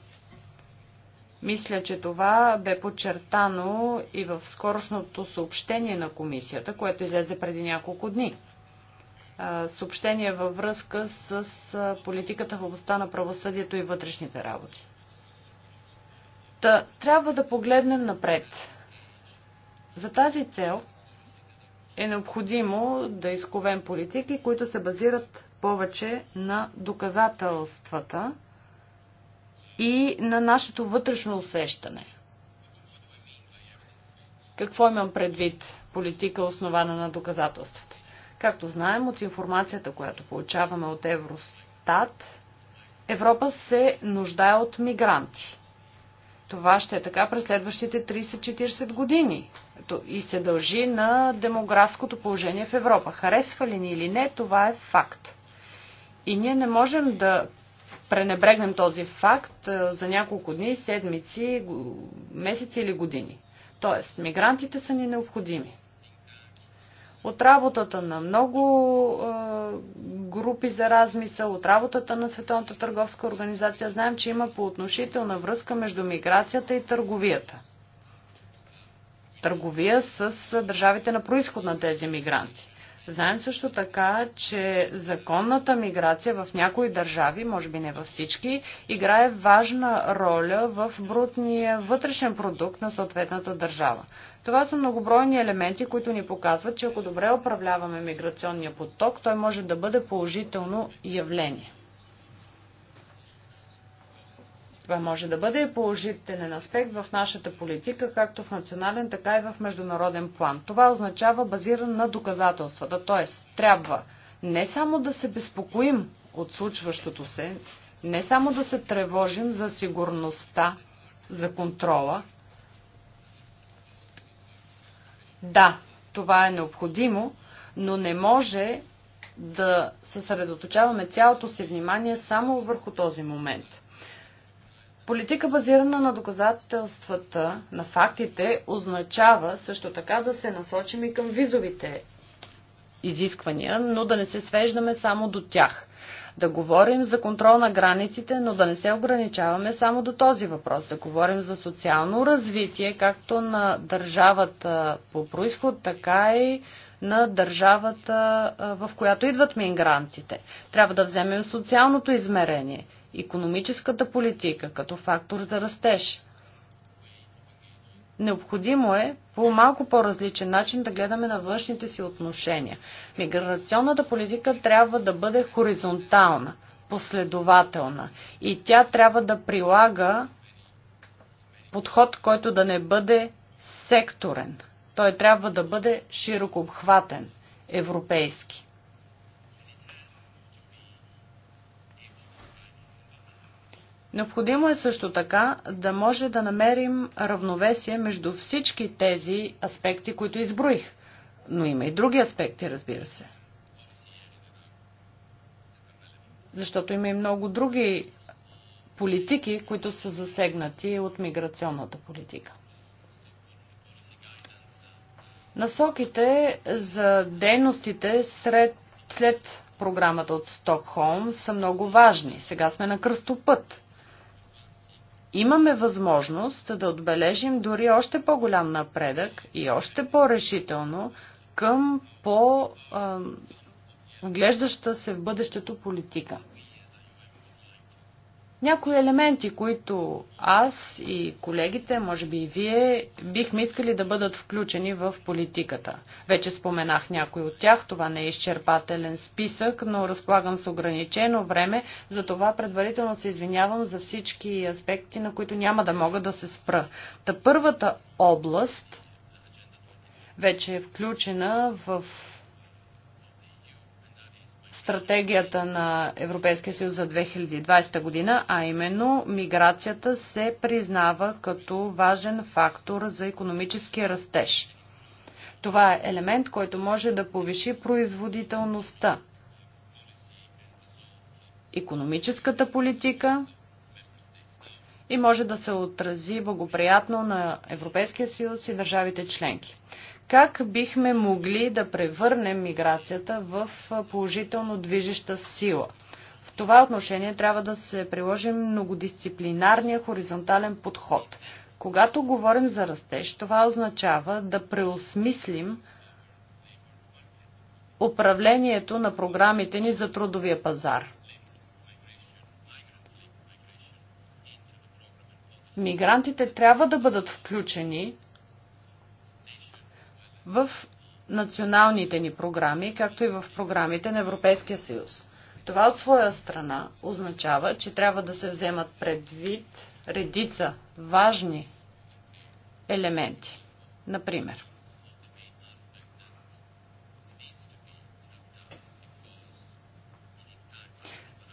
Мисля, че това бе подчертано и в скорошното съобщение на комисията, което излезе преди няколко дни. Съобщение във връзка с политиката в областта на правосъдието и вътрешните работи. Та, трябва да погледнем напред. За тази цел – е необходимо да изковем политики, които се базират повече на доказателствата и на нашето вътрешно усещане. Какво имам предвид политика, основана на доказателствата? Както знаем от информацията, която получаваме от Евростат, Европа се нуждае от мигранти. Това ще е така през следващите 30-40 години и се дължи на демографското положение в Европа. Харесва ли ни или не, това е факт. И ние не можем да пренебрегнем този факт за няколко дни, седмици, месеци или години. Тоест, мигрантите са ни необходими от работата на много групи за размисъл, от работата на Световната търговска организация, знаем, че има поотношителна връзка между миграцията и търговията. Търговия с държавите на происход на тези мигранти. Знаем също така, че законната миграция в някои държави, може би не във всички, играе важна роля в брутния вътрешен продукт на съответната държава. Това са многобройни елементи, които ни показват, че ако добре управляваме миграционния поток, той може да бъде положително явление. Това може да бъде положителен аспект в нашата политика, както в национален, така и в международен план. Това означава базиран на доказателствата, т.е. трябва не само да се безпокоим от случващото се, не само да се тревожим за сигурността, за контрола. Да, това е необходимо, но не може да съсредоточаваме цялото си внимание само върху този момент – Политика базирана на доказателствата, на фактите, означава също така да се насочим и към визовите изисквания, но да не се свеждаме само до тях. Да говорим за контрол на границите, но да не се ограничаваме само до този въпрос. Да говорим за социално развитие, както на държавата по происход, така и на държавата, в която идват мигрантите. Трябва да вземем социалното измерение економическата политика като фактор за растеж. Необходимо е по малко по-различен начин да гледаме на външните си отношения. Миграционната политика трябва да бъде хоризонтална, последователна и тя трябва да прилага подход, който да не бъде секторен. Той трябва да бъде широко обхватен, европейски. Необходимо е също така да може да намерим равновесие между всички тези аспекти, които изброих. Но има и други аспекти, разбира се. Защото има и много други политики, които са засегнати от миграционната политика. Насоките за дейностите сред, след програмата от Стокхолм са много важни. Сега сме на кръстопът имаме възможност да отбележим дори още по-голям напредък и още по-решително към по-оглеждаща се в бъдещето политика. Някои елементи, които аз и колегите, може би и вие, бихме искали да бъдат включени в политиката. Вече споменах някои от тях, това не е изчерпателен списък, но разполагам с ограничено време, за това предварително се извинявам за всички аспекти, на които няма да мога да се спра. Та първата област вече е включена в стратегията на Европейския съюз за 2020 година, а именно миграцията се признава като важен фактор за економически растеж. Това е елемент, който може да повиши производителността. Економическата политика и може да се отрази благоприятно на Европейския съюз и държавите членки. Как бихме могли да превърнем миграцията в положително движеща сила? В това отношение трябва да се приложи многодисциплинарния хоризонтален подход. Когато говорим за растеж, това означава да преосмислим управлението на програмите ни за трудовия пазар. Мигрантите трябва да бъдат включени в националните ни програми, както и в програмите на Европейския съюз. Това от своя страна означава, че трябва да се вземат предвид редица важни елементи. Например,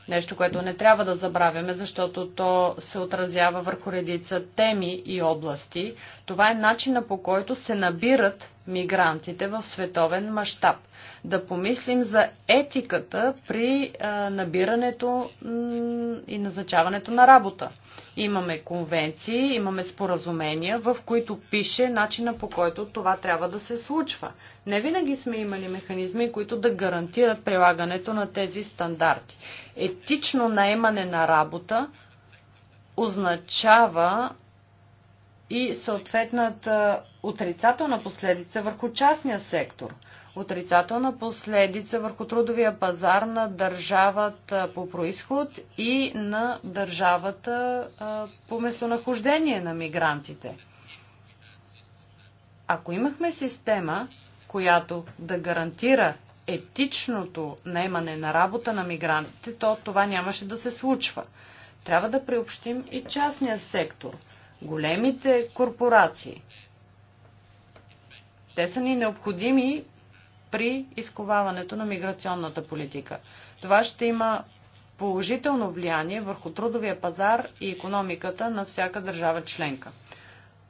Нещо, което не трябва да забравяме, защото то се отразява върху редица теми и области. Това е начина по който се набират мигрантите в световен мащаб. Да помислим за етиката при набирането и назначаването на работа. Имаме конвенции, имаме споразумения, в които пише начина по който това трябва да се случва. Не винаги сме имали механизми, които да гарантират прилагането на тези стандарти. Етично наемане на работа означава и съответната отрицателна последица върху частния сектор – отрицателна последица върху трудовия пазар на държавата по происход и на държавата по местонахождение на мигрантите. Ако имахме система, която да гарантира етичното наемане на работа на мигрантите, то това нямаше да се случва. Трябва да приобщим и частния сектор, големите корпорации. Те са ни необходими при изковаването на миграционната политика. Това ще има положително влияние върху трудовия пазар и економиката на всяка държава членка.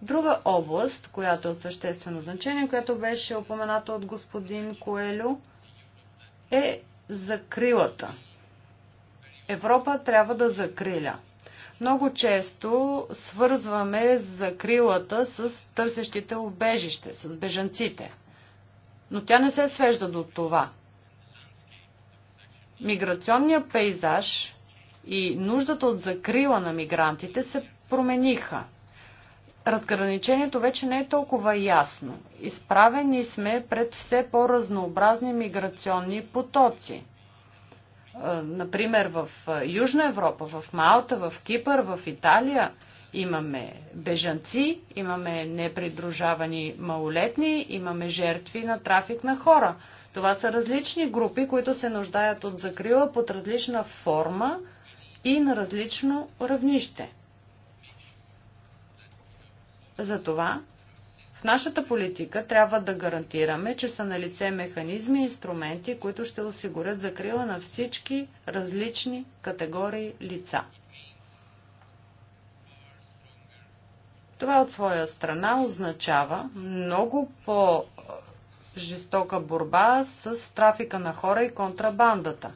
Друга област, която е от съществено значение, която беше опомената от господин Коелю, е закрилата. Европа трябва да закриля. Много често свързваме закрилата с търсещите убежище, с бежанците – но тя не се свежда до това. Миграционният пейзаж и нуждата от закрила на мигрантите се промениха. Разграничението вече не е толкова ясно. Изправени сме пред все по-разнообразни миграционни потоци. Е, например, в е, Южна Европа, в Малта, в Кипър, в Италия – Имаме бежанци, имаме непридружавани малолетни, имаме жертви на трафик на хора. Това са различни групи, които се нуждаят от закрила под различна форма и на различно равнище. Затова в нашата политика трябва да гарантираме, че са на лице механизми и инструменти, които ще осигурят закрила на всички различни категории лица. Това от своя страна означава много по- жестока борба с трафика на хора и контрабандата.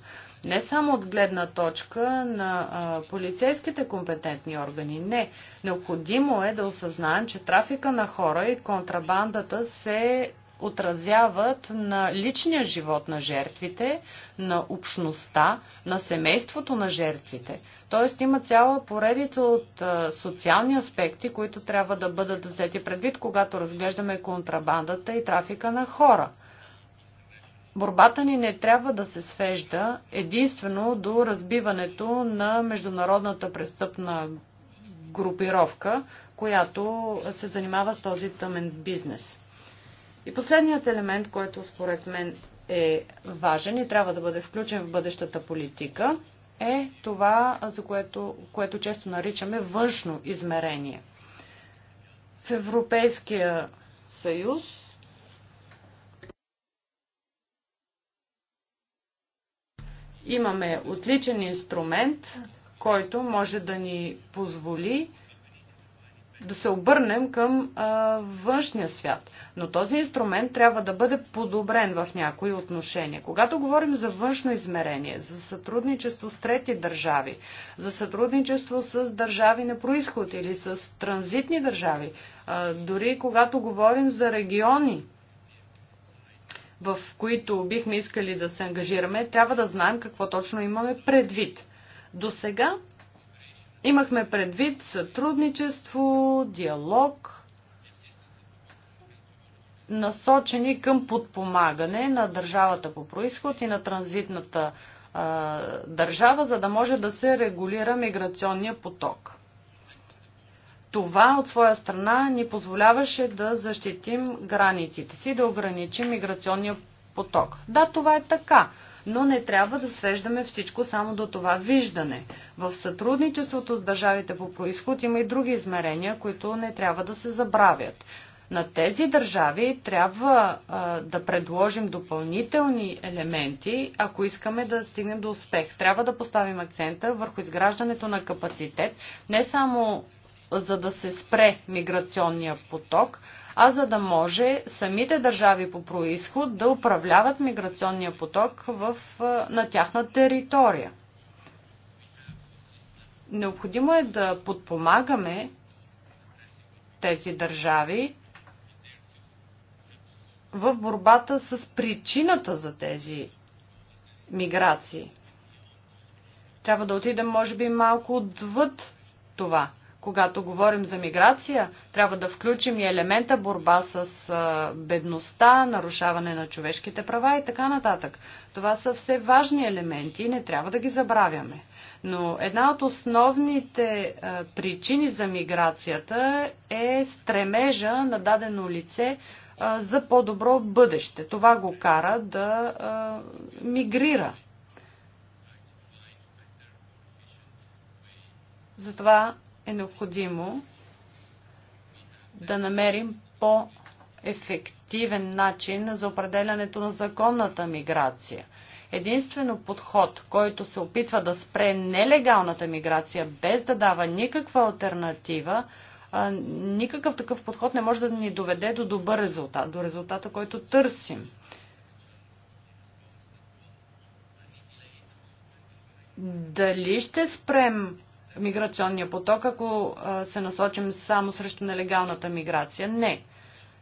Не само от гледна точка на а, полицейските компетентни органи, не. Необходимо е да осъзнаем, че трафика на хора и контрабандата се отразяват на личния живот на жертвите, на общността, на семейството на жертвите. Тоест има цяла поредица от социални аспекти, които трябва да бъдат взети предвид, когато разглеждаме контрабандата и трафика на хора. Борбата ни не трябва да се свежда единствено до разбиването на международната престъпна групировка, която се занимава с този тъмен бизнес. И последният елемент, който според мен е важен и трябва да бъде включен в бъдещата политика, е това, за което, което често наричаме външно измерение. В Европейския съюз имаме отличен инструмент, който може да ни позволи да се обърнем към а, външния свят. Но този инструмент трябва да бъде подобрен в някои отношения. Когато говорим за външно измерение, за сътрудничество с трети държави, за сътрудничество с държави на происход или с транзитни държави, а, дори когато говорим за региони, в които бихме искали да се ангажираме, трябва да знаем какво точно имаме предвид. До сега Имахме предвид сътрудничество, диалог, насочени към подпомагане на държавата по происход и на транзитната а, държава, за да може да се регулира миграционния поток. Това от своя страна ни позволяваше да защитим границите си, да ограничим миграционния поток. Да, това е така, но не трябва да свеждаме всичко само до това виждане. В сътрудничеството с държавите по происход има и други измерения, които не трябва да се забравят. На тези държави трябва а, да предложим допълнителни елементи, ако искаме да стигнем до успех. Трябва да поставим акцента върху изграждането на капацитет, не само за да се спре миграционния поток, а за да може самите държави по происход да управляват миграционния поток в, на тяхна територия. Необходимо е да подпомагаме тези държави в борбата с причината за тези миграции. Трябва да отидем, може би, малко отвъд това. Когато говорим за миграция, трябва да включим и елемента борба с бедността, нарушаване на човешките права и така нататък. Това са все важни елементи и не трябва да ги забравяме. Но една от основните причини за миграцията е стремежа на дадено лице за по-добро бъдеще. Това го кара да мигрира. Затова е необходимо да намерим по-ефективен начин за определянето на законната миграция. Единствено подход, който се опитва да спре нелегалната миграция без да дава никаква альтернатива, никакъв такъв подход не може да ни доведе до добър резултат, до резултата, който търсим. Дали ще спрем миграционния поток, ако се насочим само срещу нелегалната миграция. Не.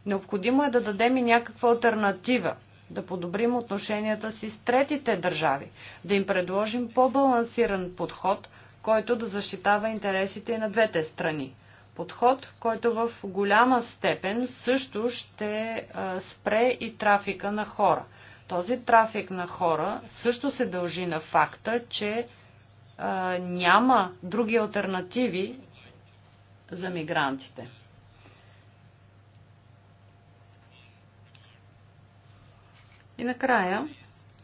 Необходимо е да дадем и някаква альтернатива, да подобрим отношенията си с третите държави, да им предложим по-балансиран подход, който да защитава интересите и на двете страни. Подход, който в голяма степен също ще спре и трафика на хора. Този трафик на хора също се дължи на факта, че а, няма други альтернативи за мигрантите. И накрая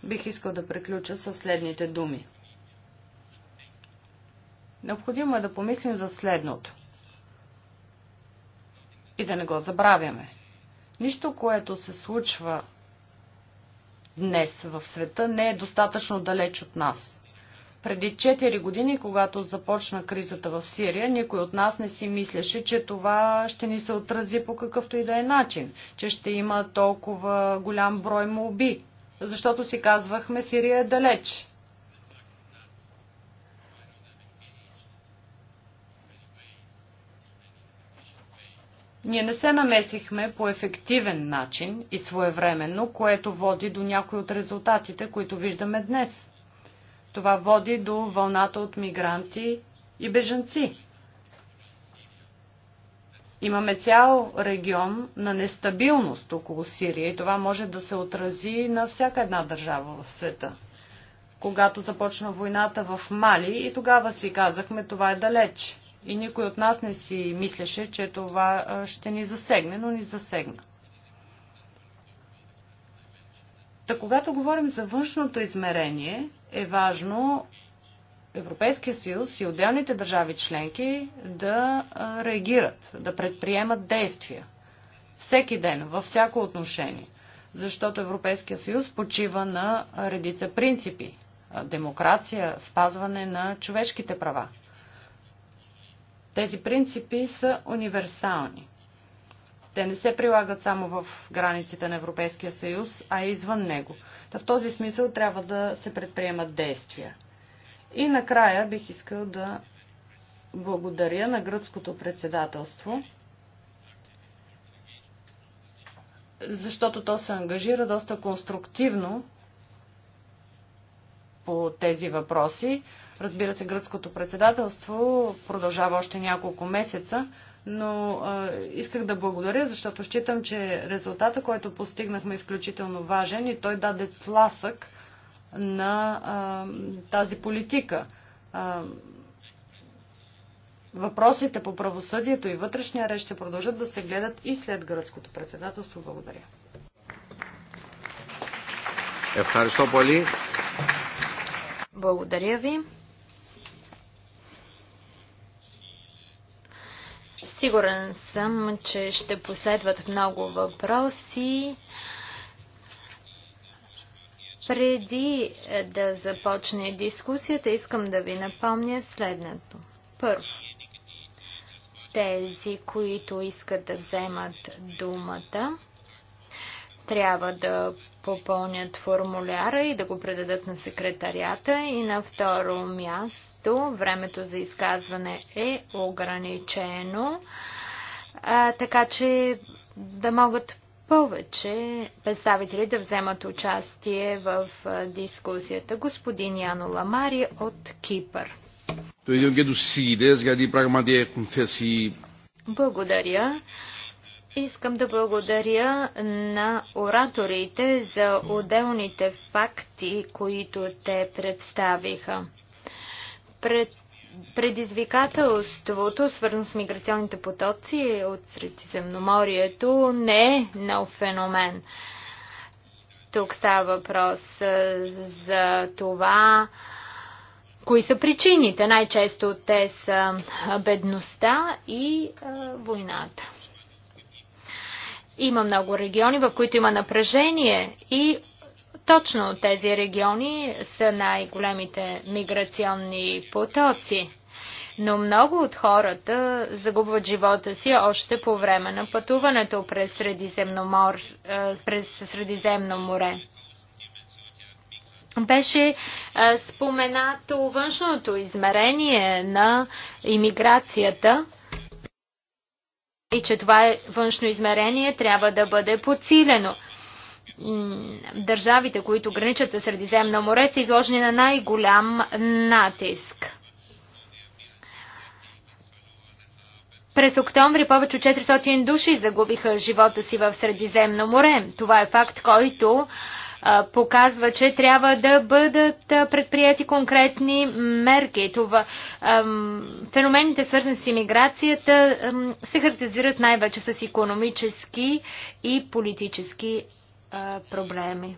бих искал да приключа със следните думи. Необходимо е да помислим за следното. И да не го забравяме. Нищо, което се случва днес в света, не е достатъчно далеч от нас. Преди 4 години, когато започна кризата в Сирия, никой от нас не си мислеше, че това ще ни се отрази по какъвто и да е начин, че ще има толкова голям брой молби, защото си казвахме Сирия е далеч. Ние не се намесихме по ефективен начин и своевременно, което води до някои от резултатите, които виждаме днес. Това води до вълната от мигранти и бежанци. Имаме цял регион на нестабилност около Сирия и това може да се отрази на всяка една държава в света. Когато започна войната в Мали и тогава си казахме това е далеч. И никой от нас не си мислеше, че това ще ни засегне, но ни засегна. Та когато говорим за външното измерение, е важно Европейския съюз и отделните държави членки да реагират, да предприемат действия. Всеки ден, във всяко отношение. Защото Европейския съюз почива на редица принципи. Демокрация, спазване на човешките права. Тези принципи са универсални. Те не се прилагат само в границите на Европейския съюз, а и извън него. Та в този смисъл трябва да се предприемат действия. И накрая бих искал да благодаря на гръцкото председателство, защото то се ангажира доста конструктивно по тези въпроси. Разбира се, гръцкото председателство продължава още няколко месеца, но а, исках да благодаря, защото считам, че резултата, който постигнахме е изключително важен и той даде тласък на а, тази политика. А, въпросите по правосъдието и вътрешния ред ще продължат да се гледат и след гръцкото председателство. Благодаря. Благодаря ви. Сигурен съм, че ще последват много въпроси. Преди да започне дискусията, искам да ви напомня следното. Първо, тези, които искат да вземат думата, трябва да попълнят формуляра и да го предадат на секретарията. И на второ място, Трето, времето за изказване е ограничено, а, така че да могат повече представители да вземат участие в дискусията. Господин Яно Ламари от Кипър. Благодаря. Искам да благодаря на ораторите за отделните факти, които те представиха. Предизвикателството, свързано с миграционните потоци от Средиземноморието, не е нов феномен. Тук става въпрос за това, кои са причините. Най-често те са бедността и войната. Има много региони, в които има напрежение и точно тези региони са най-големите миграционни потоци. Но много от хората загубват живота си още по време на пътуването през Средиземно, мор, е, през Средиземно море. Беше е, споменато външното измерение на имиграцията и че това е външно измерение трябва да бъде подсилено държавите, които граничат със Средиземно море, са изложени на най-голям натиск. През октомври повече от 400 души загубиха живота си в Средиземно море. Това е факт, който а, показва, че трябва да бъдат предприяти конкретни мерки. Това, феномените, свързани с иммиграцията, се характеризират най-вече с економически и политически проблеми.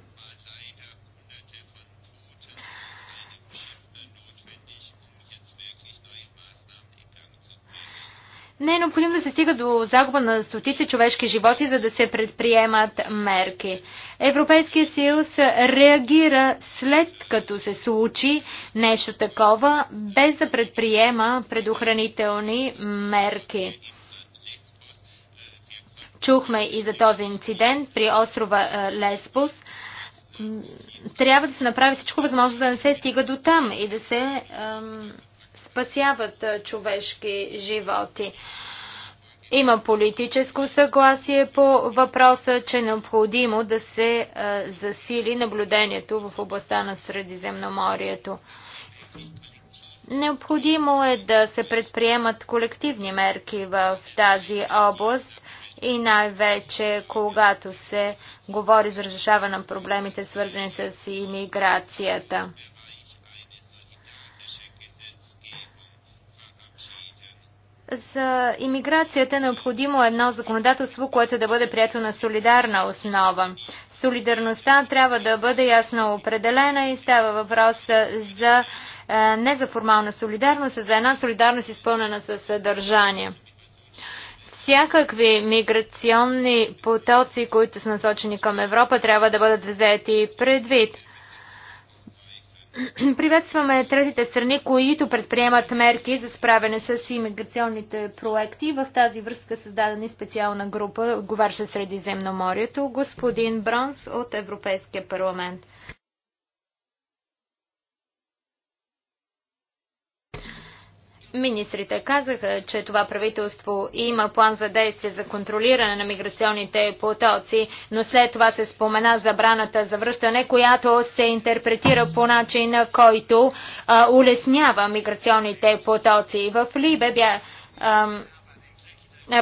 Не е необходимо да се стига до загуба на стотици човешки животи, за да се предприемат мерки. Европейския съюз реагира след като се случи нещо такова, без да предприема предохранителни мерки. Чухме и за този инцидент при острова е, Леспус. Трябва да се направи всичко възможно да не се стига до там и да се спасяват е, човешки животи. Има политическо съгласие по въпроса, че е необходимо да се е, засили наблюдението в областта на Средиземноморието. Необходимо е да се предприемат колективни мерки в тази област и най-вече когато се говори за разрешаване на проблемите, свързани с имиграцията. За иммиграцията е необходимо едно законодателство, което да бъде прието на солидарна основа. Солидарността трябва да бъде ясно определена и става въпрос за е, не за формална солидарност, а за една солидарност изпълнена със съдържание всякакви миграционни потоци, които са насочени към Европа, трябва да бъдат взети предвид. Приветстваме третите страни, които предприемат мерки за справяне с иммиграционните проекти. В тази връзка създадена и специална група, отговаряща Средиземноморието, господин Бронс от Европейския парламент. Министрите казаха, че това правителство има план за действие за контролиране на миграционните потоци, но след това се спомена забраната за връщане, която се интерпретира по начин, който а, улеснява миграционните потоци. В Либе бя, ам,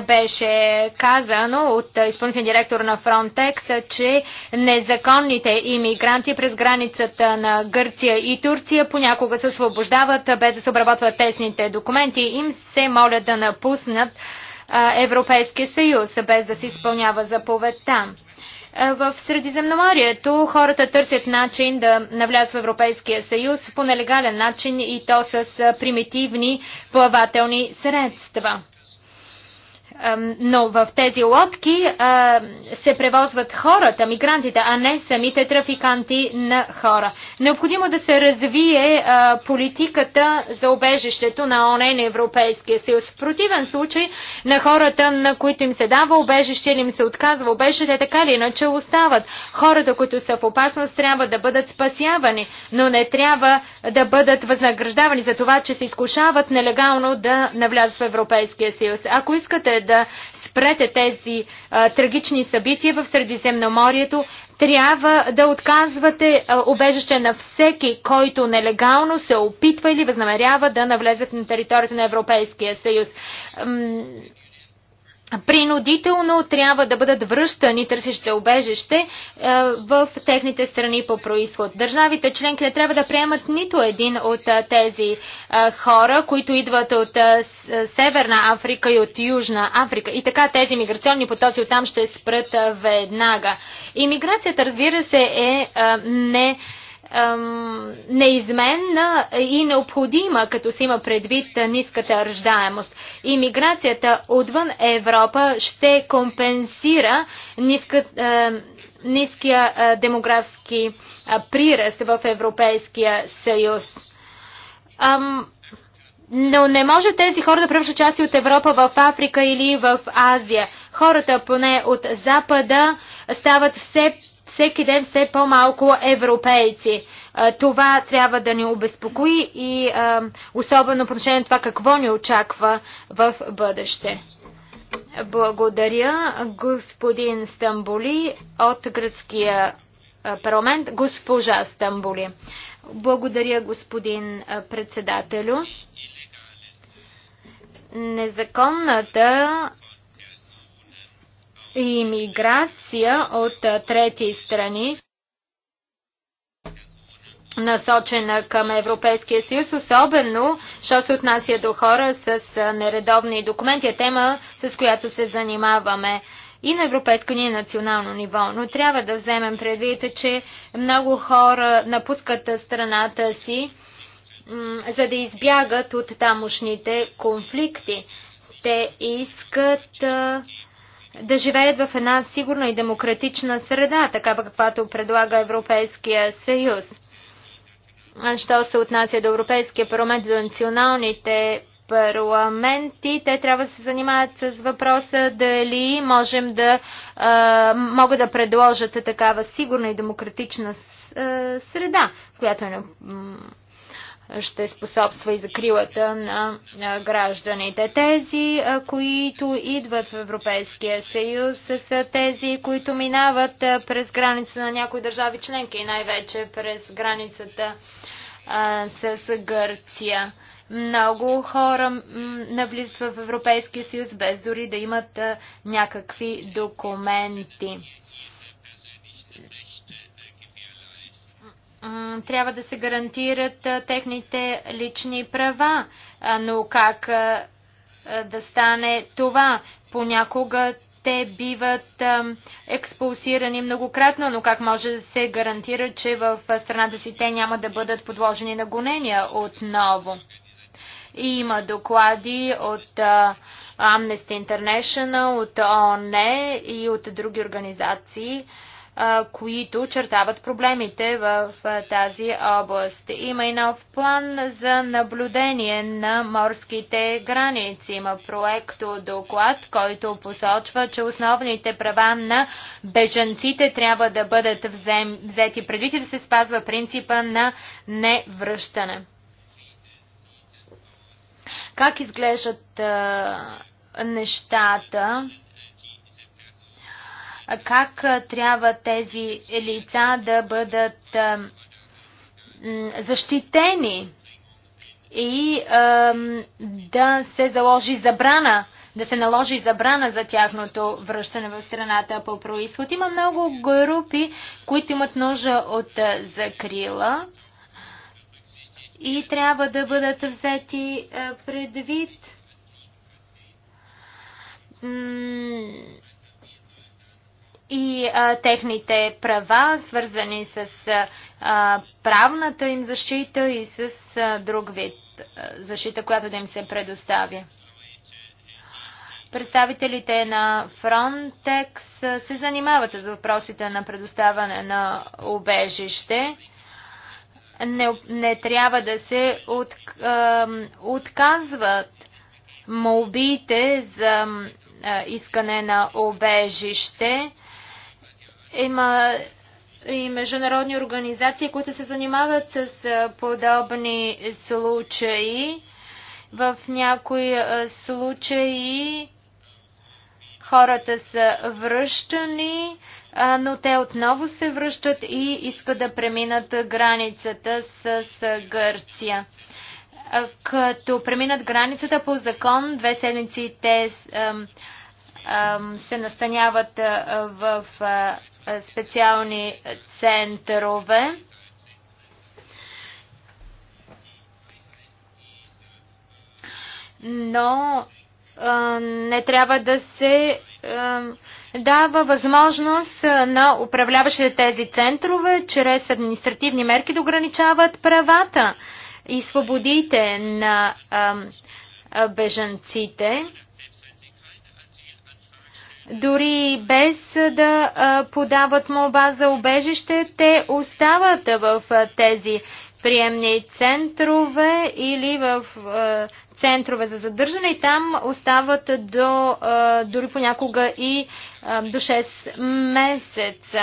беше казано от изпълнителния директор на Frontex, че незаконните иммигранти през границата на Гърция и Турция понякога се освобождават без да се обработват тесните документи. Им се молят да напуснат Европейския съюз, без да се изпълнява заповедта. В Средиземноморието хората търсят начин да навлязат в Европейския съюз по нелегален начин и то с примитивни плавателни средства но в тези лодки се превозват хората, мигрантите, а не самите трафиканти на хора. Необходимо да се развие политиката за обежището на ОНЕ на Европейския съюз. В противен случай на хората, на които им се дава обежище или им се отказва обежище, така или иначе остават. Хората, които са в опасност, трябва да бъдат спасявани, но не трябва да бъдат възнаграждавани за това, че се изкушават нелегално да навлязат в Европейския съюз. Ако искате да да спрете тези а, трагични събития в Средиземноморието. Трябва да отказвате а, убежище на всеки, който нелегално се опитва или възнамерява да навлезе на територията на Европейския съюз принудително трябва да бъдат връщани търсещите обежище е, в техните страни по происход. Държавите членки не трябва да приемат нито един от е, тези е, хора, които идват от Северна Африка и от Южна Африка. И така тези миграционни потоци оттам ще спрат веднага. Имиграцията, разбира се, е не неизменна и необходима, като се има предвид ниската ръждаемост. Имиграцията отвън Европа ще компенсира ниска, ниския демографски приръст в Европейския съюз. Но не може тези хора да превършат части от Европа в Африка или в Азия. Хората, поне от Запада, стават все всеки ден все по-малко европейци. Това трябва да ни обезпокои и особено по отношение на това какво ни очаква в бъдеще. Благодаря господин Стамбули от гръцкия парламент, госпожа Стамбули. Благодаря господин председателю. Незаконната имиграция от трети страни, насочена към Европейския съюз, особено, що се отнася до хора с нередовни документи, е тема, с която се занимаваме и на европейско, и на национално ниво. Но трябва да вземем предвид, че много хора напускат страната си, за да избягат от тамошните конфликти. Те искат да живеят в една сигурна и демократична среда, такава каквато предлага Европейския съюз. Що се отнася до Европейския парламент, до националните парламенти, те трябва да се занимават с въпроса дали можем да, а, могат да предложат такава сигурна и демократична среда, която е ще способства и закрилата на гражданите. Тези, които идват в Европейския съюз, са тези, които минават през граница на някои държави членки и най-вече през границата а, с Гърция. Много хора навлизат в Европейския съюз без дори да имат а, някакви документи трябва да се гарантират техните лични права. Но как да стане това? Понякога те биват експулсирани многократно, но как може да се гарантира, че в страната си те няма да бъдат подложени на гонения отново? И има доклади от Amnesty International, от ООН и от други организации, които чертават проблемите в тази област. Има и нов план за наблюдение на морските граници. Има проекто доклад, който посочва, че основните права на бежанците трябва да бъдат взем... взети преди да се спазва принципа на невръщане. Как изглеждат нещата? как трябва тези лица да бъдат защитени и да се заложи забрана да се наложи забрана за тяхното връщане в страната по происход. Има много групи, които имат нужда от закрила и трябва да бъдат взети предвид и а, техните права, свързани с а, правната им защита и с а, друг вид а, защита, която да им се предоставя. Представителите на Frontex се занимават с въпросите на предоставане на обежище. Не, не трябва да се от, а, отказват молбите за искане на обежище има и международни организации, които се занимават с подобни случаи. В някои случаи хората са връщани, но те отново се връщат и искат да преминат границата с Гърция. Като преминат границата по закон, две седмици те се настаняват в специални центрове. Но не трябва да се дава възможност на управляващите тези центрове чрез административни мерки да ограничават правата и свободите на бежанците дори без да подават молба за обежище, те остават в тези приемни центрове или в центрове за задържане и там остават до, дори понякога и до 6 месеца.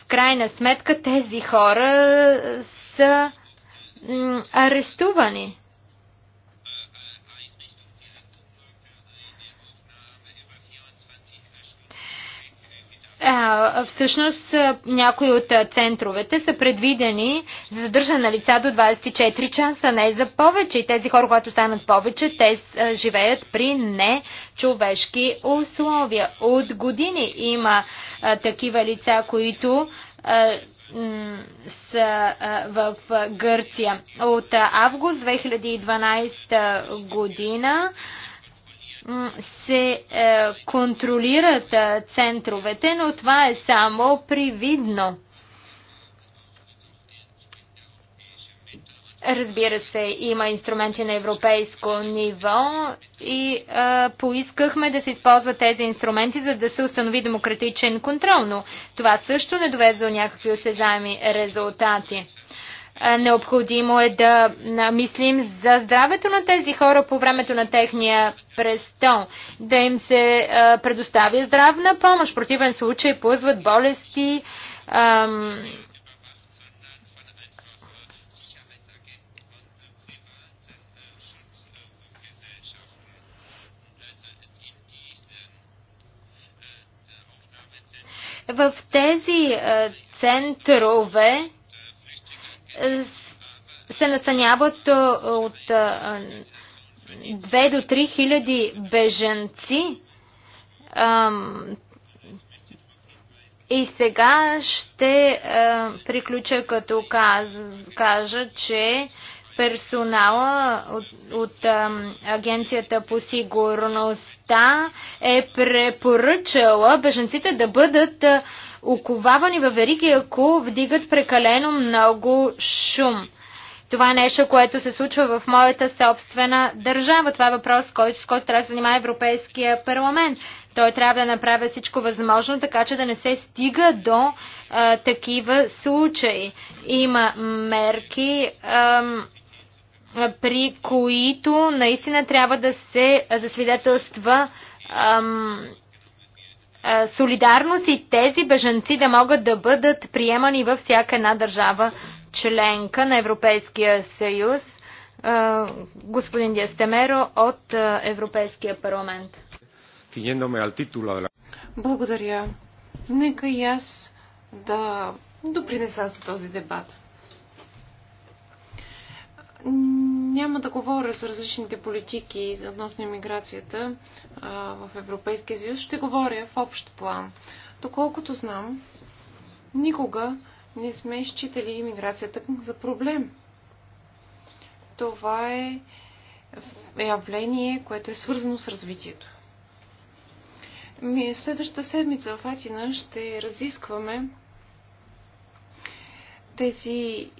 В крайна сметка тези хора са арестувани. Всъщност някои от центровете са предвидени за задържане на лица до 24 часа, не за повече. И тези хора, когато станат повече, те живеят при нечовешки условия. От години има такива лица, които са в Гърция. От август 2012 година се е, контролират е, центровете, но това е само привидно. Разбира се, има инструменти на европейско ниво и е, поискахме да се използват тези инструменти, за да се установи демократичен контрол, но това също не доведе до някакви осезаеми резултати. Е, необходимо е да мислим за здравето на тези хора по времето на техния престол, да им се е, предоставя здравна помощ. В противен случай плъзват болести. В тези е, центрове се настаняват от 2 до 3 хиляди беженци. И сега ще приключа като кажа, че персонала от, от Агенцията по сигурността е препоръчала беженците да бъдат оковавани във вериги, ако вдигат прекалено много шум. Това е нещо, което се случва в моята собствена държава. Това е въпрос, който, с който трябва да занимава Европейския парламент. Той трябва да направя всичко възможно, така че да не се стига до а, такива случаи. Има мерки при които наистина трябва да се засвидетелства ам, а, солидарност и тези бежанци да могат да бъдат приемани във всяка една държава членка на Европейския съюз. А, господин Диастемеро от Европейския парламент. Благодаря. Нека и аз да допринеса за този дебат. Няма да говоря с различните политики относно иммиграцията в Европейския съюз. Ще говоря в общ план. Доколкото знам, никога не сме считали иммиграцията за проблем. Това е явление, което е свързано с развитието. Ми, следващата седмица в Атина ще разискваме тези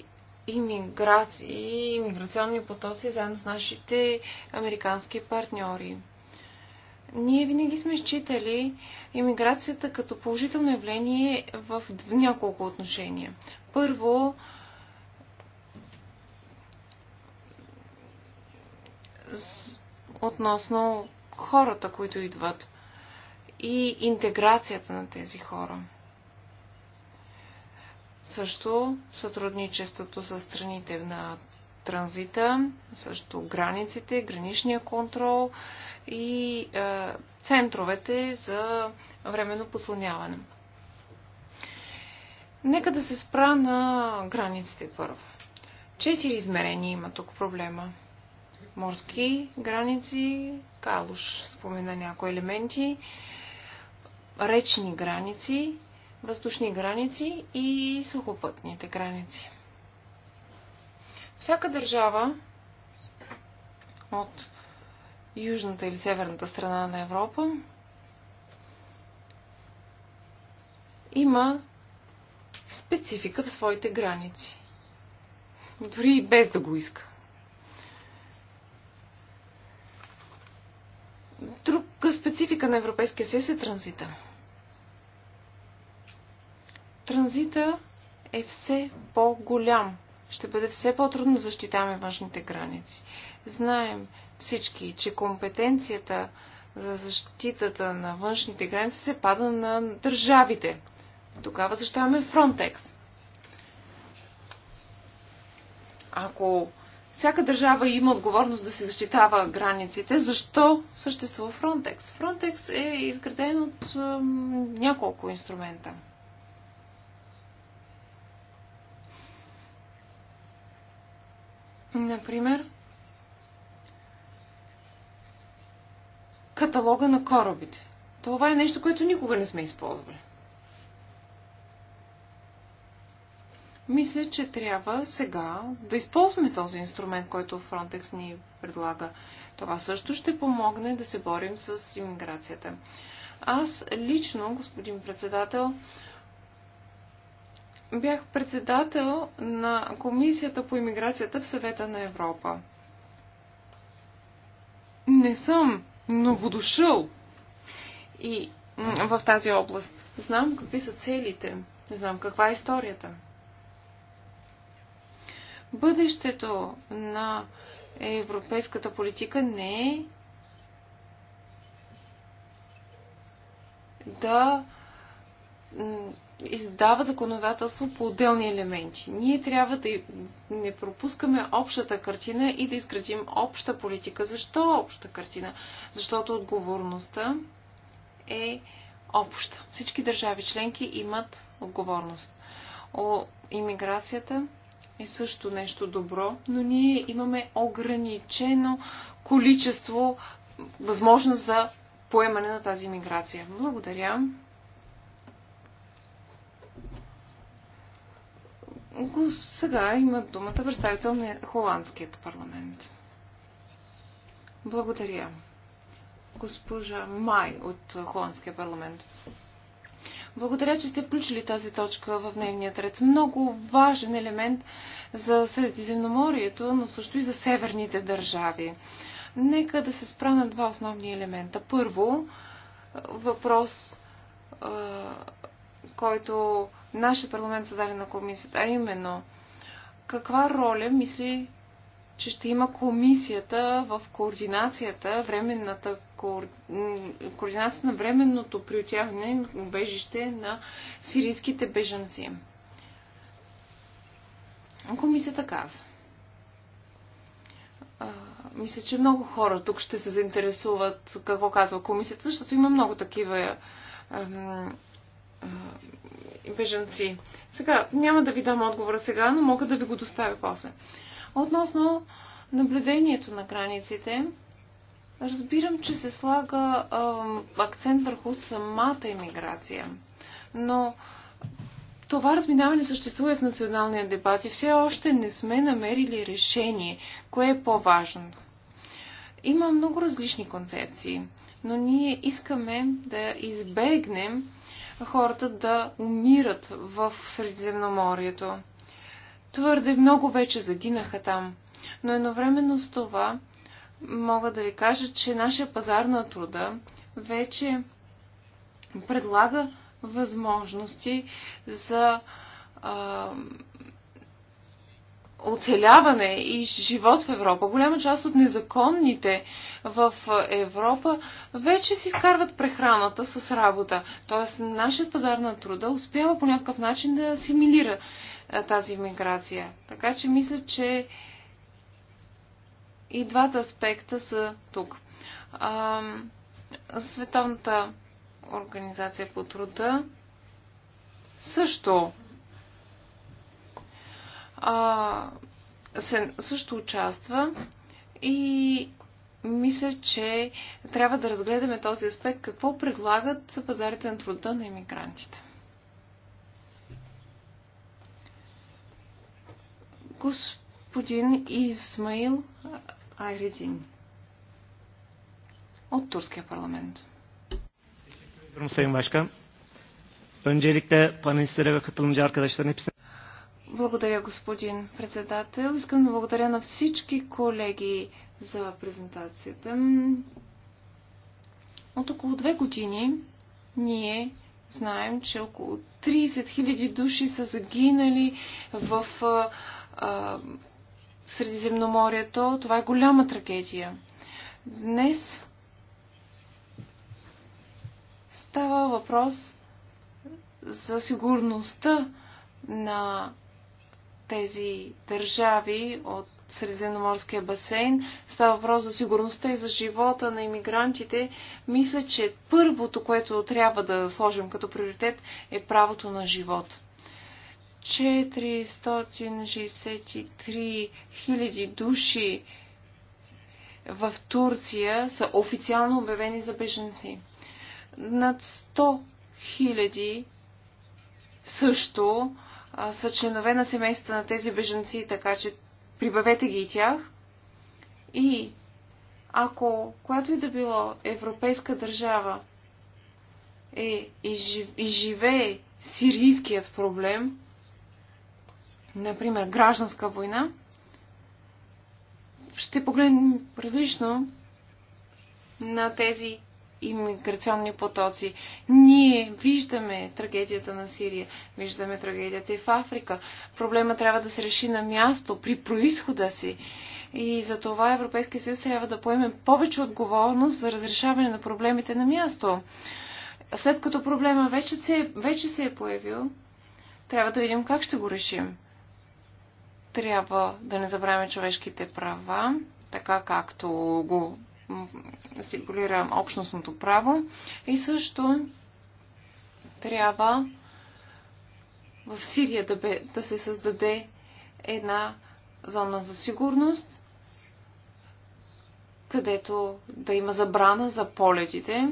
иммиграции, иммиграционни потоци заедно с нашите американски партньори. Ние винаги сме считали иммиграцията като положително явление в няколко отношения. Първо, относно хората, които идват и интеграцията на тези хора – също сътрудничеството с страните на транзита, също границите, граничния контрол и е, центровете за временно послоняване. Нека да се спра на границите първо. Четири измерения има тук проблема. Морски граници, Калуш спомена някои елементи, речни граници въздушни граници и сухопътните граници. Всяка държава от южната или северната страна на Европа има специфика в своите граници. Дори и без да го иска. Друга специфика на Европейския съюз е транзита транзита е все по-голям. Ще бъде все по-трудно да защитаваме външните граници. Знаем всички, че компетенцията за защитата на външните граници се пада на държавите. Тогава защитаваме Фронтекс. Ако всяка държава има отговорност да се защитава границите, защо съществува Фронтекс? Фронтекс е изграден от няколко инструмента – Например, каталога на корабите. Това е нещо, което никога не сме използвали. Мисля, че трябва сега да използваме този инструмент, който Frontex ни предлага. Това също ще помогне да се борим с иммиграцията. Аз лично, господин председател, бях председател на Комисията по иммиграцията в съвета на Европа. Не съм новодушъл и в тази област. Знам какви са целите, знам каква е историята. Бъдещето на европейската политика не е да издава законодателство по отделни елементи. Ние трябва да не пропускаме общата картина и да изградим обща политика. Защо обща картина? Защото отговорността е обща. Всички държави членки имат отговорност. О, иммиграцията е също нещо добро, но ние имаме ограничено количество възможност за поемане на тази миграция. Благодаря. Сега има думата представител на Холандският парламент. Благодаря. Госпожа Май от Холандския парламент. Благодаря, че сте включили тази точка в дневния ред. Много важен елемент за Средиземноморието, но също и за северните държави. Нека да се спра на два основни елемента. Първо, въпрос, който нашия парламент създаде на комисията, а именно каква роля мисли, че ще има комисията в координацията, временната, координация на временното приотяване убежище на сирийските бежанци. Комисията каза. А, мисля, че много хора тук ще се заинтересуват какво казва комисията, защото има много такива бежанци. Сега, няма да ви дам отговора сега, но мога да ви го доставя после. Относно наблюдението на границите, разбирам, че се слага а, акцент върху самата иммиграция. Но това разминаване съществува в националния дебат и все още не сме намерили решение, кое е по-важно. Има много различни концепции, но ние искаме да избегнем хората да умират в Средиземноморието. Твърде много вече загинаха там. Но едновременно с това мога да ви кажа, че нашия пазар на труда вече предлага възможности за а, оцеляване и живот в Европа. Голяма част от незаконните в Европа вече си изкарват прехраната с работа. Тоест, нашият пазар на труда успява по някакъв начин да асимилира тази миграция. Така че мисля, че и двата аспекта са тук. А, Световната организация по труда също а, се, също участва и мисля, че трябва да разгледаме този аспект какво предлагат за пазарите на труда на иммигрантите. Господин Исмаил Айредин от Турския парламент. Sayın Başkan, öncelikle panelistlere ve katılımcı arkadaşların hepsine благодаря, господин председател. Искам да благодаря на всички колеги за презентацията. От около две години ние знаем, че около 30 000 души са загинали в а, а, Средиземноморието. Това е голяма трагедия. Днес става въпрос за сигурността на тези държави от Средиземноморския басейн. Става въпрос за сигурността и за живота на иммигрантите. Мисля, че първото, което трябва да сложим като приоритет е правото на живот. 463 хиляди души в Турция са официално обявени за беженци. Над 100 хиляди също са членове на семейства на тези беженци, така че прибавете ги и тях. И ако която и да било европейска държава е изживее сирийският проблем, например гражданска война, ще погледнем различно на тези иммиграционни потоци. Ние виждаме трагедията на Сирия, виждаме трагедията и в Африка. Проблема трябва да се реши на място, при происхода си. И за това Европейския съюз трябва да поеме повече отговорност за разрешаване на проблемите на място. След като проблема вече се, вече се е появил, трябва да видим как ще го решим. Трябва да не забравяме човешките права, така както го стипулира общностното право и също трябва в Сирия да, бе, да се създаде една зона за сигурност, където да има забрана за полетите.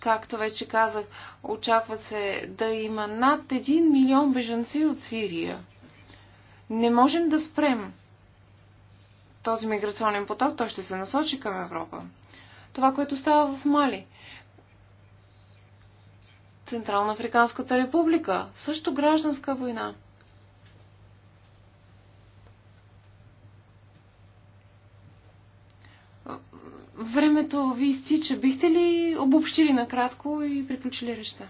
Както вече казах, очакват се да има над 1 милион бежанци от Сирия. Не можем да спрем този миграционен поток, той ще се насочи към Европа. Това, което става в Мали. Централна Африканската република. Също гражданска война. Времето ви изтича. Бихте ли обобщили накратко и приключили речта?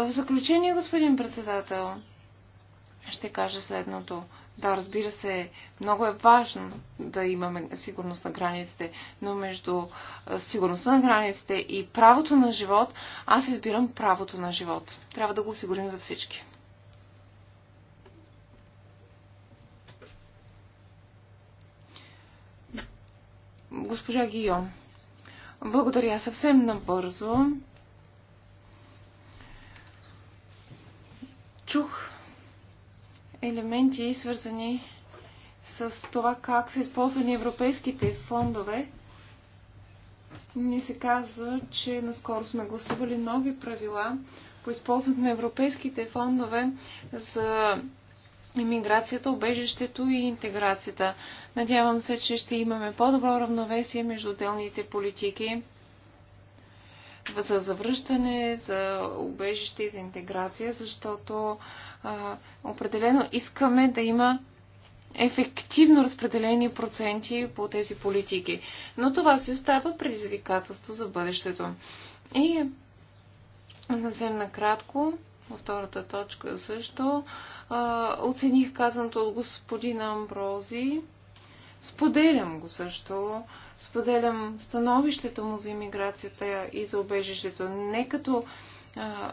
В заключение, господин председател, ще кажа следното. Да, разбира се, много е важно да имаме сигурност на границите, но между сигурността на границите и правото на живот, аз избирам правото на живот. Трябва да го осигурим за всички. Госпожа Гийом, благодаря съвсем набързо. чух елементи, свързани с това как са използвани европейските фондове. Ни се казва, че наскоро сме гласували нови правила по използването на европейските фондове за иммиграцията, обежището и интеграцията. Надявам се, че ще имаме по-добро равновесие между отделните политики за завръщане, за убежище и за интеграция, защото а, определено искаме да има ефективно разпределени проценти по тези политики. Но това си остава предизвикателство за бъдещето. И съвсем накратко, във втората точка също, а, оцених казаното от господин Амбрози Споделям го също. Споделям становището му за иммиграцията и за убежището. Не като а,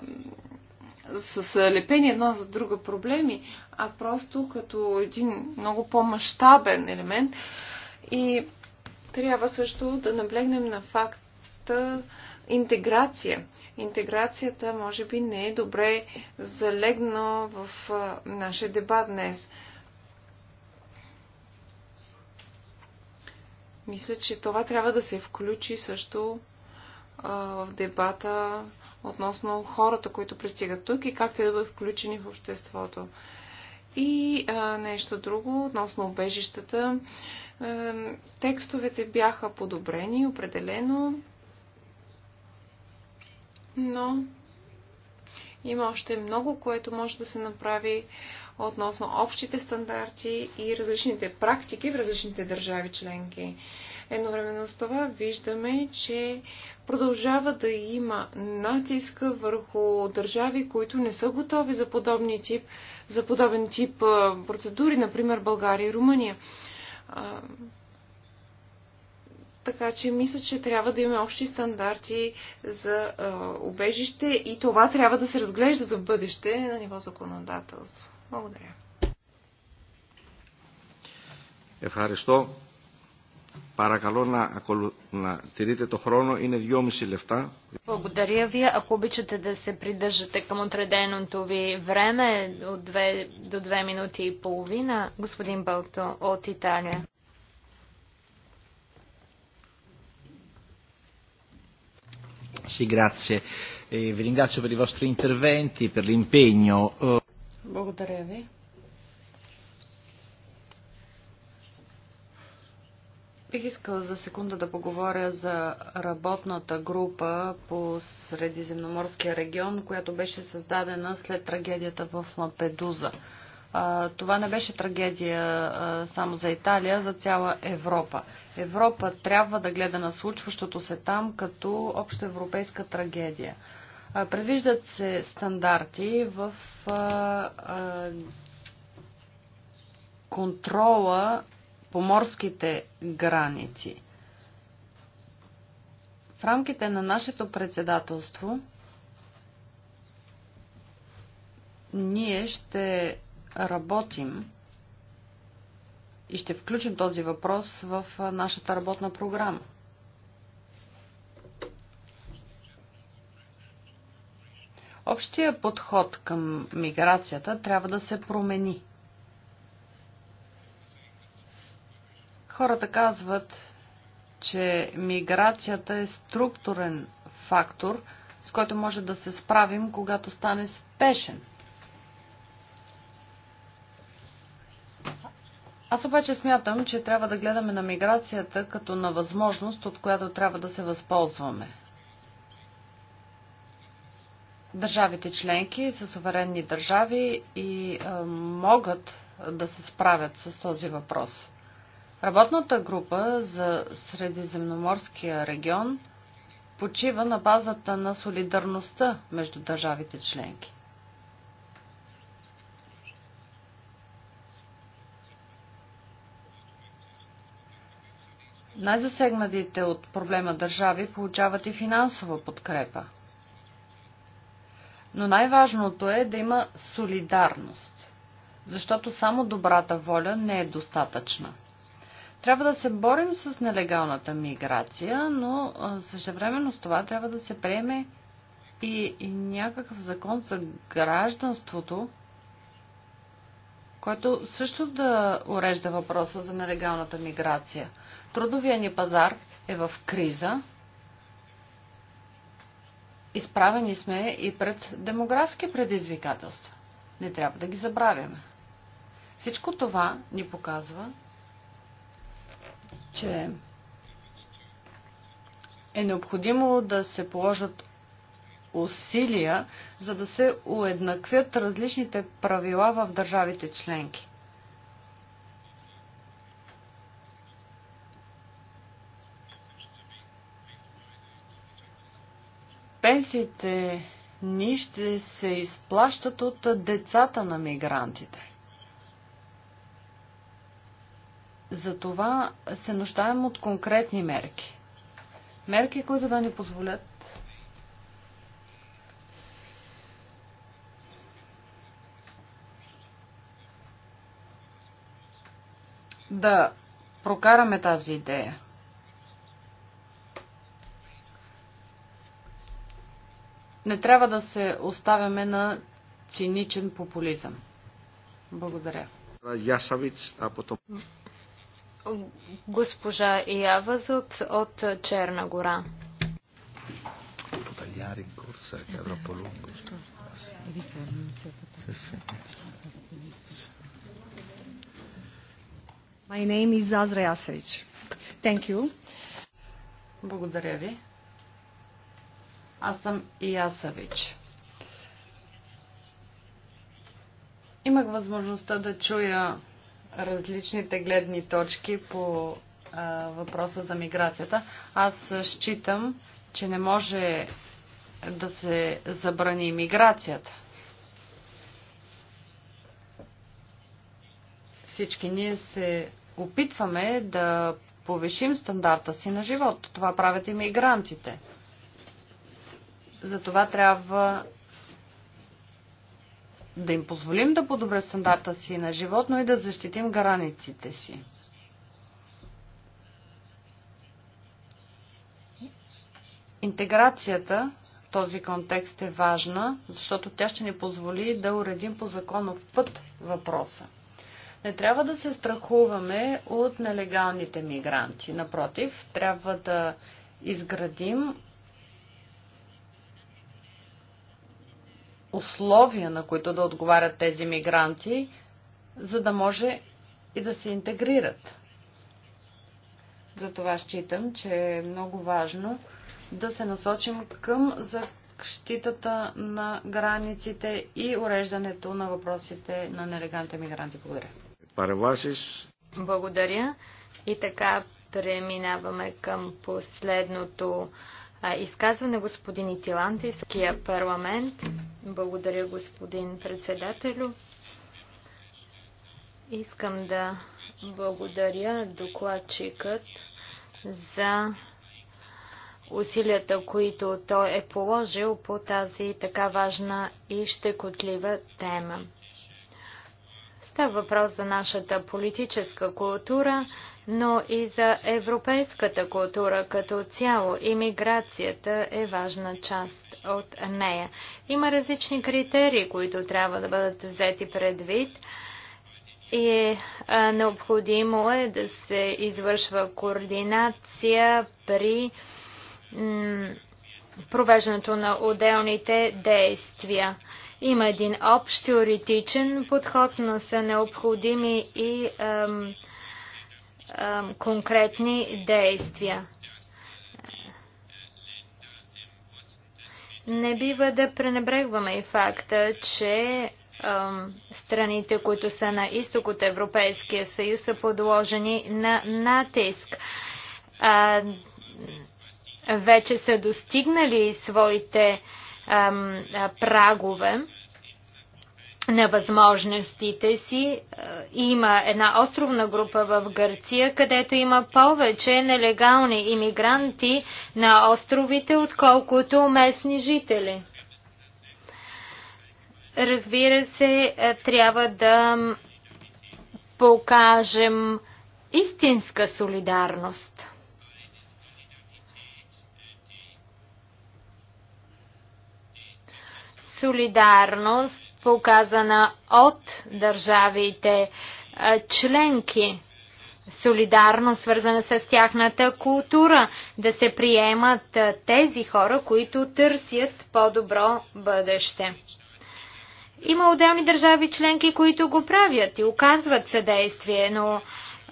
с лепени едно за друга проблеми, а просто като един много по-масштабен елемент. И трябва също да наблегнем на факта интеграция. Интеграцията може би не е добре залегна в нашия дебат днес – Мисля, че това трябва да се включи също а, в дебата относно хората, които пристигат тук и как те да бъдат включени в обществото. И а, нещо друго относно обежищата. А, текстовете бяха подобрени, определено, но има още много, което може да се направи относно общите стандарти и различните практики в различните държави членки. Едновременно с това виждаме, че продължава да има натиск върху държави, които не са готови за, подобни тип, за подобен тип процедури, например България и Румъния. Така че мисля, че трябва да имаме общи стандарти за а, убежище и това трябва да се разглежда за бъдеще на ниво законодателство. Благодаря. Ευχαριστώ. Παρακαλώ να, ακολου... να τηρείτε το χρόνο. Είναι δυόμιση λεφτά. Благодаря ви. Ако обичате да се придържате към отреденото ви време от две, до две минути и половина, господин Балто от Италия. Си, грация. Ви vi ringrazio per i vostri interventi, per l'impegno. Благодаря ви. Бих искала за секунда да поговоря за работната група по Средиземноморския регион, която беше създадена след трагедията в Лампедуза. Това не беше трагедия само за Италия, за цяла Европа. Европа трябва да гледа на случващото се там като общоевропейска трагедия. Предвиждат се стандарти в контрола по морските граници. В рамките на нашето председателство ние ще работим и ще включим този въпрос в нашата работна програма. Общия подход към миграцията трябва да се промени. Хората казват, че миграцията е структурен фактор, с който може да се справим, когато стане спешен. Аз обаче смятам, че трябва да гледаме на миграцията като на възможност, от която трябва да се възползваме държавите членки са суверенни държави и могат да се справят с този въпрос. Работната група за Средиземноморския регион почива на базата на солидарността между държавите членки. Най-засегнатите от проблема държави получават и финансова подкрепа – но най-важното е да има солидарност, защото само добрата воля не е достатъчна. Трябва да се борим с нелегалната миграция, но същевременно с това трябва да се приеме и, и някакъв закон за гражданството, който също да урежда въпроса за нелегалната миграция. Трудовия ни пазар е в криза, Изправени сме и пред демографски предизвикателства. Не трябва да ги забравяме. Всичко това ни показва, че е необходимо да се положат усилия, за да се уеднаквят различните правила в държавите членки. пенсиите ни ще се изплащат от децата на мигрантите. Затова се нуждаем от конкретни мерки. Мерки, които да ни позволят да прокараме тази идея. Не трябва да се оставяме на циничен популизъм. Благодаря. Ясавиц, а потом... Госпожа Явазот от, Черна гора. My name is Azra Thank you. Благодаря ви. Аз съм Ясавич. Имах възможността да чуя различните гледни точки по а, въпроса за миграцията. Аз считам, че не може да се забрани миграцията. Всички ние се опитваме да повишим стандарта си на живот. Това правят и мигрантите. Затова трябва да им позволим да подобрят стандарта си на живот, но и да защитим границите си. Интеграцията в този контекст е важна, защото тя ще ни позволи да уредим по законов път въпроса. Не трябва да се страхуваме от нелегалните мигранти. Напротив, трябва да изградим условия, на които да отговарят тези мигранти, за да може и да се интегрират. Затова считам, че е много важно да се насочим към защитата на границите и уреждането на въпросите на нелегантите мигранти. Благодаря. Парвасис. Благодаря. И така преминаваме към последното изказване господин Итилантийския парламент. Благодаря господин председателю. Искам да благодаря докладчикът за усилията, които той е положил по тази така важна и щекотлива тема. Става въпрос за нашата политическа култура, но и за европейската култура като цяло. Имиграцията е важна част от нея. Има различни критерии, които трябва да бъдат взети предвид и е необходимо е да се извършва координация при провеждането на отделните действия. Има един общ теоретичен подход, но са необходими и ам, ам, конкретни действия. Не бива да пренебрегваме и факта, че ам, страните, които са на изток от Европейския съюз, са подложени на натиск. А, вече са достигнали своите а, прагове на възможностите си. Има една островна група в Гърция, където има повече нелегални иммигранти на островите, отколкото местни жители. Разбира се, трябва да покажем истинска солидарност. солидарност, показана от държавите е, членки. Солидарност, свързана с тяхната култура, да се приемат е, тези хора, които търсят по-добро бъдеще. Има отделни държави членки, които го правят и оказват съдействие, но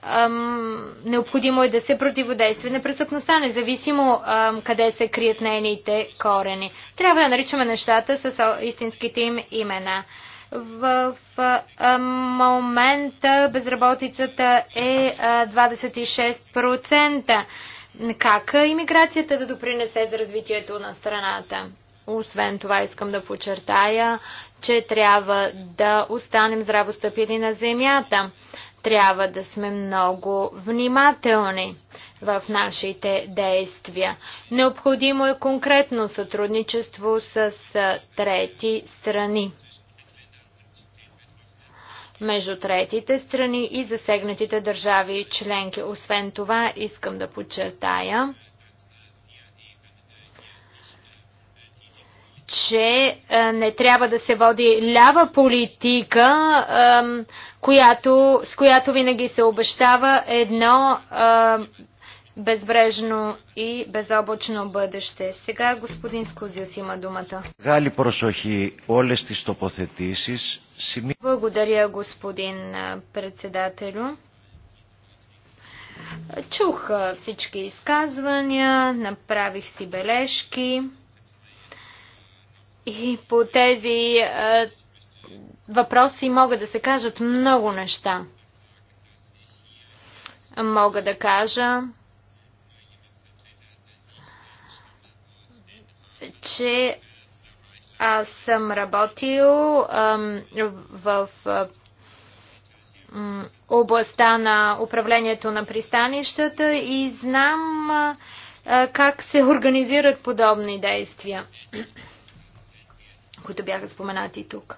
ам, необходимо е да се противодейства на престъпността, независимо ам, къде се крият нейните корени. Трябва да наричаме нещата с истинските им имена. В, в момента безработицата е а, 26%. Как иммиграцията да допринесе за развитието на страната? Освен това искам да подчертая, че трябва да останем здраво стъпили на земята. Трябва да сме много внимателни в нашите действия. Необходимо е конкретно сътрудничество с трети страни между третите страни и засегнатите държави и членки. Освен това, искам да подчертая, че е, не трябва да се води лява политика, която, с която винаги се обещава едно безбрежно и безобочно бъдеще. Сега господин Скузиус има думата. Гали просохи όλες τις τοποθετήσεις. Благодаря господин е, председателю. Чух е, всички изказвания, направих си бележки. И по тези е, въпроси могат да се кажат много неща. Мога да кажа, че аз съм работил е, в областта на управлението на пристанищата и знам а, как се организират подобни действия които бяха споменати тук.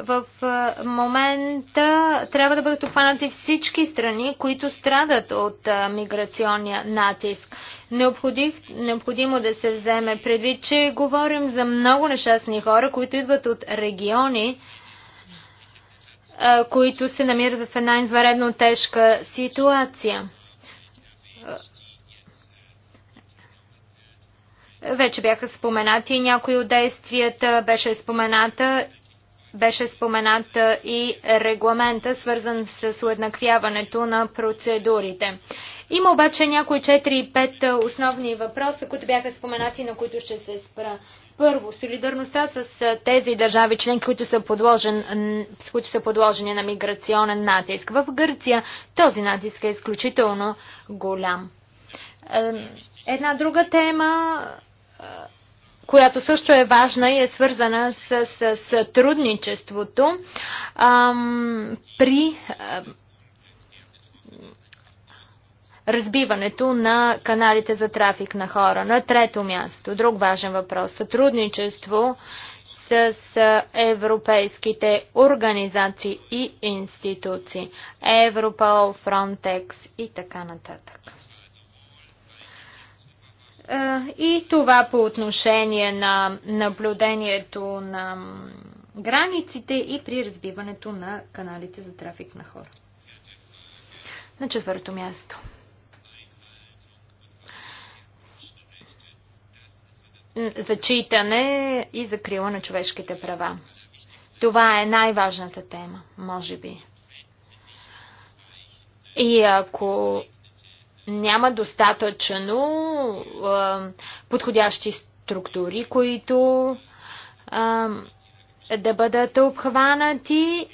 В момента трябва да бъдат обхванати всички страни, които страдат от миграционния натиск. Необходив, необходимо да се вземе предвид, че говорим за много нещастни хора, които идват от региони, които се намират в една изваредно тежка ситуация. Вече бяха споменати някои от действията, беше спомената беше спомената и регламента, свързан с уеднаквяването на процедурите. Има обаче някои 4 и 5 основни въпроса, които бяха споменати, на които ще се спра. Първо, солидарността с тези държави членки, които са, подложен, с които са подложени на миграционен натиск. В Гърция този натиск е изключително голям. Е, една друга тема която също е важна и е свързана с, сътрудничеството при разбиването на каналите за трафик на хора. На трето място, друг важен въпрос, сътрудничество с европейските организации и институции, Европол, Фронтекс и така нататък. И това по отношение на наблюдението на границите и при разбиването на каналите за трафик на хора. На четвърто място. Зачитане и закрила на човешките права. Това е най-важната тема, може би. И ако няма достатъчно а, подходящи структури, които а, да бъдат обхванати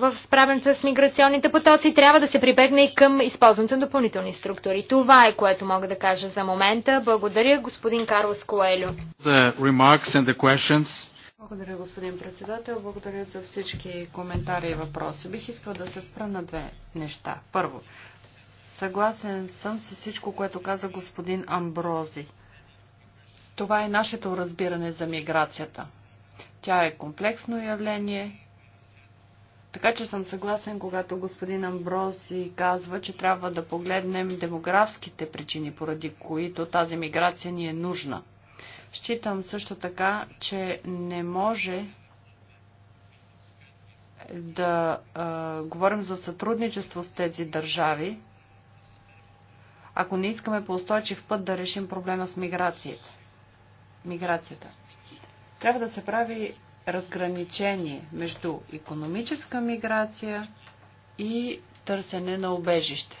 в справянето с миграционните потоци. Трябва да се прибегне и към използването на допълнителни структури. Това е което мога да кажа за момента. Благодаря, господин Карлос Коелю. Благодаря, господин председател. Благодаря за всички коментари и въпроси. Бих искал да се спра на две неща. Първо, Съгласен съм с всичко, което каза господин Амбрози. Това е нашето разбиране за миграцията. Тя е комплексно явление. Така че съм съгласен, когато господин Амбрози казва, че трябва да погледнем демографските причини, поради които тази миграция ни е нужна. Считам също така, че не може да а, говорим за сътрудничество с тези държави, ако не искаме по устойчив път да решим проблема с миграцията. миграцията. Трябва да се прави разграничение между економическа миграция и търсене на убежище.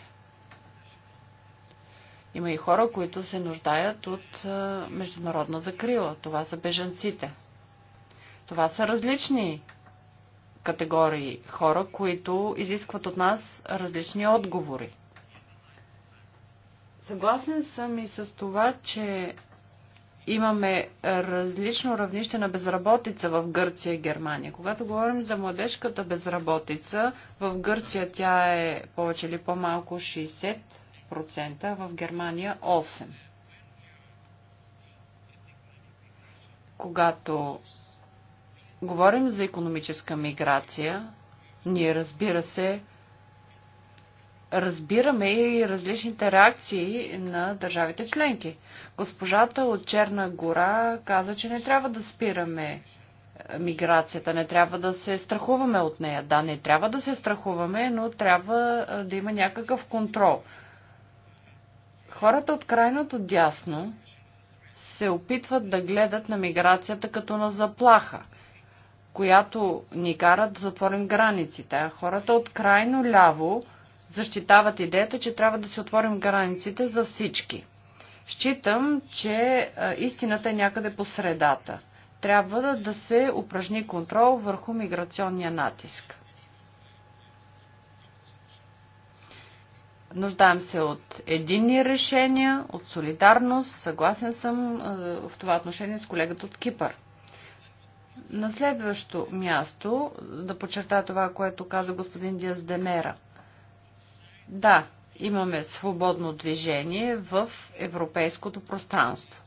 Има и хора, които се нуждаят от международна закрила. Това са бежанците. Това са различни категории хора, които изискват от нас различни отговори. Съгласен съм и с това, че имаме различно равнище на безработица в Гърция и Германия. Когато говорим за младежката безработица, в Гърция тя е повече или по-малко 60%, а в Германия 8%. Когато говорим за економическа миграция, ние разбира се, разбираме и различните реакции на държавите членки. Госпожата от Черна гора каза, че не трябва да спираме е, миграцията, не трябва да се страхуваме от нея. Да, не трябва да се страхуваме, но трябва е, да има някакъв контрол. Хората от крайното дясно се опитват да гледат на миграцията като на заплаха, която ни карат да затворим границите. А хората от крайно ляво защитават идеята, че трябва да си отворим границите за всички. Считам, че истината е някъде по средата. Трябва да, да се упражни контрол върху миграционния натиск. Нуждаем се от единни решения, от солидарност. Съгласен съм в това отношение с колегата от Кипър. На следващо място да подчертая това, което каза господин Диас Демера – да, имаме свободно движение в европейското пространство.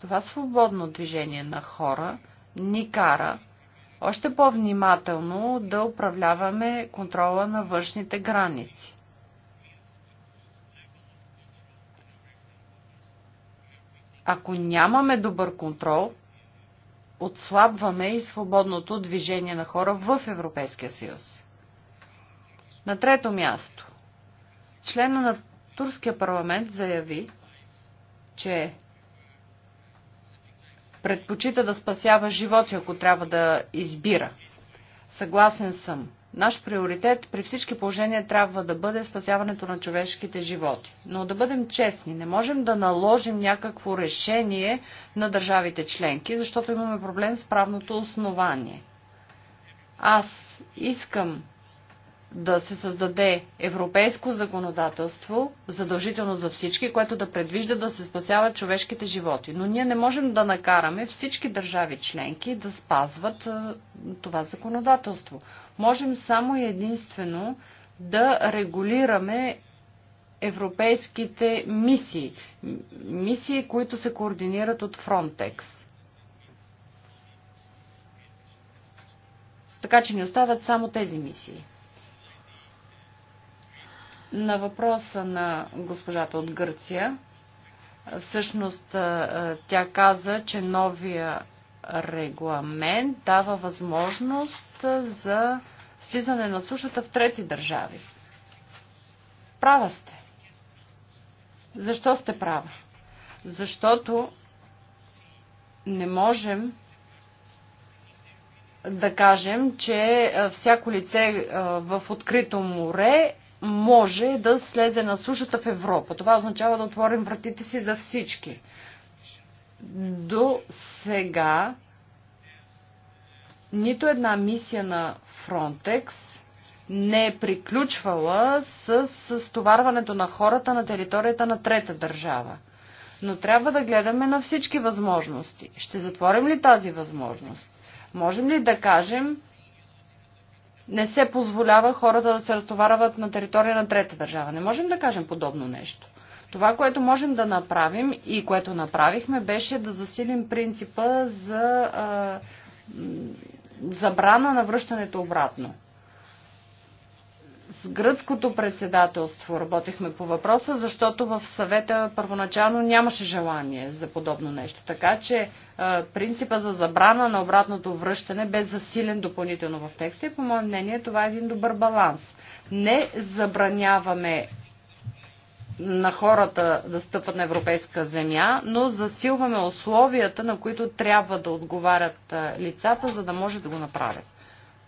Това свободно движение на хора ни кара още по-внимателно да управляваме контрола на външните граници. Ако нямаме добър контрол, отслабваме и свободното движение на хора в Европейския съюз. На трето място, члена на Турския парламент заяви, че предпочита да спасява животи, ако трябва да избира. Съгласен съм. Наш приоритет при всички положения трябва да бъде спасяването на човешките животи. Но да бъдем честни, не можем да наложим някакво решение на държавите членки, защото имаме проблем с правното основание. Аз искам да се създаде европейско законодателство, задължително за всички, което да предвижда да се спасяват човешките животи. Но ние не можем да накараме всички държави членки да спазват това законодателство. Можем само и единствено да регулираме европейските мисии. Мисии, които се координират от Frontex. Така че ни остават само тези мисии. На въпроса на госпожата от Гърция, всъщност тя каза, че новия регламент дава възможност за слизане на сушата в трети държави. Права сте. Защо сте права? Защото не можем да кажем, че всяко лице в открито море може да слезе на сушата в Европа. Това означава да отворим вратите си за всички. До сега нито една мисия на Frontex не е приключвала с стоварването на хората на територията на трета държава. Но трябва да гледаме на всички възможности. Ще затворим ли тази възможност? Можем ли да кажем, не се позволява хората да се разтоварват на територия на трета държава. Не можем да кажем подобно нещо. Това, което можем да направим и което направихме, беше да засилим принципа за а, забрана на връщането обратно гръцкото председателство работихме по въпроса, защото в съвета първоначално нямаше желание за подобно нещо. Така че е, принципа за забрана на обратното връщане бе засилен допълнително в текста и по мое мнение това е един добър баланс. Не забраняваме на хората да стъпват на европейска земя, но засилваме условията, на които трябва да отговарят е, лицата, за да може да го направят.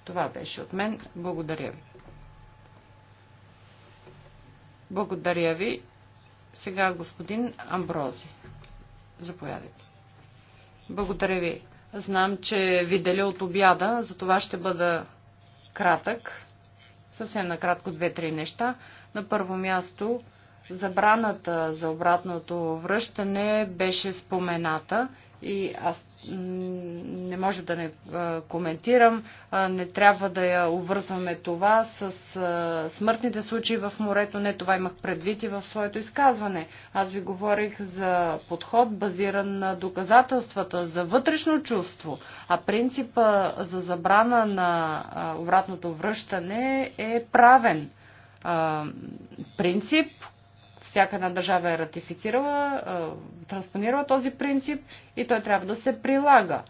Това беше от мен. Благодаря ви. Благодаря ви. Сега господин Амбрози. Заповядайте. Благодаря ви. Знам, че ви деля от обяда, за това ще бъда кратък. Съвсем накратко две-три неща. На първо място, забраната за обратното връщане беше спомената и аз не може да не коментирам. Не трябва да я обвързваме това с смъртните случаи в морето. Не това имах предвид и в своето изказване. Аз ви говорих за подход базиран на доказателствата, за вътрешно чувство. А принципа за забрана на обратното връщане е правен принцип, всяка една държава е ратифицирала, транспонирала този принцип и той трябва да се прилага.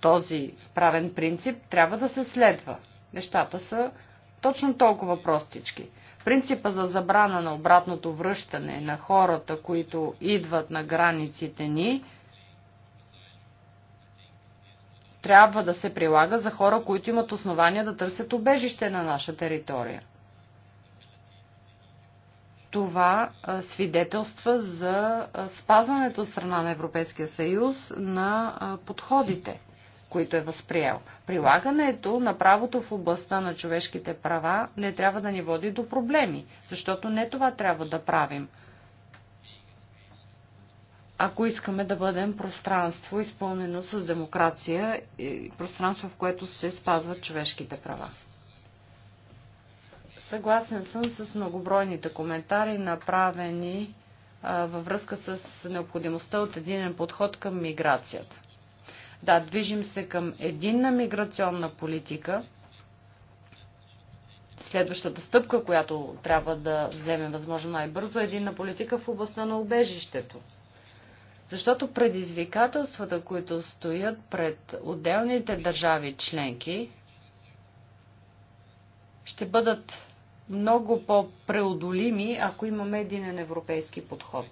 Този правен принцип трябва да се следва. Нещата са точно толкова простички. Принципа за забрана на обратното връщане на хората, които идват на границите ни – трябва да се прилага за хора, които имат основания да търсят убежище на наша територия. Това свидетелства за спазването от страна на Европейския съюз на подходите, които е възприел. Прилагането на правото в областта на човешките права не трябва да ни води до проблеми, защото не това трябва да правим – ако искаме да бъдем пространство, изпълнено с демокрация, и пространство, в което се спазват човешките права. Съгласен съм с многобройните коментари, направени а, във връзка с необходимостта от единен подход към миграцията. Да, движим се към единна миграционна политика. Следващата стъпка, която трябва да вземе възможно най-бързо, е единна политика в областта на убежището – защото предизвикателствата, които стоят пред отделните държави членки, ще бъдат много по-преодолими, ако имаме един европейски подход.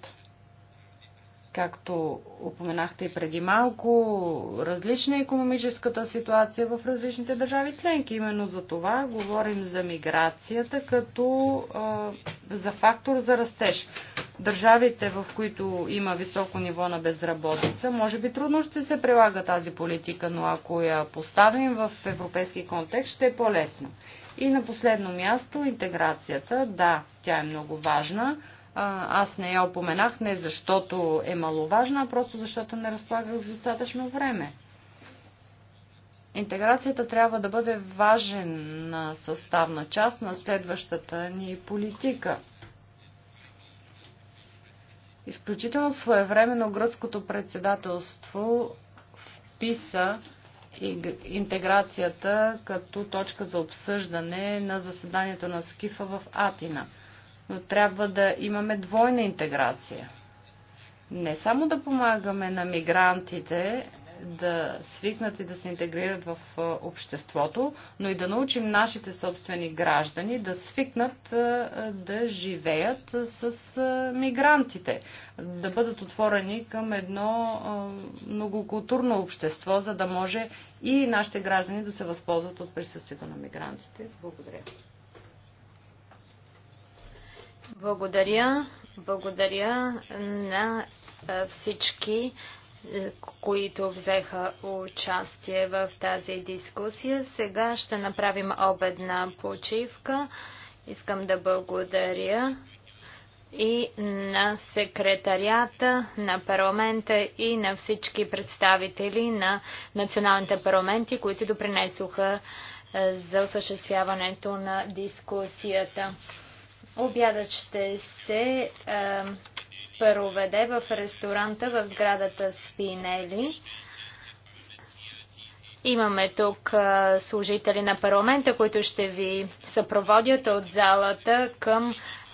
Както упоменахте и преди малко, различна економическата ситуация в различните държави членки. Именно за това говорим за миграцията като а, за фактор за растеж. Държавите, в които има високо ниво на безработица, може би трудно ще се прилага тази политика, но ако я поставим в европейски контекст, ще е по-лесно. И на последно място интеграцията. Да, тя е много важна аз не я опоменах не защото е маловажна, а просто защото не разполагах с достатъчно време. Интеграцията трябва да бъде важен съставна част на следващата ни политика. Изключително своевременно гръцкото председателство вписа интеграцията като точка за обсъждане на заседанието на Скифа в Атина – но трябва да имаме двойна интеграция. Не само да помагаме на мигрантите да свикнат и да се интегрират в обществото, но и да научим нашите собствени граждани да свикнат да живеят с мигрантите, да бъдат отворени към едно многокултурно общество, за да може и нашите граждани да се възползват от присъствието на мигрантите. Благодаря. Благодаря. Благодаря на всички, е, които взеха участие в тази дискусия. Сега ще направим обедна почивка. Искам да благодаря и на секретарията на парламента и на всички представители на националните парламенти, които допринесоха е, за осъществяването на дискусията. Обядът ще се е, проведе в ресторанта в сградата Спинели. Имаме тук е, служители на парламента, които ще ви съпроводят от залата към